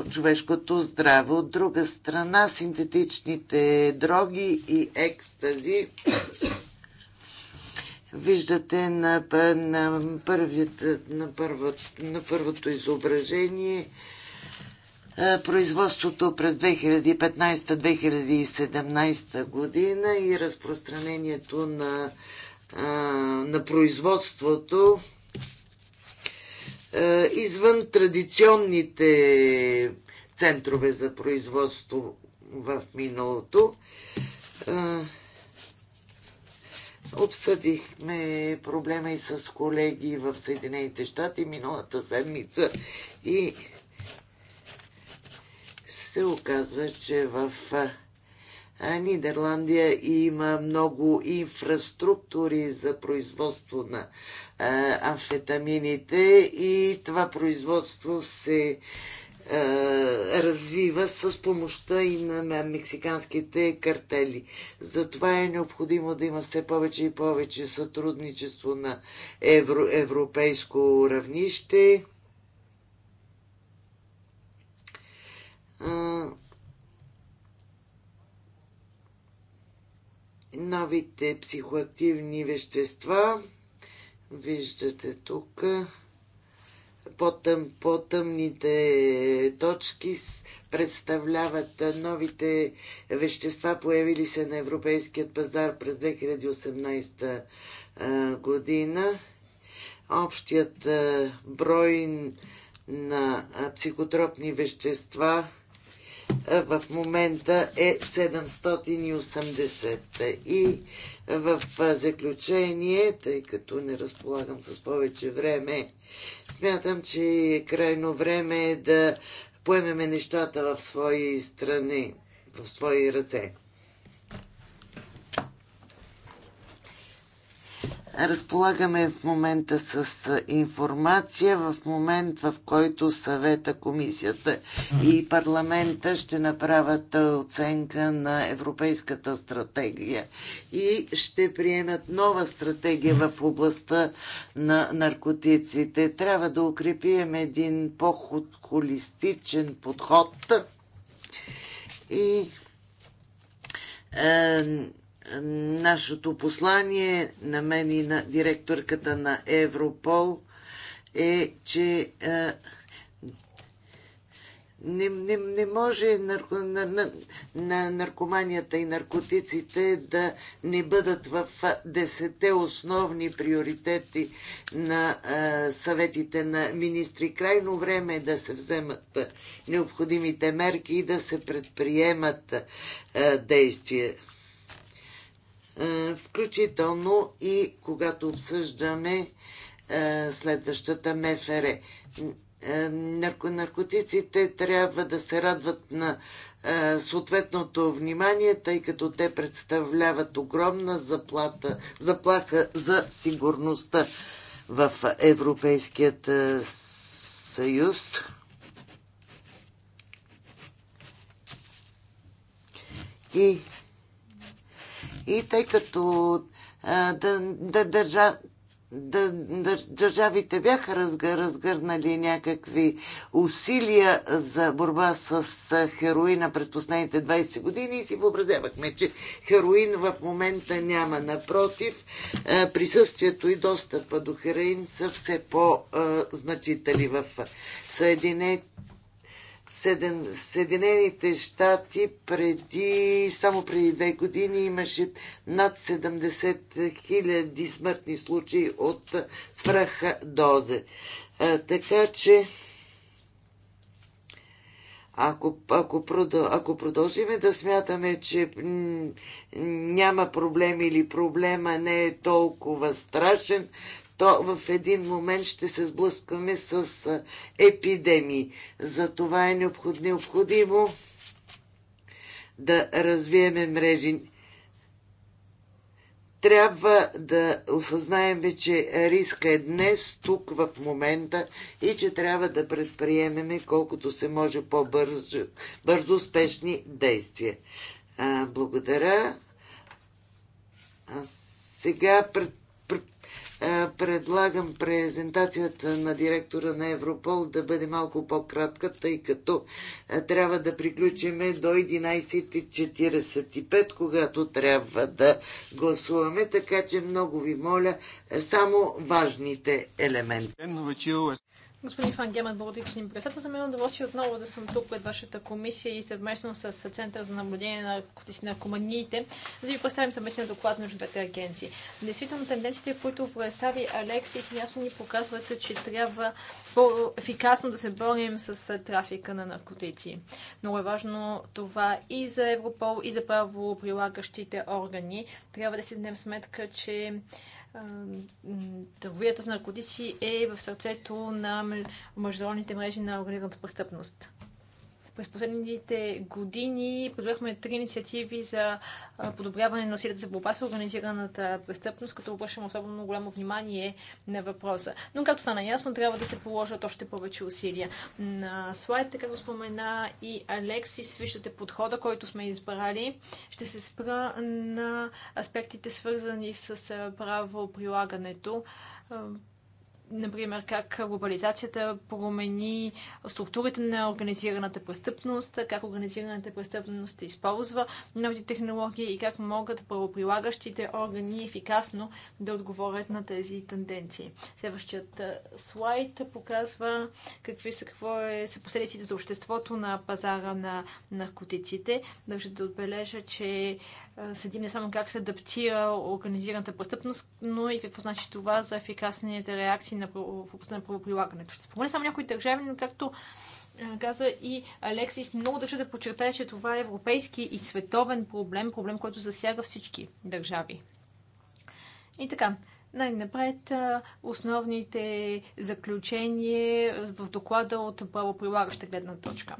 [SPEAKER 3] човешкото здраве. От друга страна, синтетичните дроги и екстази виждате на, на, първите, на, първо, на първото изображение – производството през 2015-2017 година и разпространението на, на производството извън традиционните центрове за производство в миналото. Обсъдихме проблема и с колеги в Съединените щати миналата седмица и се оказва, че в Нидерландия има много инфраструктури за производство на амфетамините и това производство се развива с помощта и на мексиканските картели. Затова е необходимо да има все повече и повече сътрудничество на евро, европейско равнище новите психоактивни вещества. Виждате тук по-тъм, по-тъмните точки представляват новите вещества, появили се на европейският пазар през 2018 година. Общият брой на психотропни вещества – в момента е 780. И в заключение, тъй като не разполагам с повече време, смятам, че е крайно време да поемеме нещата в свои страни, в свои ръце. Разполагаме в момента с информация, в момент в който съвета, комисията и парламента ще направят оценка на Европейската стратегия и ще приемат нова стратегия в областта на наркотиците. Трябва да укрепим един поход холистичен подход и е, Нашето послание на мен и на директорката на Европол е, че е, не, не, не може нарко, на, на, на наркоманията и наркотиците да не бъдат в десете основни приоритети на а, е, съветите на министри. Крайно време е да се вземат необходимите мерки и да се предприемат а, е, действия. Е, включително и когато обсъждаме е, следващата МФР. Е, наркотиците трябва да се радват на съответното внимание, тъй като те представляват огромна заплата, заплаха за сигурността в Европейският съюз. И и тъй като а, да, да, държа, да, държавите бяха разгър, разгърнали някакви усилия за борба с хероина през последните 20 години и си въобразявахме, че хероин в момента няма. Напротив, присъствието и достъпа до хероин са все по-значители в Съединените Съединените щати преди, само преди две години имаше над 70 хиляди смъртни случаи от свръхдозе. Е, така че ако, ако, продъл, ако продължиме да смятаме, че няма проблем или проблема не е толкова страшен, то в един момент ще се сблъскаме с епидемии. За това е необходимо да развиеме мрежи. Трябва да осъзнаем, че риска е днес, тук, в момента и че трябва да предприемеме колкото се може по-бързо бързо спешни действия. А, благодаря. А сега пред, пред, е, предлагам презентацията на директора на Европол да бъде малко по-кратка, тъй като е, трябва да приключиме до 11.45, когато трябва да гласуваме, така че много ви моля е, само важните елементи.
[SPEAKER 2] Господин Фан Гемът, благодаря, господин председател. За мен е удоволствие отново да съм тук пред вашата комисия и съвместно с Център за наблюдение на наркотици на наркоманиите, за да ви представим съвместния доклад между двете агенции. Действително, тенденциите, които представи Алексис, ясно ни показват, че трябва по-ефикасно да се борим с трафика на наркотици. Много е важно това и за Европол, и за правоприлагащите органи. Трябва да си днем сметка, че търговията с наркотици е в сърцето на международните мрежи на организираната престъпност. През последните години подбрахме три инициативи за подобряване на усилията за борба с организираната престъпност, като обръщаме особено голямо внимание на въпроса. Но както стана ясно, трябва да се положат още повече усилия. На слайдите, както спомена и Алексис, виждате подхода, който сме избрали. Ще се спра на аспектите, свързани с правоприлагането например, как глобализацията промени структурите на организираната престъпност, как организираната престъпност използва новите технологии и как могат правоприлагащите органи ефикасно да отговорят на тези тенденции. Следващият слайд показва какви са, какво е, са последиците за обществото на пазара на наркотиците. Държа да отбележа, че е, следим не само как се адаптира организираната престъпност, но и какво значи това за ефикасните реакции на, в областта на правоприлагането. Ще спомена само някои държави, но както е, каза и Алексис, много държа да подчертая, че това е европейски и световен проблем, проблем, който засяга всички държави. И така, най-напред е, основните заключения в доклада от правоприлагаща гледна точка.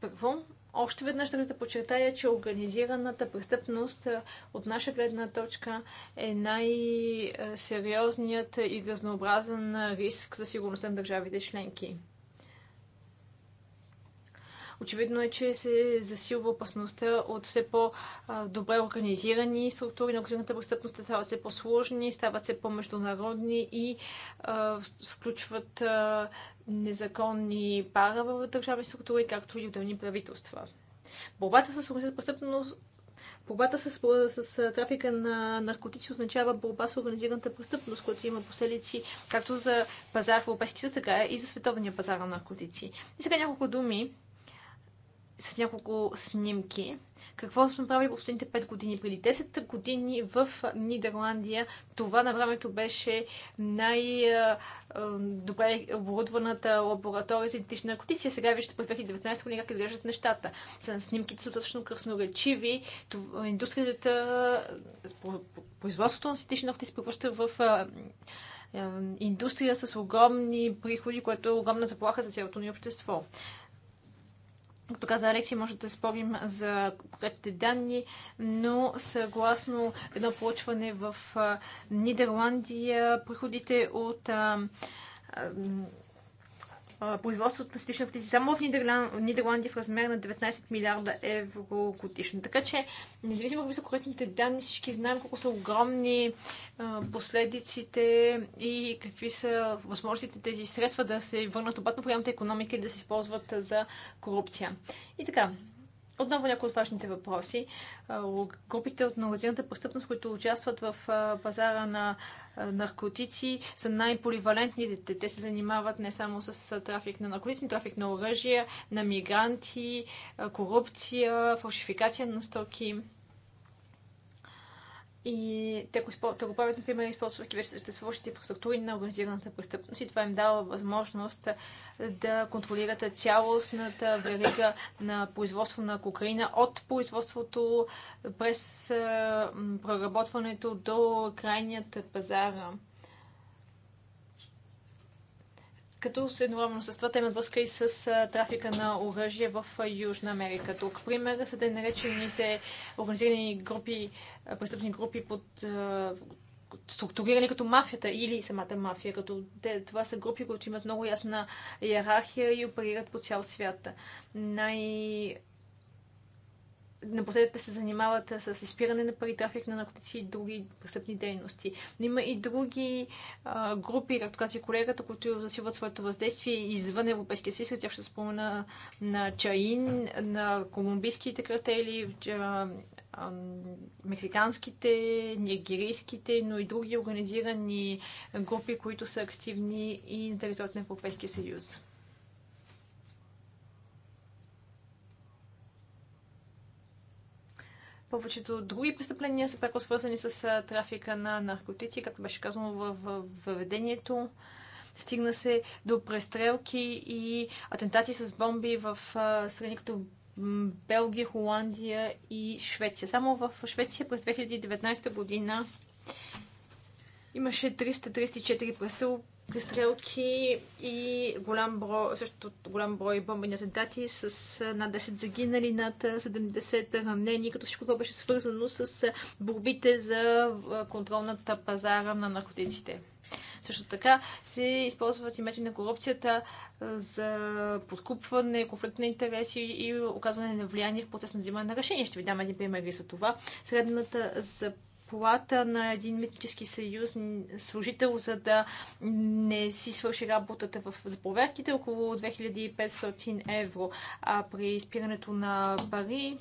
[SPEAKER 2] Първо, още веднъж да подчертая, че организираната престъпност от наша гледна точка е най-сериозният и разнообразен риск за сигурността на държавите членки. Очевидно е, че се засилва опасността от все по-добре организирани структури на организираната престъпност, стават все по-сложни, стават все по-международни и а, включват а, незаконни пара в държавни структури, както и отделни правителства. Борбата с организираната престъпност Борбата с, с трафика на наркотици означава борба с организираната престъпност, която има последици както за пазар в Европейския съюз, така и за световния пазар на наркотици. И сега няколко думи с няколко снимки. Какво сме правили по последните 5 години? Преди 10 години в Нидерландия това на времето беше най-добре оборудваната лаборатория за идентични наркотици. Сега вижте през 2019 година как изглеждат нещата. Снимките са достатъчно красноречиви. Индустрията, производството на синтетични наркотици превръща в индустрия с огромни приходи, което е огромна заплаха за цялото ни общество. Както каза Алекси, може да спорим за конкретните данни, но съгласно едно проучване в Нидерландия, приходите от производството на стични птици само в Нидерландия в размер на 19 милиарда евро годишно. Така че, независимо какви са коректните данни, всички знаем колко са огромни последиците и какви са възможностите тези средства да се върнат обратно в реалната економика и да се използват за корупция. И така, отново някои от важните въпроси. Групите от магазината престъпност, които участват в пазара на наркотици, са най-поливалентните. Те се занимават не само с трафик на наркотици, трафик на оръжия, на мигранти, корупция, фалшификация на стоки и те го, те го правят, например, използвайки вече съществуващите инфраструктури на организираната престъпност и това им дава възможност да контролират цялостната верига на производство на кокаина от производството през преработването до крайният пазар като се едновременно с това те имат връзка и с трафика на оръжие в Южна Америка. Тук пример са те наречените организирани групи, престъпни групи под структурирани като мафията или самата мафия, като те, това са групи, които имат много ясна иерархия и оперират по цял свят. Най- напоследък да се занимават с изпиране на пари, трафик на наркотици и други престъпни дейности. Но има и други а, групи, както каза колегата, които засилват своето въздействие извън Европейския съюз. Тя ще спомена на Чаин, на колумбийските картели, а, а, мексиканските, нигерийските, но и други организирани групи, които са активни и на територията на Европейския съюз. Повечето други престъпления са пряко свързани с трафика на наркотици, както беше казано в въведението. Стигна се до престрелки и атентати с бомби в страни като Белгия, Холандия и Швеция. Само в Швеция през 2019 година имаше 334 престъл, стрелки и голям брой, също голям брой бомбени атентати с над 10 загинали, над 70 ранени, като всичко това беше свързано с борбите за контролната пазара на наркотиците. Също така се използват и методи на корупцията за подкупване, конфликт на интереси и оказване на влияние в процес на взимане на решение. Ще ви дам един пример за това. Средната за палата на един митнически съюз служител, за да не си свърши работата в, заповерките, около 2500 евро. А при изпирането на пари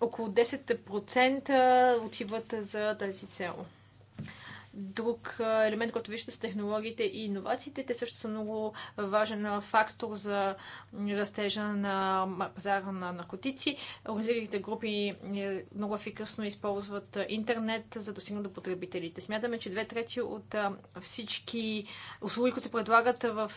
[SPEAKER 2] около 10% отиват за тази цел. Друг елемент, който виждате с технологиите и иновациите. Те също са много важен фактор за растежа на пазара на наркотици. Организираните групи е, много ефикасно използват интернет, за да достигнат до потребителите. Смятаме, че две трети от всички услуги, които се предлагат в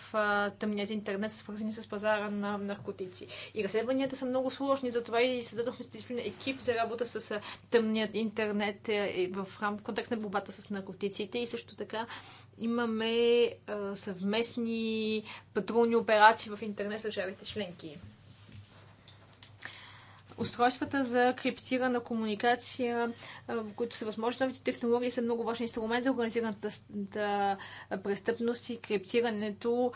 [SPEAKER 2] тъмният интернет, са свързани с пазара на наркотици. И разследванията са много сложни, затова и създадохме специфичен екип за работа с тъмният интернет е, е, в контекст на борбата с наркотици улиците и също така имаме съвместни патрулни операции в интернет с държавите членки устройствата за криптирана комуникация, в които са възможни новите технологии, са много важен инструмент за организираната престъпност и криптирането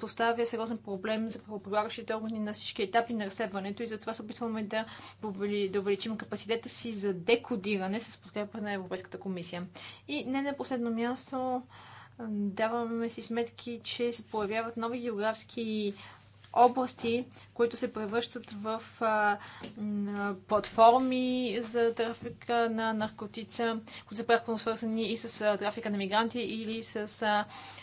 [SPEAKER 2] поставя сериозен проблем за правоприлагащите органи на всички етапи на разследването и затова се опитваме да, да увеличим капацитета си за декодиране с подкрепа на Европейската комисия. И не на последно място, даваме си сметки, че се появяват нови географски области, които се превръщат в а, платформи за трафика на наркотица, които са пряко свързани и с а, трафика на мигранти или с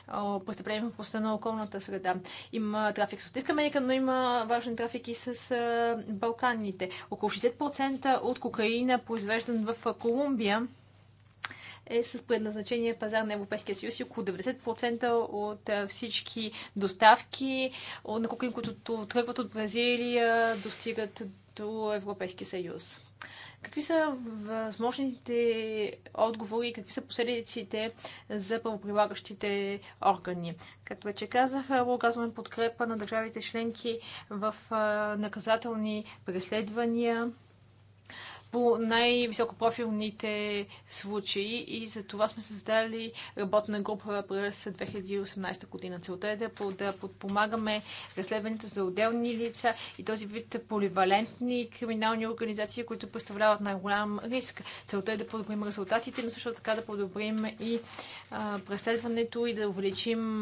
[SPEAKER 2] а, престъпления в областта на околната среда. Има трафик с Латинска Америка, но има важен трафик и с а, Балканите. Около 60% от кокаина, произвеждан в Колумбия, е с предназначение пазар на Европейския съюз и около 90% от всички доставки на кокаин, които тръгват от Бразилия, достигат до Европейския съюз. Какви са възможните отговори и какви са последиците за правоприлагащите органи? Както вече казах, оказваме подкрепа на държавите членки в наказателни преследвания по най-високопрофилните случаи и за това сме създали работна група през 2018 година. Целта е да, подпомагаме разследването за отделни лица и този вид поливалентни криминални организации, които представляват най-голям риск. Целта е да подобрим резултатите, но също така да подобрим и преследването и да увеличим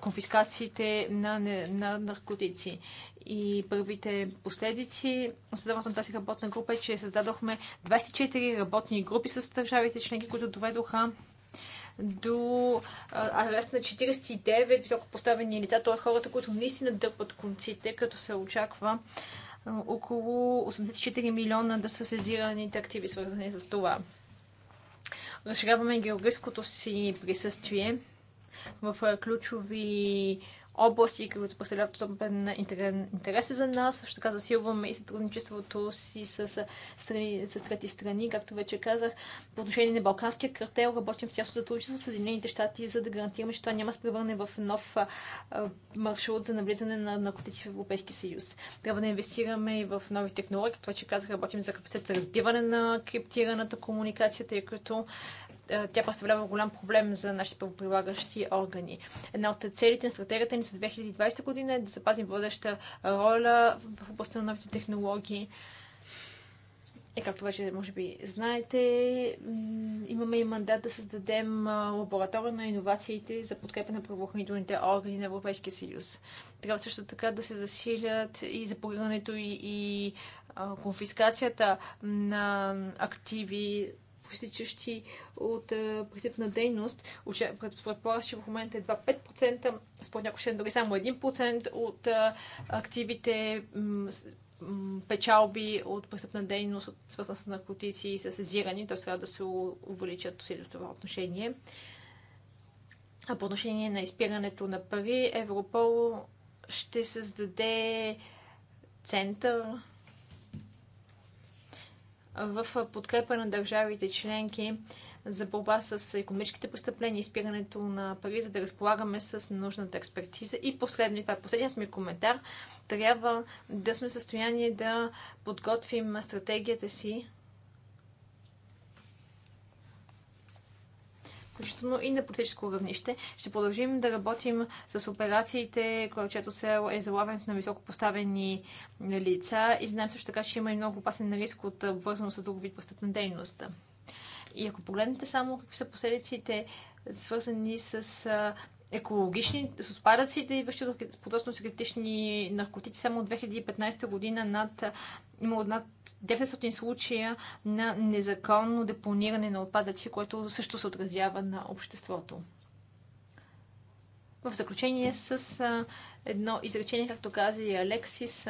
[SPEAKER 2] конфискациите на, на наркотици и първите последици от създаването на тази работна група е, че създадохме 24 работни групи с държавите членки, които доведоха до арест на 49 високопоставени лица, т.е. хората, които наистина дърпат конците, като се очаква около 84 милиона да са сезираните активи, свързани с това. Разширяваме географското си присъствие в ключови области, които представляват особен интерес за нас. Също така засилваме и сътрудничеството си с, страни, с трети страни, както вече казах. По отношение на Балканския картел работим в тясно сътрудничество с Съединените щати, за да гарантираме, че това няма да превърне в нов маршрут за навлизане на наркотици в Европейски съюз. Трябва да инвестираме и в нови технологии, както вече казах, работим за капацитет за разбиване на криптираната комуникация, тъй като тя представлява голям проблем за нашите правоприлагащи органи. Една от целите на стратегията ни за 2020 година е да запазим водеща роля в областта на новите технологии. и както вече може би знаете, имаме и мандат да създадем лаборатория на иновациите за подкрепа на правоохранителните органи на Европейския съюз. Трябва също така да се засилят и запорирането и, и конфискацията на активи проистичащи от престъпна дейност. Предполага, че в момента е 2-5%, според някои ще дори само 1% от активите печалби от престъпна дейност, свързана с наркотици и са сезирани, т.е. трябва да се увеличат усилия в това отношение. А по отношение на изпирането на пари, Европол ще създаде център в подкрепа на държавите членки за борба с економическите престъпления и спирането на пари, за да разполагаме с нужната експертиза. И последно, и това е последният ми коментар, трябва да сме в състояние да подготвим стратегията си включително и на политическо равнище. Ще продължим да работим с операциите, чието цел е залавянето на високо поставени лица и знаем също така, че има и много опасен риск от вързано с друг вид престъпна дейност. И ако погледнете само какви са последиците, свързани с екологични, с отпадъците, и до подосно с критични наркотици, само от 2015 година над, има над 900 случая на незаконно депониране на отпадъци, което също се отразява на обществото. В заключение с едно изречение, както каза и Алексис,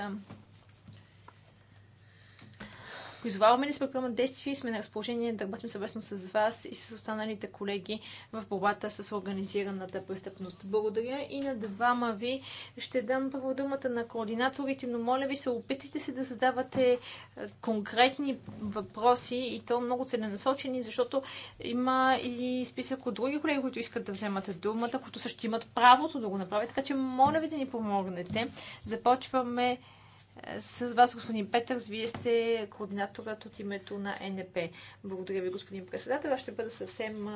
[SPEAKER 2] Призоваваме ли с програма действие и сме на разположение да работим съвместно с вас и с останалите колеги в борбата с организираната престъпност. Благодаря и на двама ви. Ще дам първо думата на координаторите, но моля ви се, опитайте се да задавате е, конкретни въпроси и то много целенасочени, защото има и списък от други колеги, които искат да вземат думата, които също имат правото да го направят, така че моля ви да ни помогнете. Започваме с вас, господин Петърс. Вие сте координаторът от името на НП. Благодаря ви, господин председател. Аз ще бъда съвсем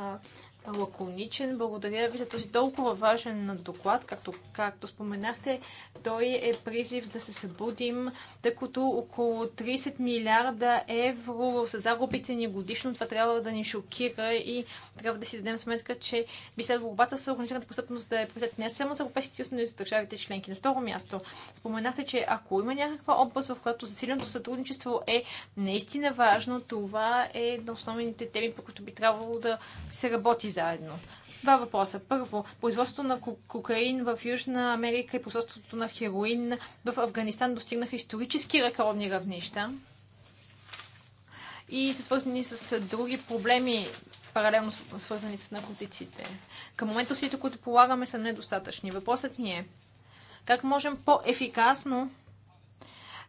[SPEAKER 2] лаконичен. Благодаря ви за този толкова важен доклад. Както, както споменахте, той е призив да се събудим, тъй като около 30 милиарда евро са загубите ни годишно. Това трябва да ни шокира и трябва да си дадем сметка, че би след борбата с организираната престъпност да е приоритет не само за Европейския съюз, но и за държавите членки. На второ място, споменахте, че ако има някаква област, в която засиленото сътрудничество е наистина важно, това е на основните теми, по които би трябвало да се работи заедно. Два въпроса. Първо, производството на кокаин в Южна Америка и производството на хероин в Афганистан достигнаха исторически ръководни равнища и са свързани с други проблеми, паралелно свързани с наркотиците. Към момента усилията, които полагаме, са недостатъчни. Въпросът ни е, как можем по-ефикасно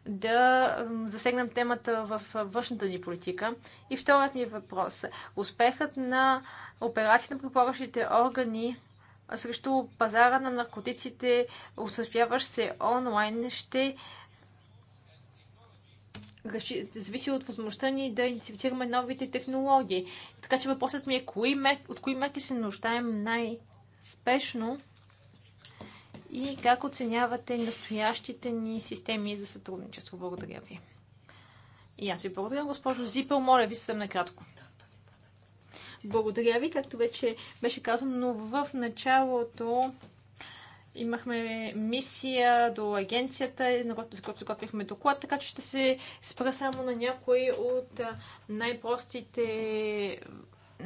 [SPEAKER 2] да засегнем темата в външната ни политика. И вторият ми въпрос. Успехът на операцията на припоръчните органи срещу пазара на наркотиците, осъществяващ се онлайн, ще зависи от възможността ни да идентифицираме новите технологии. Така че въпросът ми е кои мер... от кои мерки се нуждаем най-спешно, и как оценявате настоящите ни системи за сътрудничество. Благодаря ви. И аз ви благодаря, госпожо Зипел. Моля ви съвсем накратко. Благодаря ви. Както вече беше казано в началото, имахме мисия до агенцията, на която готвихме доклад, така че ще се спра само на някои от най-простите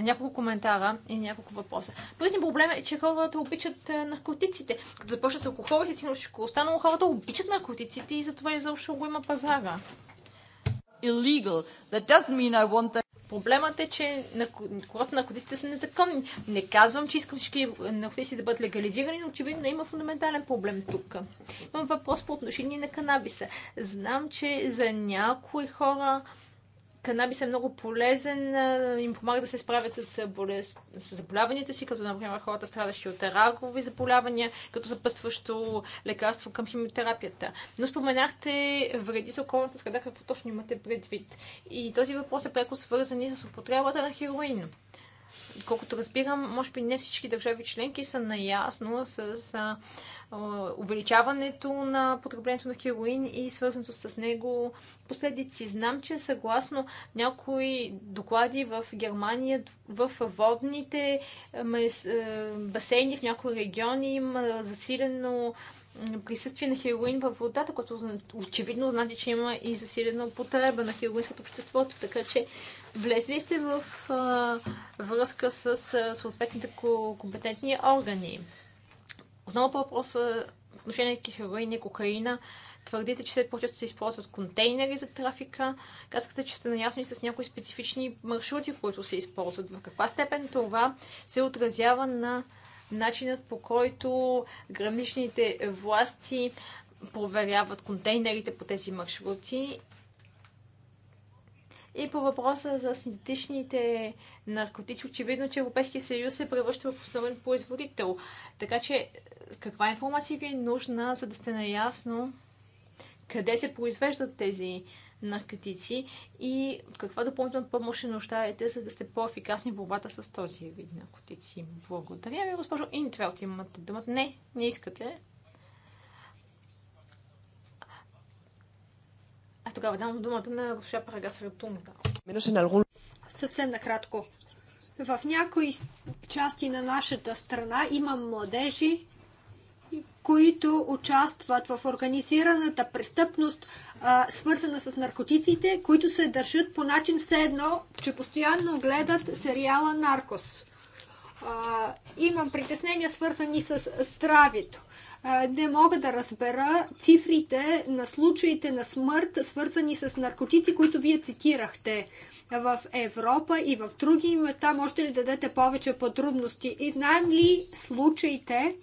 [SPEAKER 2] няколко коментара и няколко въпроса. Първият проблем е, че хората обичат е, наркотиците. Като започна с алкохол и си всичко останало, хората обичат наркотиците и затова изобщо го има пазара. Illegal. That doesn't mean I want that. Проблемът е, че когато наркотиците са незаконни. Не казвам, че искам всички наркотици да бъдат легализирани, но очевидно има фундаментален проблем тук. Имам въпрос по отношение на канабиса. Знам, че за някои хора канабис е много полезен, им помага да се справят с, болез... с заболяванията си, като например хората страдащи от ракови заболявания, като запъстващо лекарство към химиотерапията. Но споменахте вреди за околната среда, какво точно имате предвид. И този въпрос е преко свързан и с употребата на хероин колкото разбирам, може би не всички държави членки са наясно с увеличаването на потреблението на хероин и свързаното с него последици. Знам, че съгласно някои доклади в Германия, в водните басейни в някои региони има засилено присъствие на хероин във водата, което очевидно значи, че има и засилено потреба на хероинското обществото. Така че Влезли сте в а, връзка с а, съответните компетентни органи. Отново по въпроса в отношение на хероин и кокаина. Твърдите, че след по-често се използват контейнери за трафика. Казахте, че сте наясни с някои специфични маршрути, които се използват. В каква степен това се отразява на начинът по който граничните власти проверяват контейнерите по тези маршрути и по въпроса за синтетичните наркотици, очевидно, че Европейския съюз се превръща в основен производител. Така че, каква информация ви е нужна, за да сте наясно къде се произвеждат тези наркотици и каква допълнителна помощ ще нуждаете, за да сте по-ефикасни в борбата с този вид наркотици. Благодаря ви, госпожо Интвелт. Имате думата. Не, не искате. Тогава дам думата на госпожа Парагас Рапунта. Съвсем накратко. В някои
[SPEAKER 1] части на нашата страна има младежи, които участват в организираната престъпност, а, свързана с наркотиците, които се държат по начин все едно, че постоянно гледат сериала Наркос а, имам притеснения свързани с здравето. Не мога да разбера цифрите на случаите на смърт, свързани с наркотици, които вие цитирахте в Европа и в други места. Можете ли да дадете повече подробности? И знаем ли случаите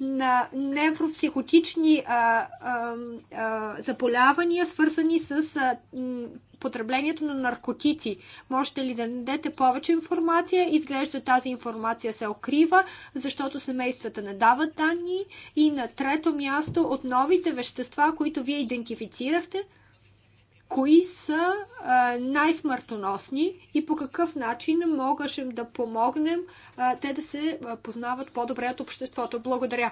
[SPEAKER 1] на невропсихотични а, а, а, заболявания, свързани с а, м, потреблението на наркотици. Можете ли да дадете повече информация? Изглежда тази информация се укрива, защото семействата не дават данни. И на трето място от новите вещества, които вие идентифицирахте, кои са най-смъртоносни и по какъв начин можем да помогнем а, те да се познават по-добре от обществото. Благодаря.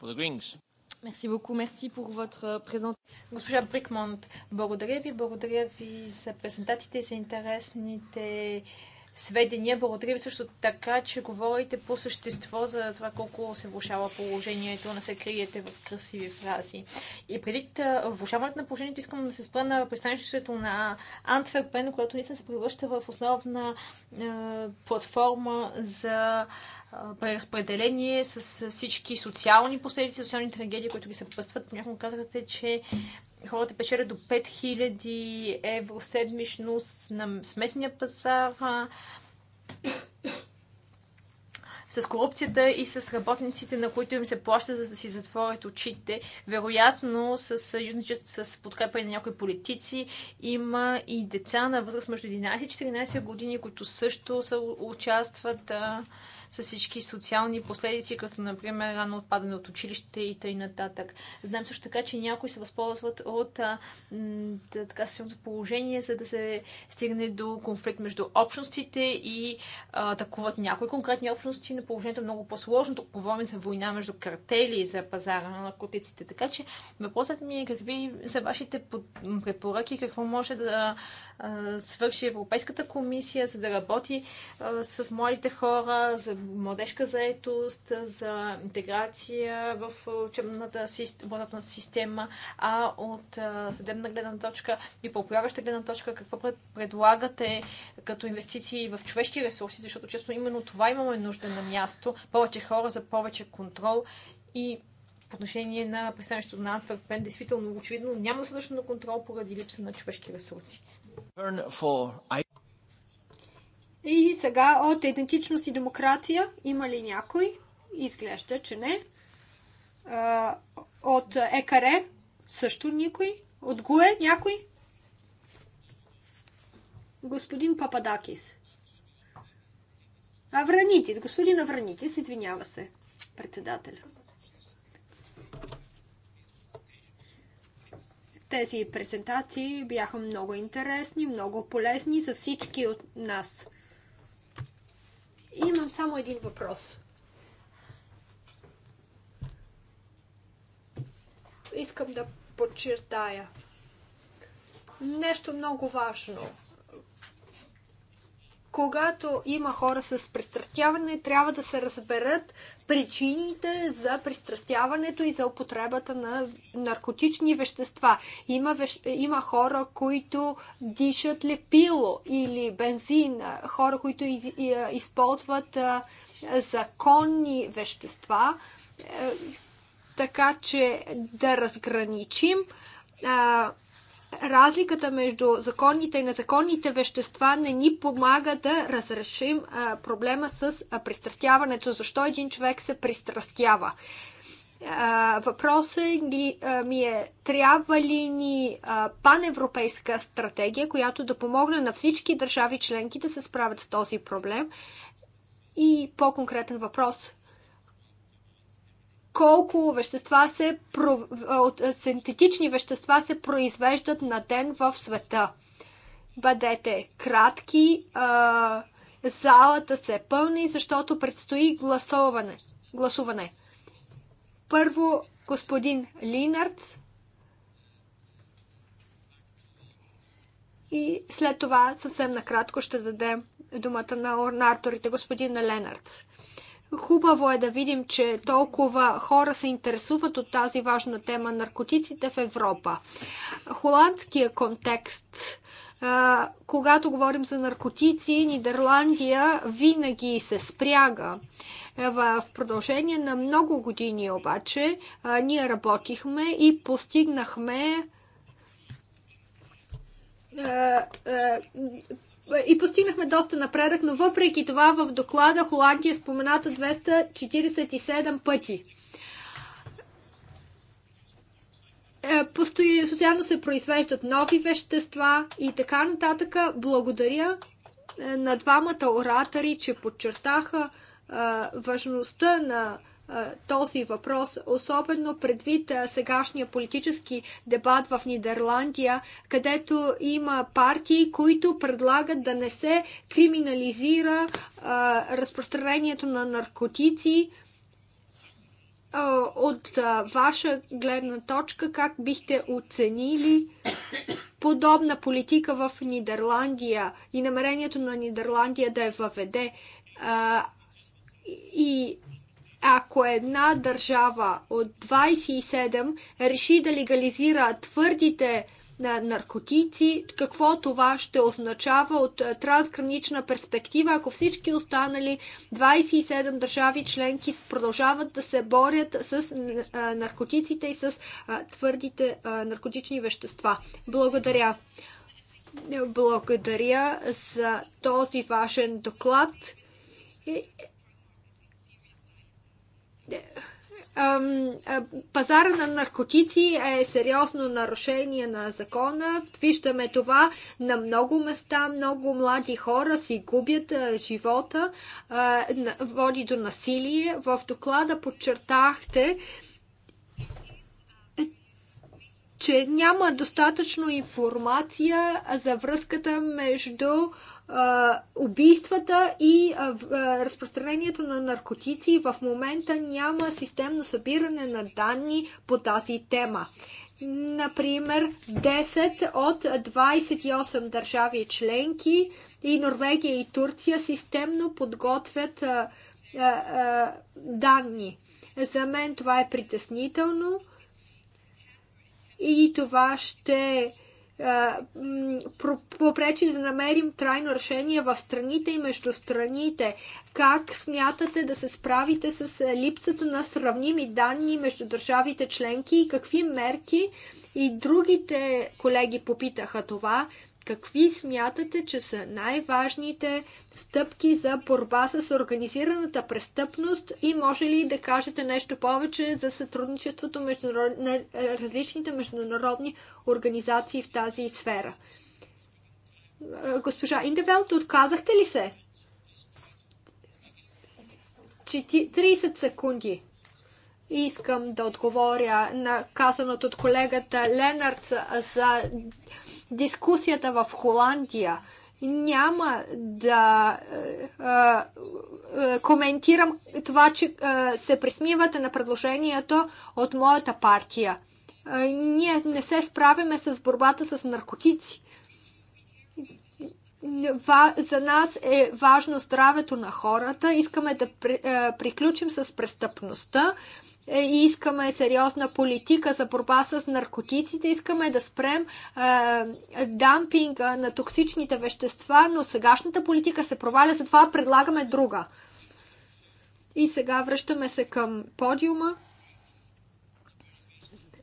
[SPEAKER 1] For the greens.
[SPEAKER 2] Merci beaucoup, merci pour votre euh, présentation. Госпожа Брикмонт, благодаря ви, благодаря ви за презентациите, и за интересните сведения. Благодаря ви също така, че говорите по същество за това колко се влушава положението, не се криете в красиви фрази. И преди влушаването на положението искам да се спра на пристанището на Антверпен, което наистина се превръща в основна е, платформа за преразпределение с всички социални последици, социални трагедии, които ги съпътстват. Понякога казахте, че хората печелят до 5000 евро седмично на смесния пазар, с корупцията и с работниците, на които им се плаща, за да си затворят очите. Вероятно, с, с подкрепа на някои политици има и деца на възраст между 11 и 14 години, които също са, участват а, с всички социални последици, като например рано отпадане от училище и т.н. нататък. Знаем също така, че някои се възползват от а, така силното положение, за да се стигне до конфликт между общностите и атакуват някои конкретни общности на положението е много по-сложно. Тук говорим за война между картели и за пазара на наркотиците. Така че въпросът ми е какви са вашите препоръки, какво може да свърши Европейската комисия, за да работи с младите хора, за младежка заетост, за интеграция в учебната система, система, а от съдебна гледна точка и по-полагаща гледна точка, какво предлагате като инвестиции в човешки ресурси, защото често именно това имаме нужда на място, повече хора за повече контрол и по отношение на пристанището на Антверпен, действително очевидно няма достатъчно контрол поради липса на човешки ресурси. И сега
[SPEAKER 1] от идентичност и демокрация има ли някой? Изглежда, че не. От ЕКАРЕ също никой. От ГУЕ някой? Господин Пападакис. Авранитис, господин Авранитис, извинява се, председателя. Тези презентации бяха много интересни, много полезни за всички от нас. И имам само един въпрос. Искам да подчертая нещо много важно – когато има хора с пристрастяване, трябва да се разберат причините за пристрастяването и за употребата на наркотични вещества. Има, вещ... има хора, които дишат лепило или бензин, хора, които из... използват законни вещества, е, така че да разграничим разликата между законните и незаконните вещества не ни помага да разрешим проблема с пристрастяването. Защо един човек се пристрастява? Въпросът ми е, трябва ли ни паневропейска стратегия, която да помогне на всички държави членки да се справят с този проблем? И по-конкретен въпрос, колко вещества се, от синтетични вещества се произвеждат на ден в света. Бъдете кратки, а, залата се е пълни, защото предстои гласуване. гласуване. Първо, господин Линард и след това съвсем накратко ще дадем думата на орнаторите, господин Ленардс. Хубаво е да видим, че толкова хора се интересуват от тази важна тема наркотиците в Европа. Холандския контекст когато говорим за наркотици, Нидерландия винаги се спряга. В продължение на много години обаче ние работихме и постигнахме и постигнахме доста напредък, но въпреки това в доклада Холандия е спомената 247 пъти. Е, постоянно се произвеждат нови вещества и така нататък. Благодаря е, на двамата оратори, че подчертаха е, важността на този въпрос, особено предвид сегашния политически дебат в Нидерландия, където има партии, които предлагат да не се криминализира разпространението на наркотици. От ваша гледна точка, как бихте оценили подобна политика в Нидерландия и намерението на Нидерландия да я въведе? И ако една държава от 27 реши да легализира твърдите на наркотици, какво това ще означава от е, трансгранична перспектива, ако всички останали 27 държави членки продължават да се борят с е, наркотиците и с е, твърдите наркотични вещества. Благодаря. Благодаря за този важен доклад пазара на наркотици е сериозно нарушение на закона. Виждаме това на много места. Много млади хора си губят живота, води до насилие. В доклада подчертахте, че няма достатъчно информация за връзката между убийствата и разпространението на наркотици. В момента няма системно събиране на данни по тази тема. Например, 10 от 28 държави членки и Норвегия и Турция системно подготвят данни. За мен това е притеснително и това ще е, попречи да намерим трайно решение в страните и между страните? Как смятате да се справите с е, липсата на сравними данни между държавите членки и какви мерки и другите колеги попитаха това, Какви смятате, че са най-важните стъпки за борба с организираната престъпност и може ли да кажете нещо повече за сътрудничеството между различните международни организации в тази сфера? Госпожа Индевелт, отказахте ли се? 30 секунди. Искам да отговоря на казаното от колегата Ленард за дискусията в Холандия. Няма да е, е, е, коментирам това, че е, се присмивате на предложението от моята партия. Е, ние не се справиме с борбата с наркотици. За нас е важно здравето на хората. Искаме да е, приключим с престъпността е, и искаме сериозна политика за борба с наркотиците, искаме да спрем е, дампинга на токсичните вещества, но сегашната политика се проваля, затова предлагаме друга. И сега връщаме се към подиума.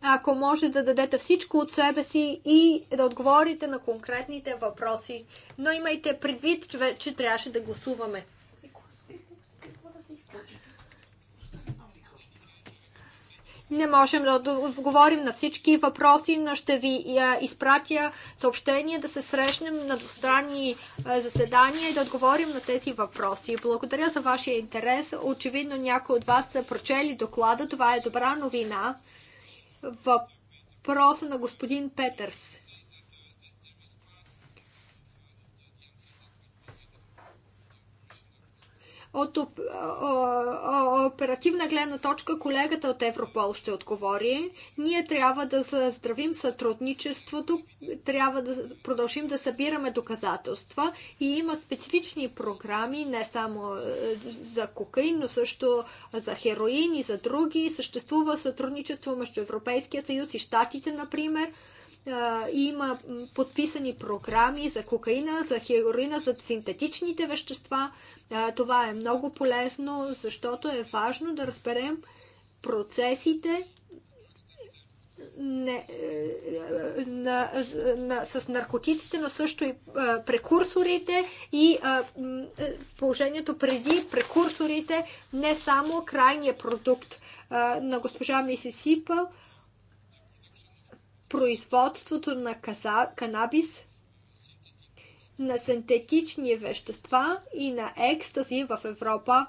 [SPEAKER 1] Ако може да дадете всичко от себе си и да отговорите на конкретните въпроси, но имайте предвид, че трябваше да гласуваме.
[SPEAKER 3] Е, какво да се изкаже?
[SPEAKER 1] Не можем да отговорим на всички въпроси, но ще ви изпратя съобщение да се срещнем на двустранни е, заседания и да отговорим на тези въпроси. Благодаря за вашия интерес. Очевидно някои от вас са прочели доклада. Това е добра новина. Въпроса на господин Петърс. От оперативна гледна точка колегата от Европол ще отговори. Ние трябва да заздравим сътрудничеството, трябва да продължим да събираме доказателства и има специфични програми, не само е, за кокаин, но също за хероин и за други. Съществува сътрудничество между Европейския съюз и Штатите, например. Има подписани програми за кокаина, за хероина, за синтетичните вещества. Това е много полезно, защото е важно да разберем процесите не, е, на, на, с наркотиците, но също и а, е, прекурсорите и а, е, положението преди прекурсорите, не само крайния продукт а, на госпожа Мисисипа производството на канабис, на синтетични вещества и на екстази в Европа,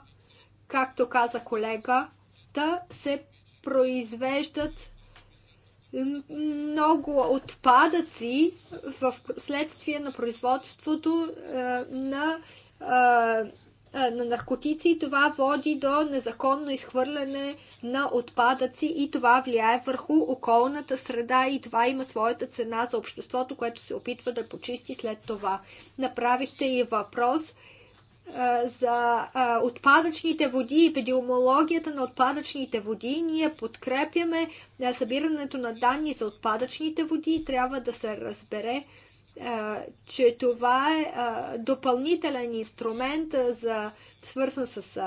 [SPEAKER 1] както каза колега, да се произвеждат много отпадъци в следствие на производството е, на е, на наркотици, това води до незаконно изхвърляне на отпадъци и това влияе върху околната среда и това има своята цена за обществото, което се опитва да почисти след това. Направихте и въпрос за отпадъчните води, епидемиологията на отпадъчните води. Ние подкрепяме събирането на данни за отпадъчните води. Трябва да се разбере че това е допълнителен инструмент за свързан с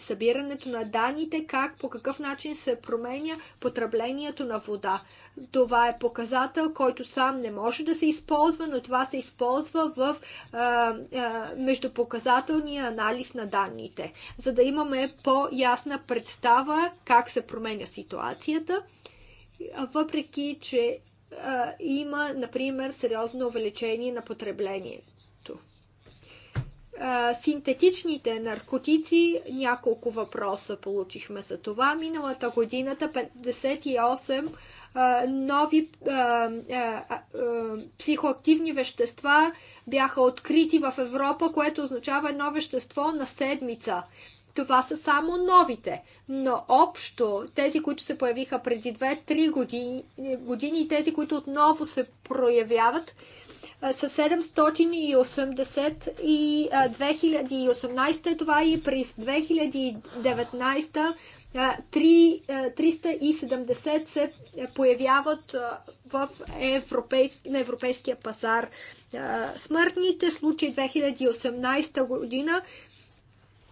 [SPEAKER 1] събирането на данните, как по какъв начин се променя потреблението на вода. Това е показател, който сам не може да се използва, но това се използва в а, а, междупоказателния анализ на данните, за да имаме по-ясна представа как се променя ситуацията. Въпреки, че има, например, сериозно увеличение на потреблението. Синтетичните наркотици, няколко въпроса получихме за това. Миналата годината 58 нови психоактивни вещества бяха открити в Европа, което означава едно вещество на седмица това са само новите. Но общо тези, които се появиха преди 2-3 години, години и тези, които отново се проявяват, са 780 и 2018 е това и през 2019 370 се появяват в европейс, на европейския пазар. Смъртните случаи 2018 година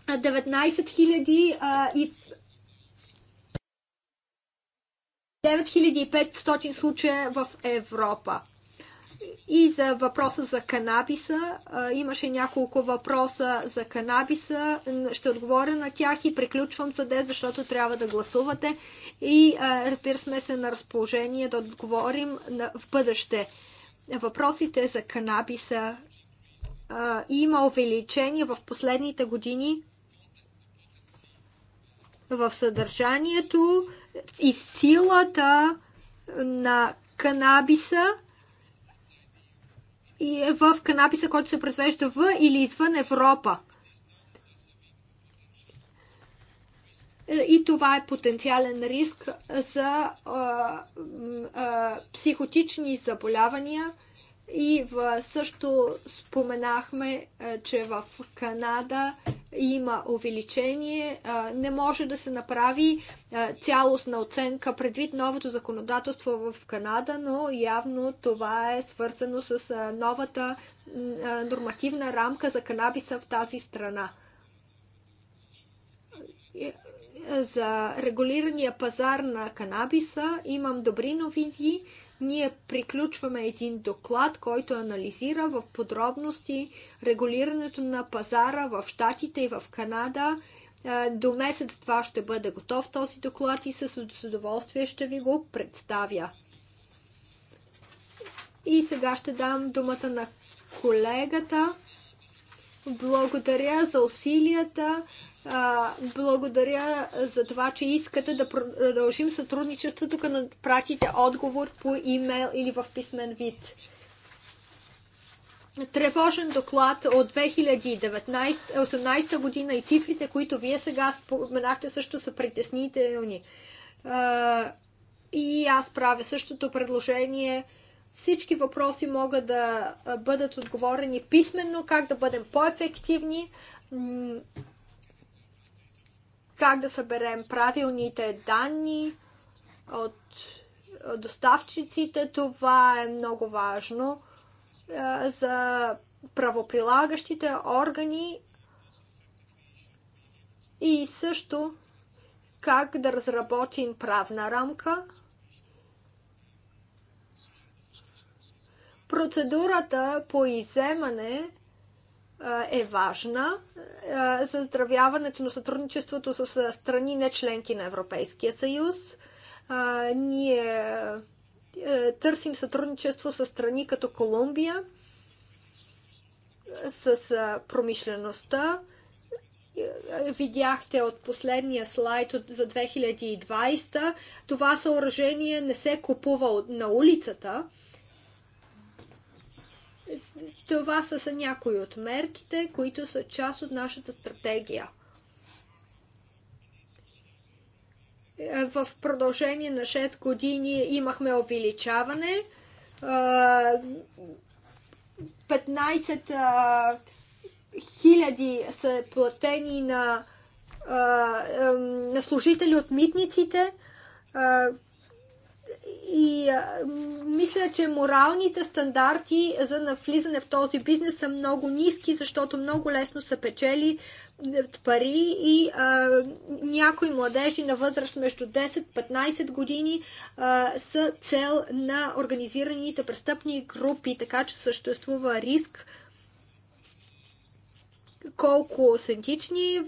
[SPEAKER 1] 19 и 9500 случая в Европа. И за въпроса за канабиса. Имаше няколко въпроса за канабиса. Ще отговоря на тях и приключвам съде, защото трябва да гласувате. И разбира сме се на разположение да отговорим в бъдеще. Въпросите за канабиса има увеличение в последните години в съдържанието и силата на канабиса и е в канабиса, който се произвежда в или извън Европа. Е, и това е потенциален риск за а, а, психотични заболявания, и в, също споменахме, е, че в Канада има увеличение. Е, не може да се направи е, цялостна оценка предвид новото законодателство в Канада, но явно това е свързано с новата нормативна рамка за канабиса в тази страна за регулирания пазар на канабиса имам добри новини ние приключваме един доклад, който анализира в подробности регулирането на пазара в Штатите и в Канада. Е, до месец това ще бъде готов този доклад и с удоволствие ще ви го представя. И сега ще дам думата на колегата. Благодаря за усилията благодаря за това, че искате да продължим сътрудничеството, като пратите отговор по имейл или в писмен вид. Тревожен доклад от 2018 година и цифрите, които вие сега споменахте, също са притеснителни. И аз правя същото предложение всички въпроси могат да бъдат отговорени писменно, как да бъдем по-ефективни как да съберем правилните данни от доставчиците. Това е много важно е, за правоприлагащите органи и също как да разработим правна рамка. Процедурата по иземане е важна за здравяването на сътрудничеството с страни не членки на Европейския съюз. Ние търсим сътрудничество с страни като Колумбия, с промишлеността. Видяхте от последния слайд за 2020, това съоръжение не се купува на улицата, това са, са някои от мерките, които са част от нашата стратегия. Е, в продължение на 6 години имахме увеличаване. 15 е, хиляди са платени на, на служители от митниците е, и а, мисля, че моралните стандарти за навлизане в този бизнес са много ниски, защото много лесно са печели е, пари и а, някои младежи на възраст между 10-15 години а, са цел на организираните престъпни групи, така че съществува риск колко синтетични е,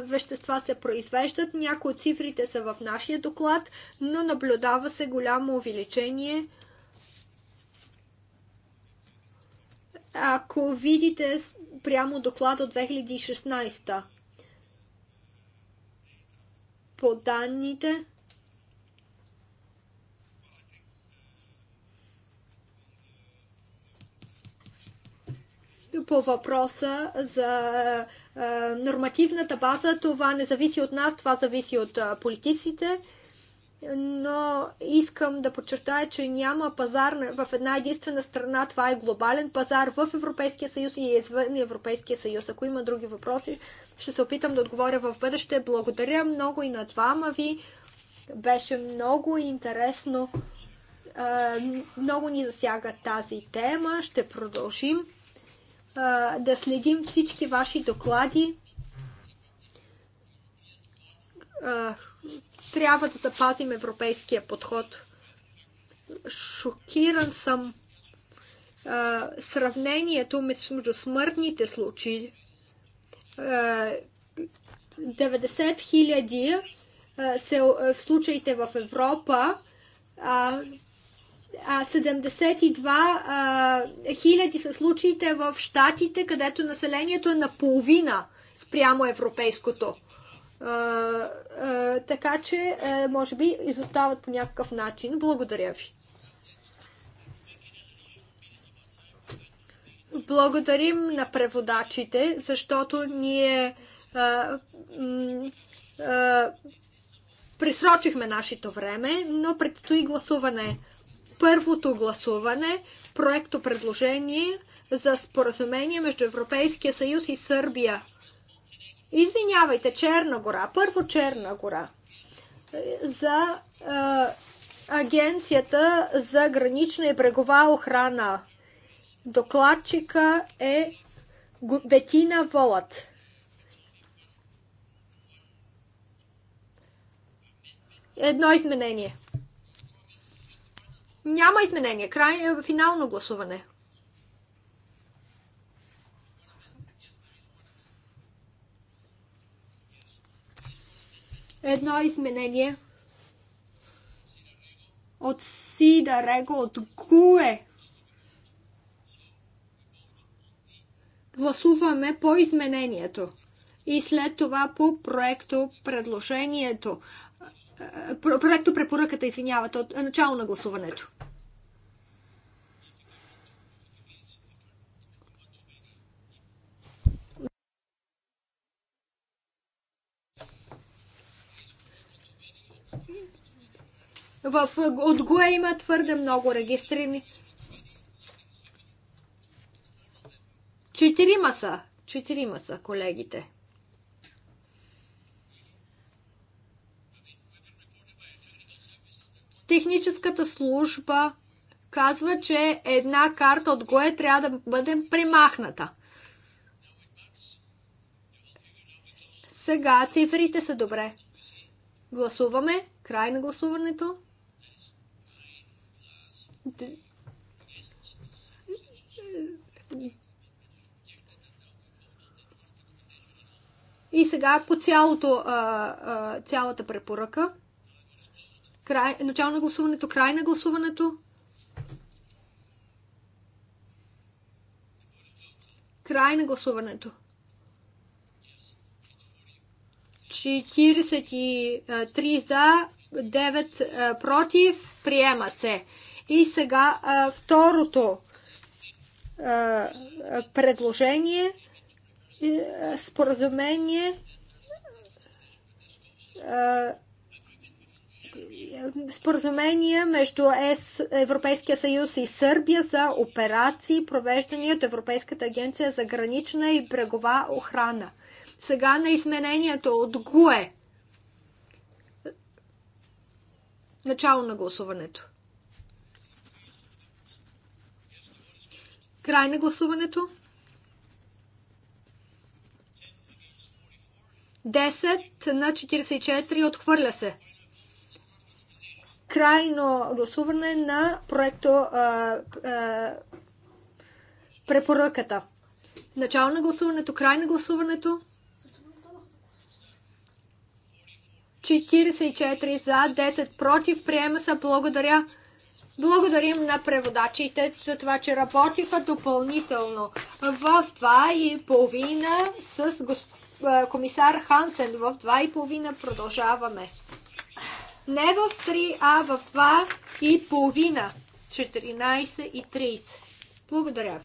[SPEAKER 1] вещества се произвеждат. Някои от цифрите са в нашия доклад, но наблюдава се голямо увеличение. Ако видите прямо доклад от 2016 по данните, по въпроса за нормативната база. Това не зависи от нас, това зависи от политиците. Но искам да подчертая, че няма пазар в една единствена страна. Това е глобален пазар в Европейския съюз и извън Европейския съюз. Ако има други въпроси, ще се опитам да отговоря в бъдеще. Благодаря много и на двама ви. Беше много интересно много ни засяга тази тема. Ще продължим да следим всички ваши доклади. трябва да запазим европейския подход. Шокиран съм сравнението между смъртните случаи. 90 хиляди в случаите в Европа 72 хиляди са случаите в Штатите, където населението е наполовина спрямо европейското. така че, може би, изостават по някакъв начин. Благодаря ви. Благодарим на преводачите, защото ние а, а, нашето време, но предстои гласуване първото гласуване проекто предложение за споразумение между Европейския съюз и Сърбия. Извинявайте, Черна гора. Първо Черна гора. За е, Агенцията за гранична и брегова охрана. Докладчика е Бетина Волът. Едно изменение. Няма изменение. Край, е, финално гласуване. Едно изменение от Сида Рего, от Гуе. Гласуваме по изменението и след това по проекто предложението проекто препоръката, извинявате, от начало на гласуването. В, от има твърде много регистрирани. Четирима са. Четирима са колегите. Техническата служба казва, че една карта от ГОЕ трябва да бъде премахната. Сега цифрите са добре. Гласуваме. Край на гласуването. И сега по цялото, цялата препоръка. Край, начало на гласуването, край на гласуването. Край на гласуването. 43 за, 9 против, приема се. И сега второто предложение, споразумение споразумение между ЕС, Европейския съюз и Сърбия за операции, провеждани от Европейската агенция за гранична и брегова охрана. Сега на изменението от ГУЕ. Начало на гласуването. Край на гласуването. 10 на 44 отхвърля се крайно гласуване на проекто препоръката. Начало на гласуването, край на гласуването. 44 за, 10 против. Приема се. Благодаря. Благодарим на преводачите за това, че работиха допълнително в 2 и половина с госп... комисар Хансен. В 2 и половина продължаваме. Не в 3, а в 2 и половина. 14 и 30. Благодаря.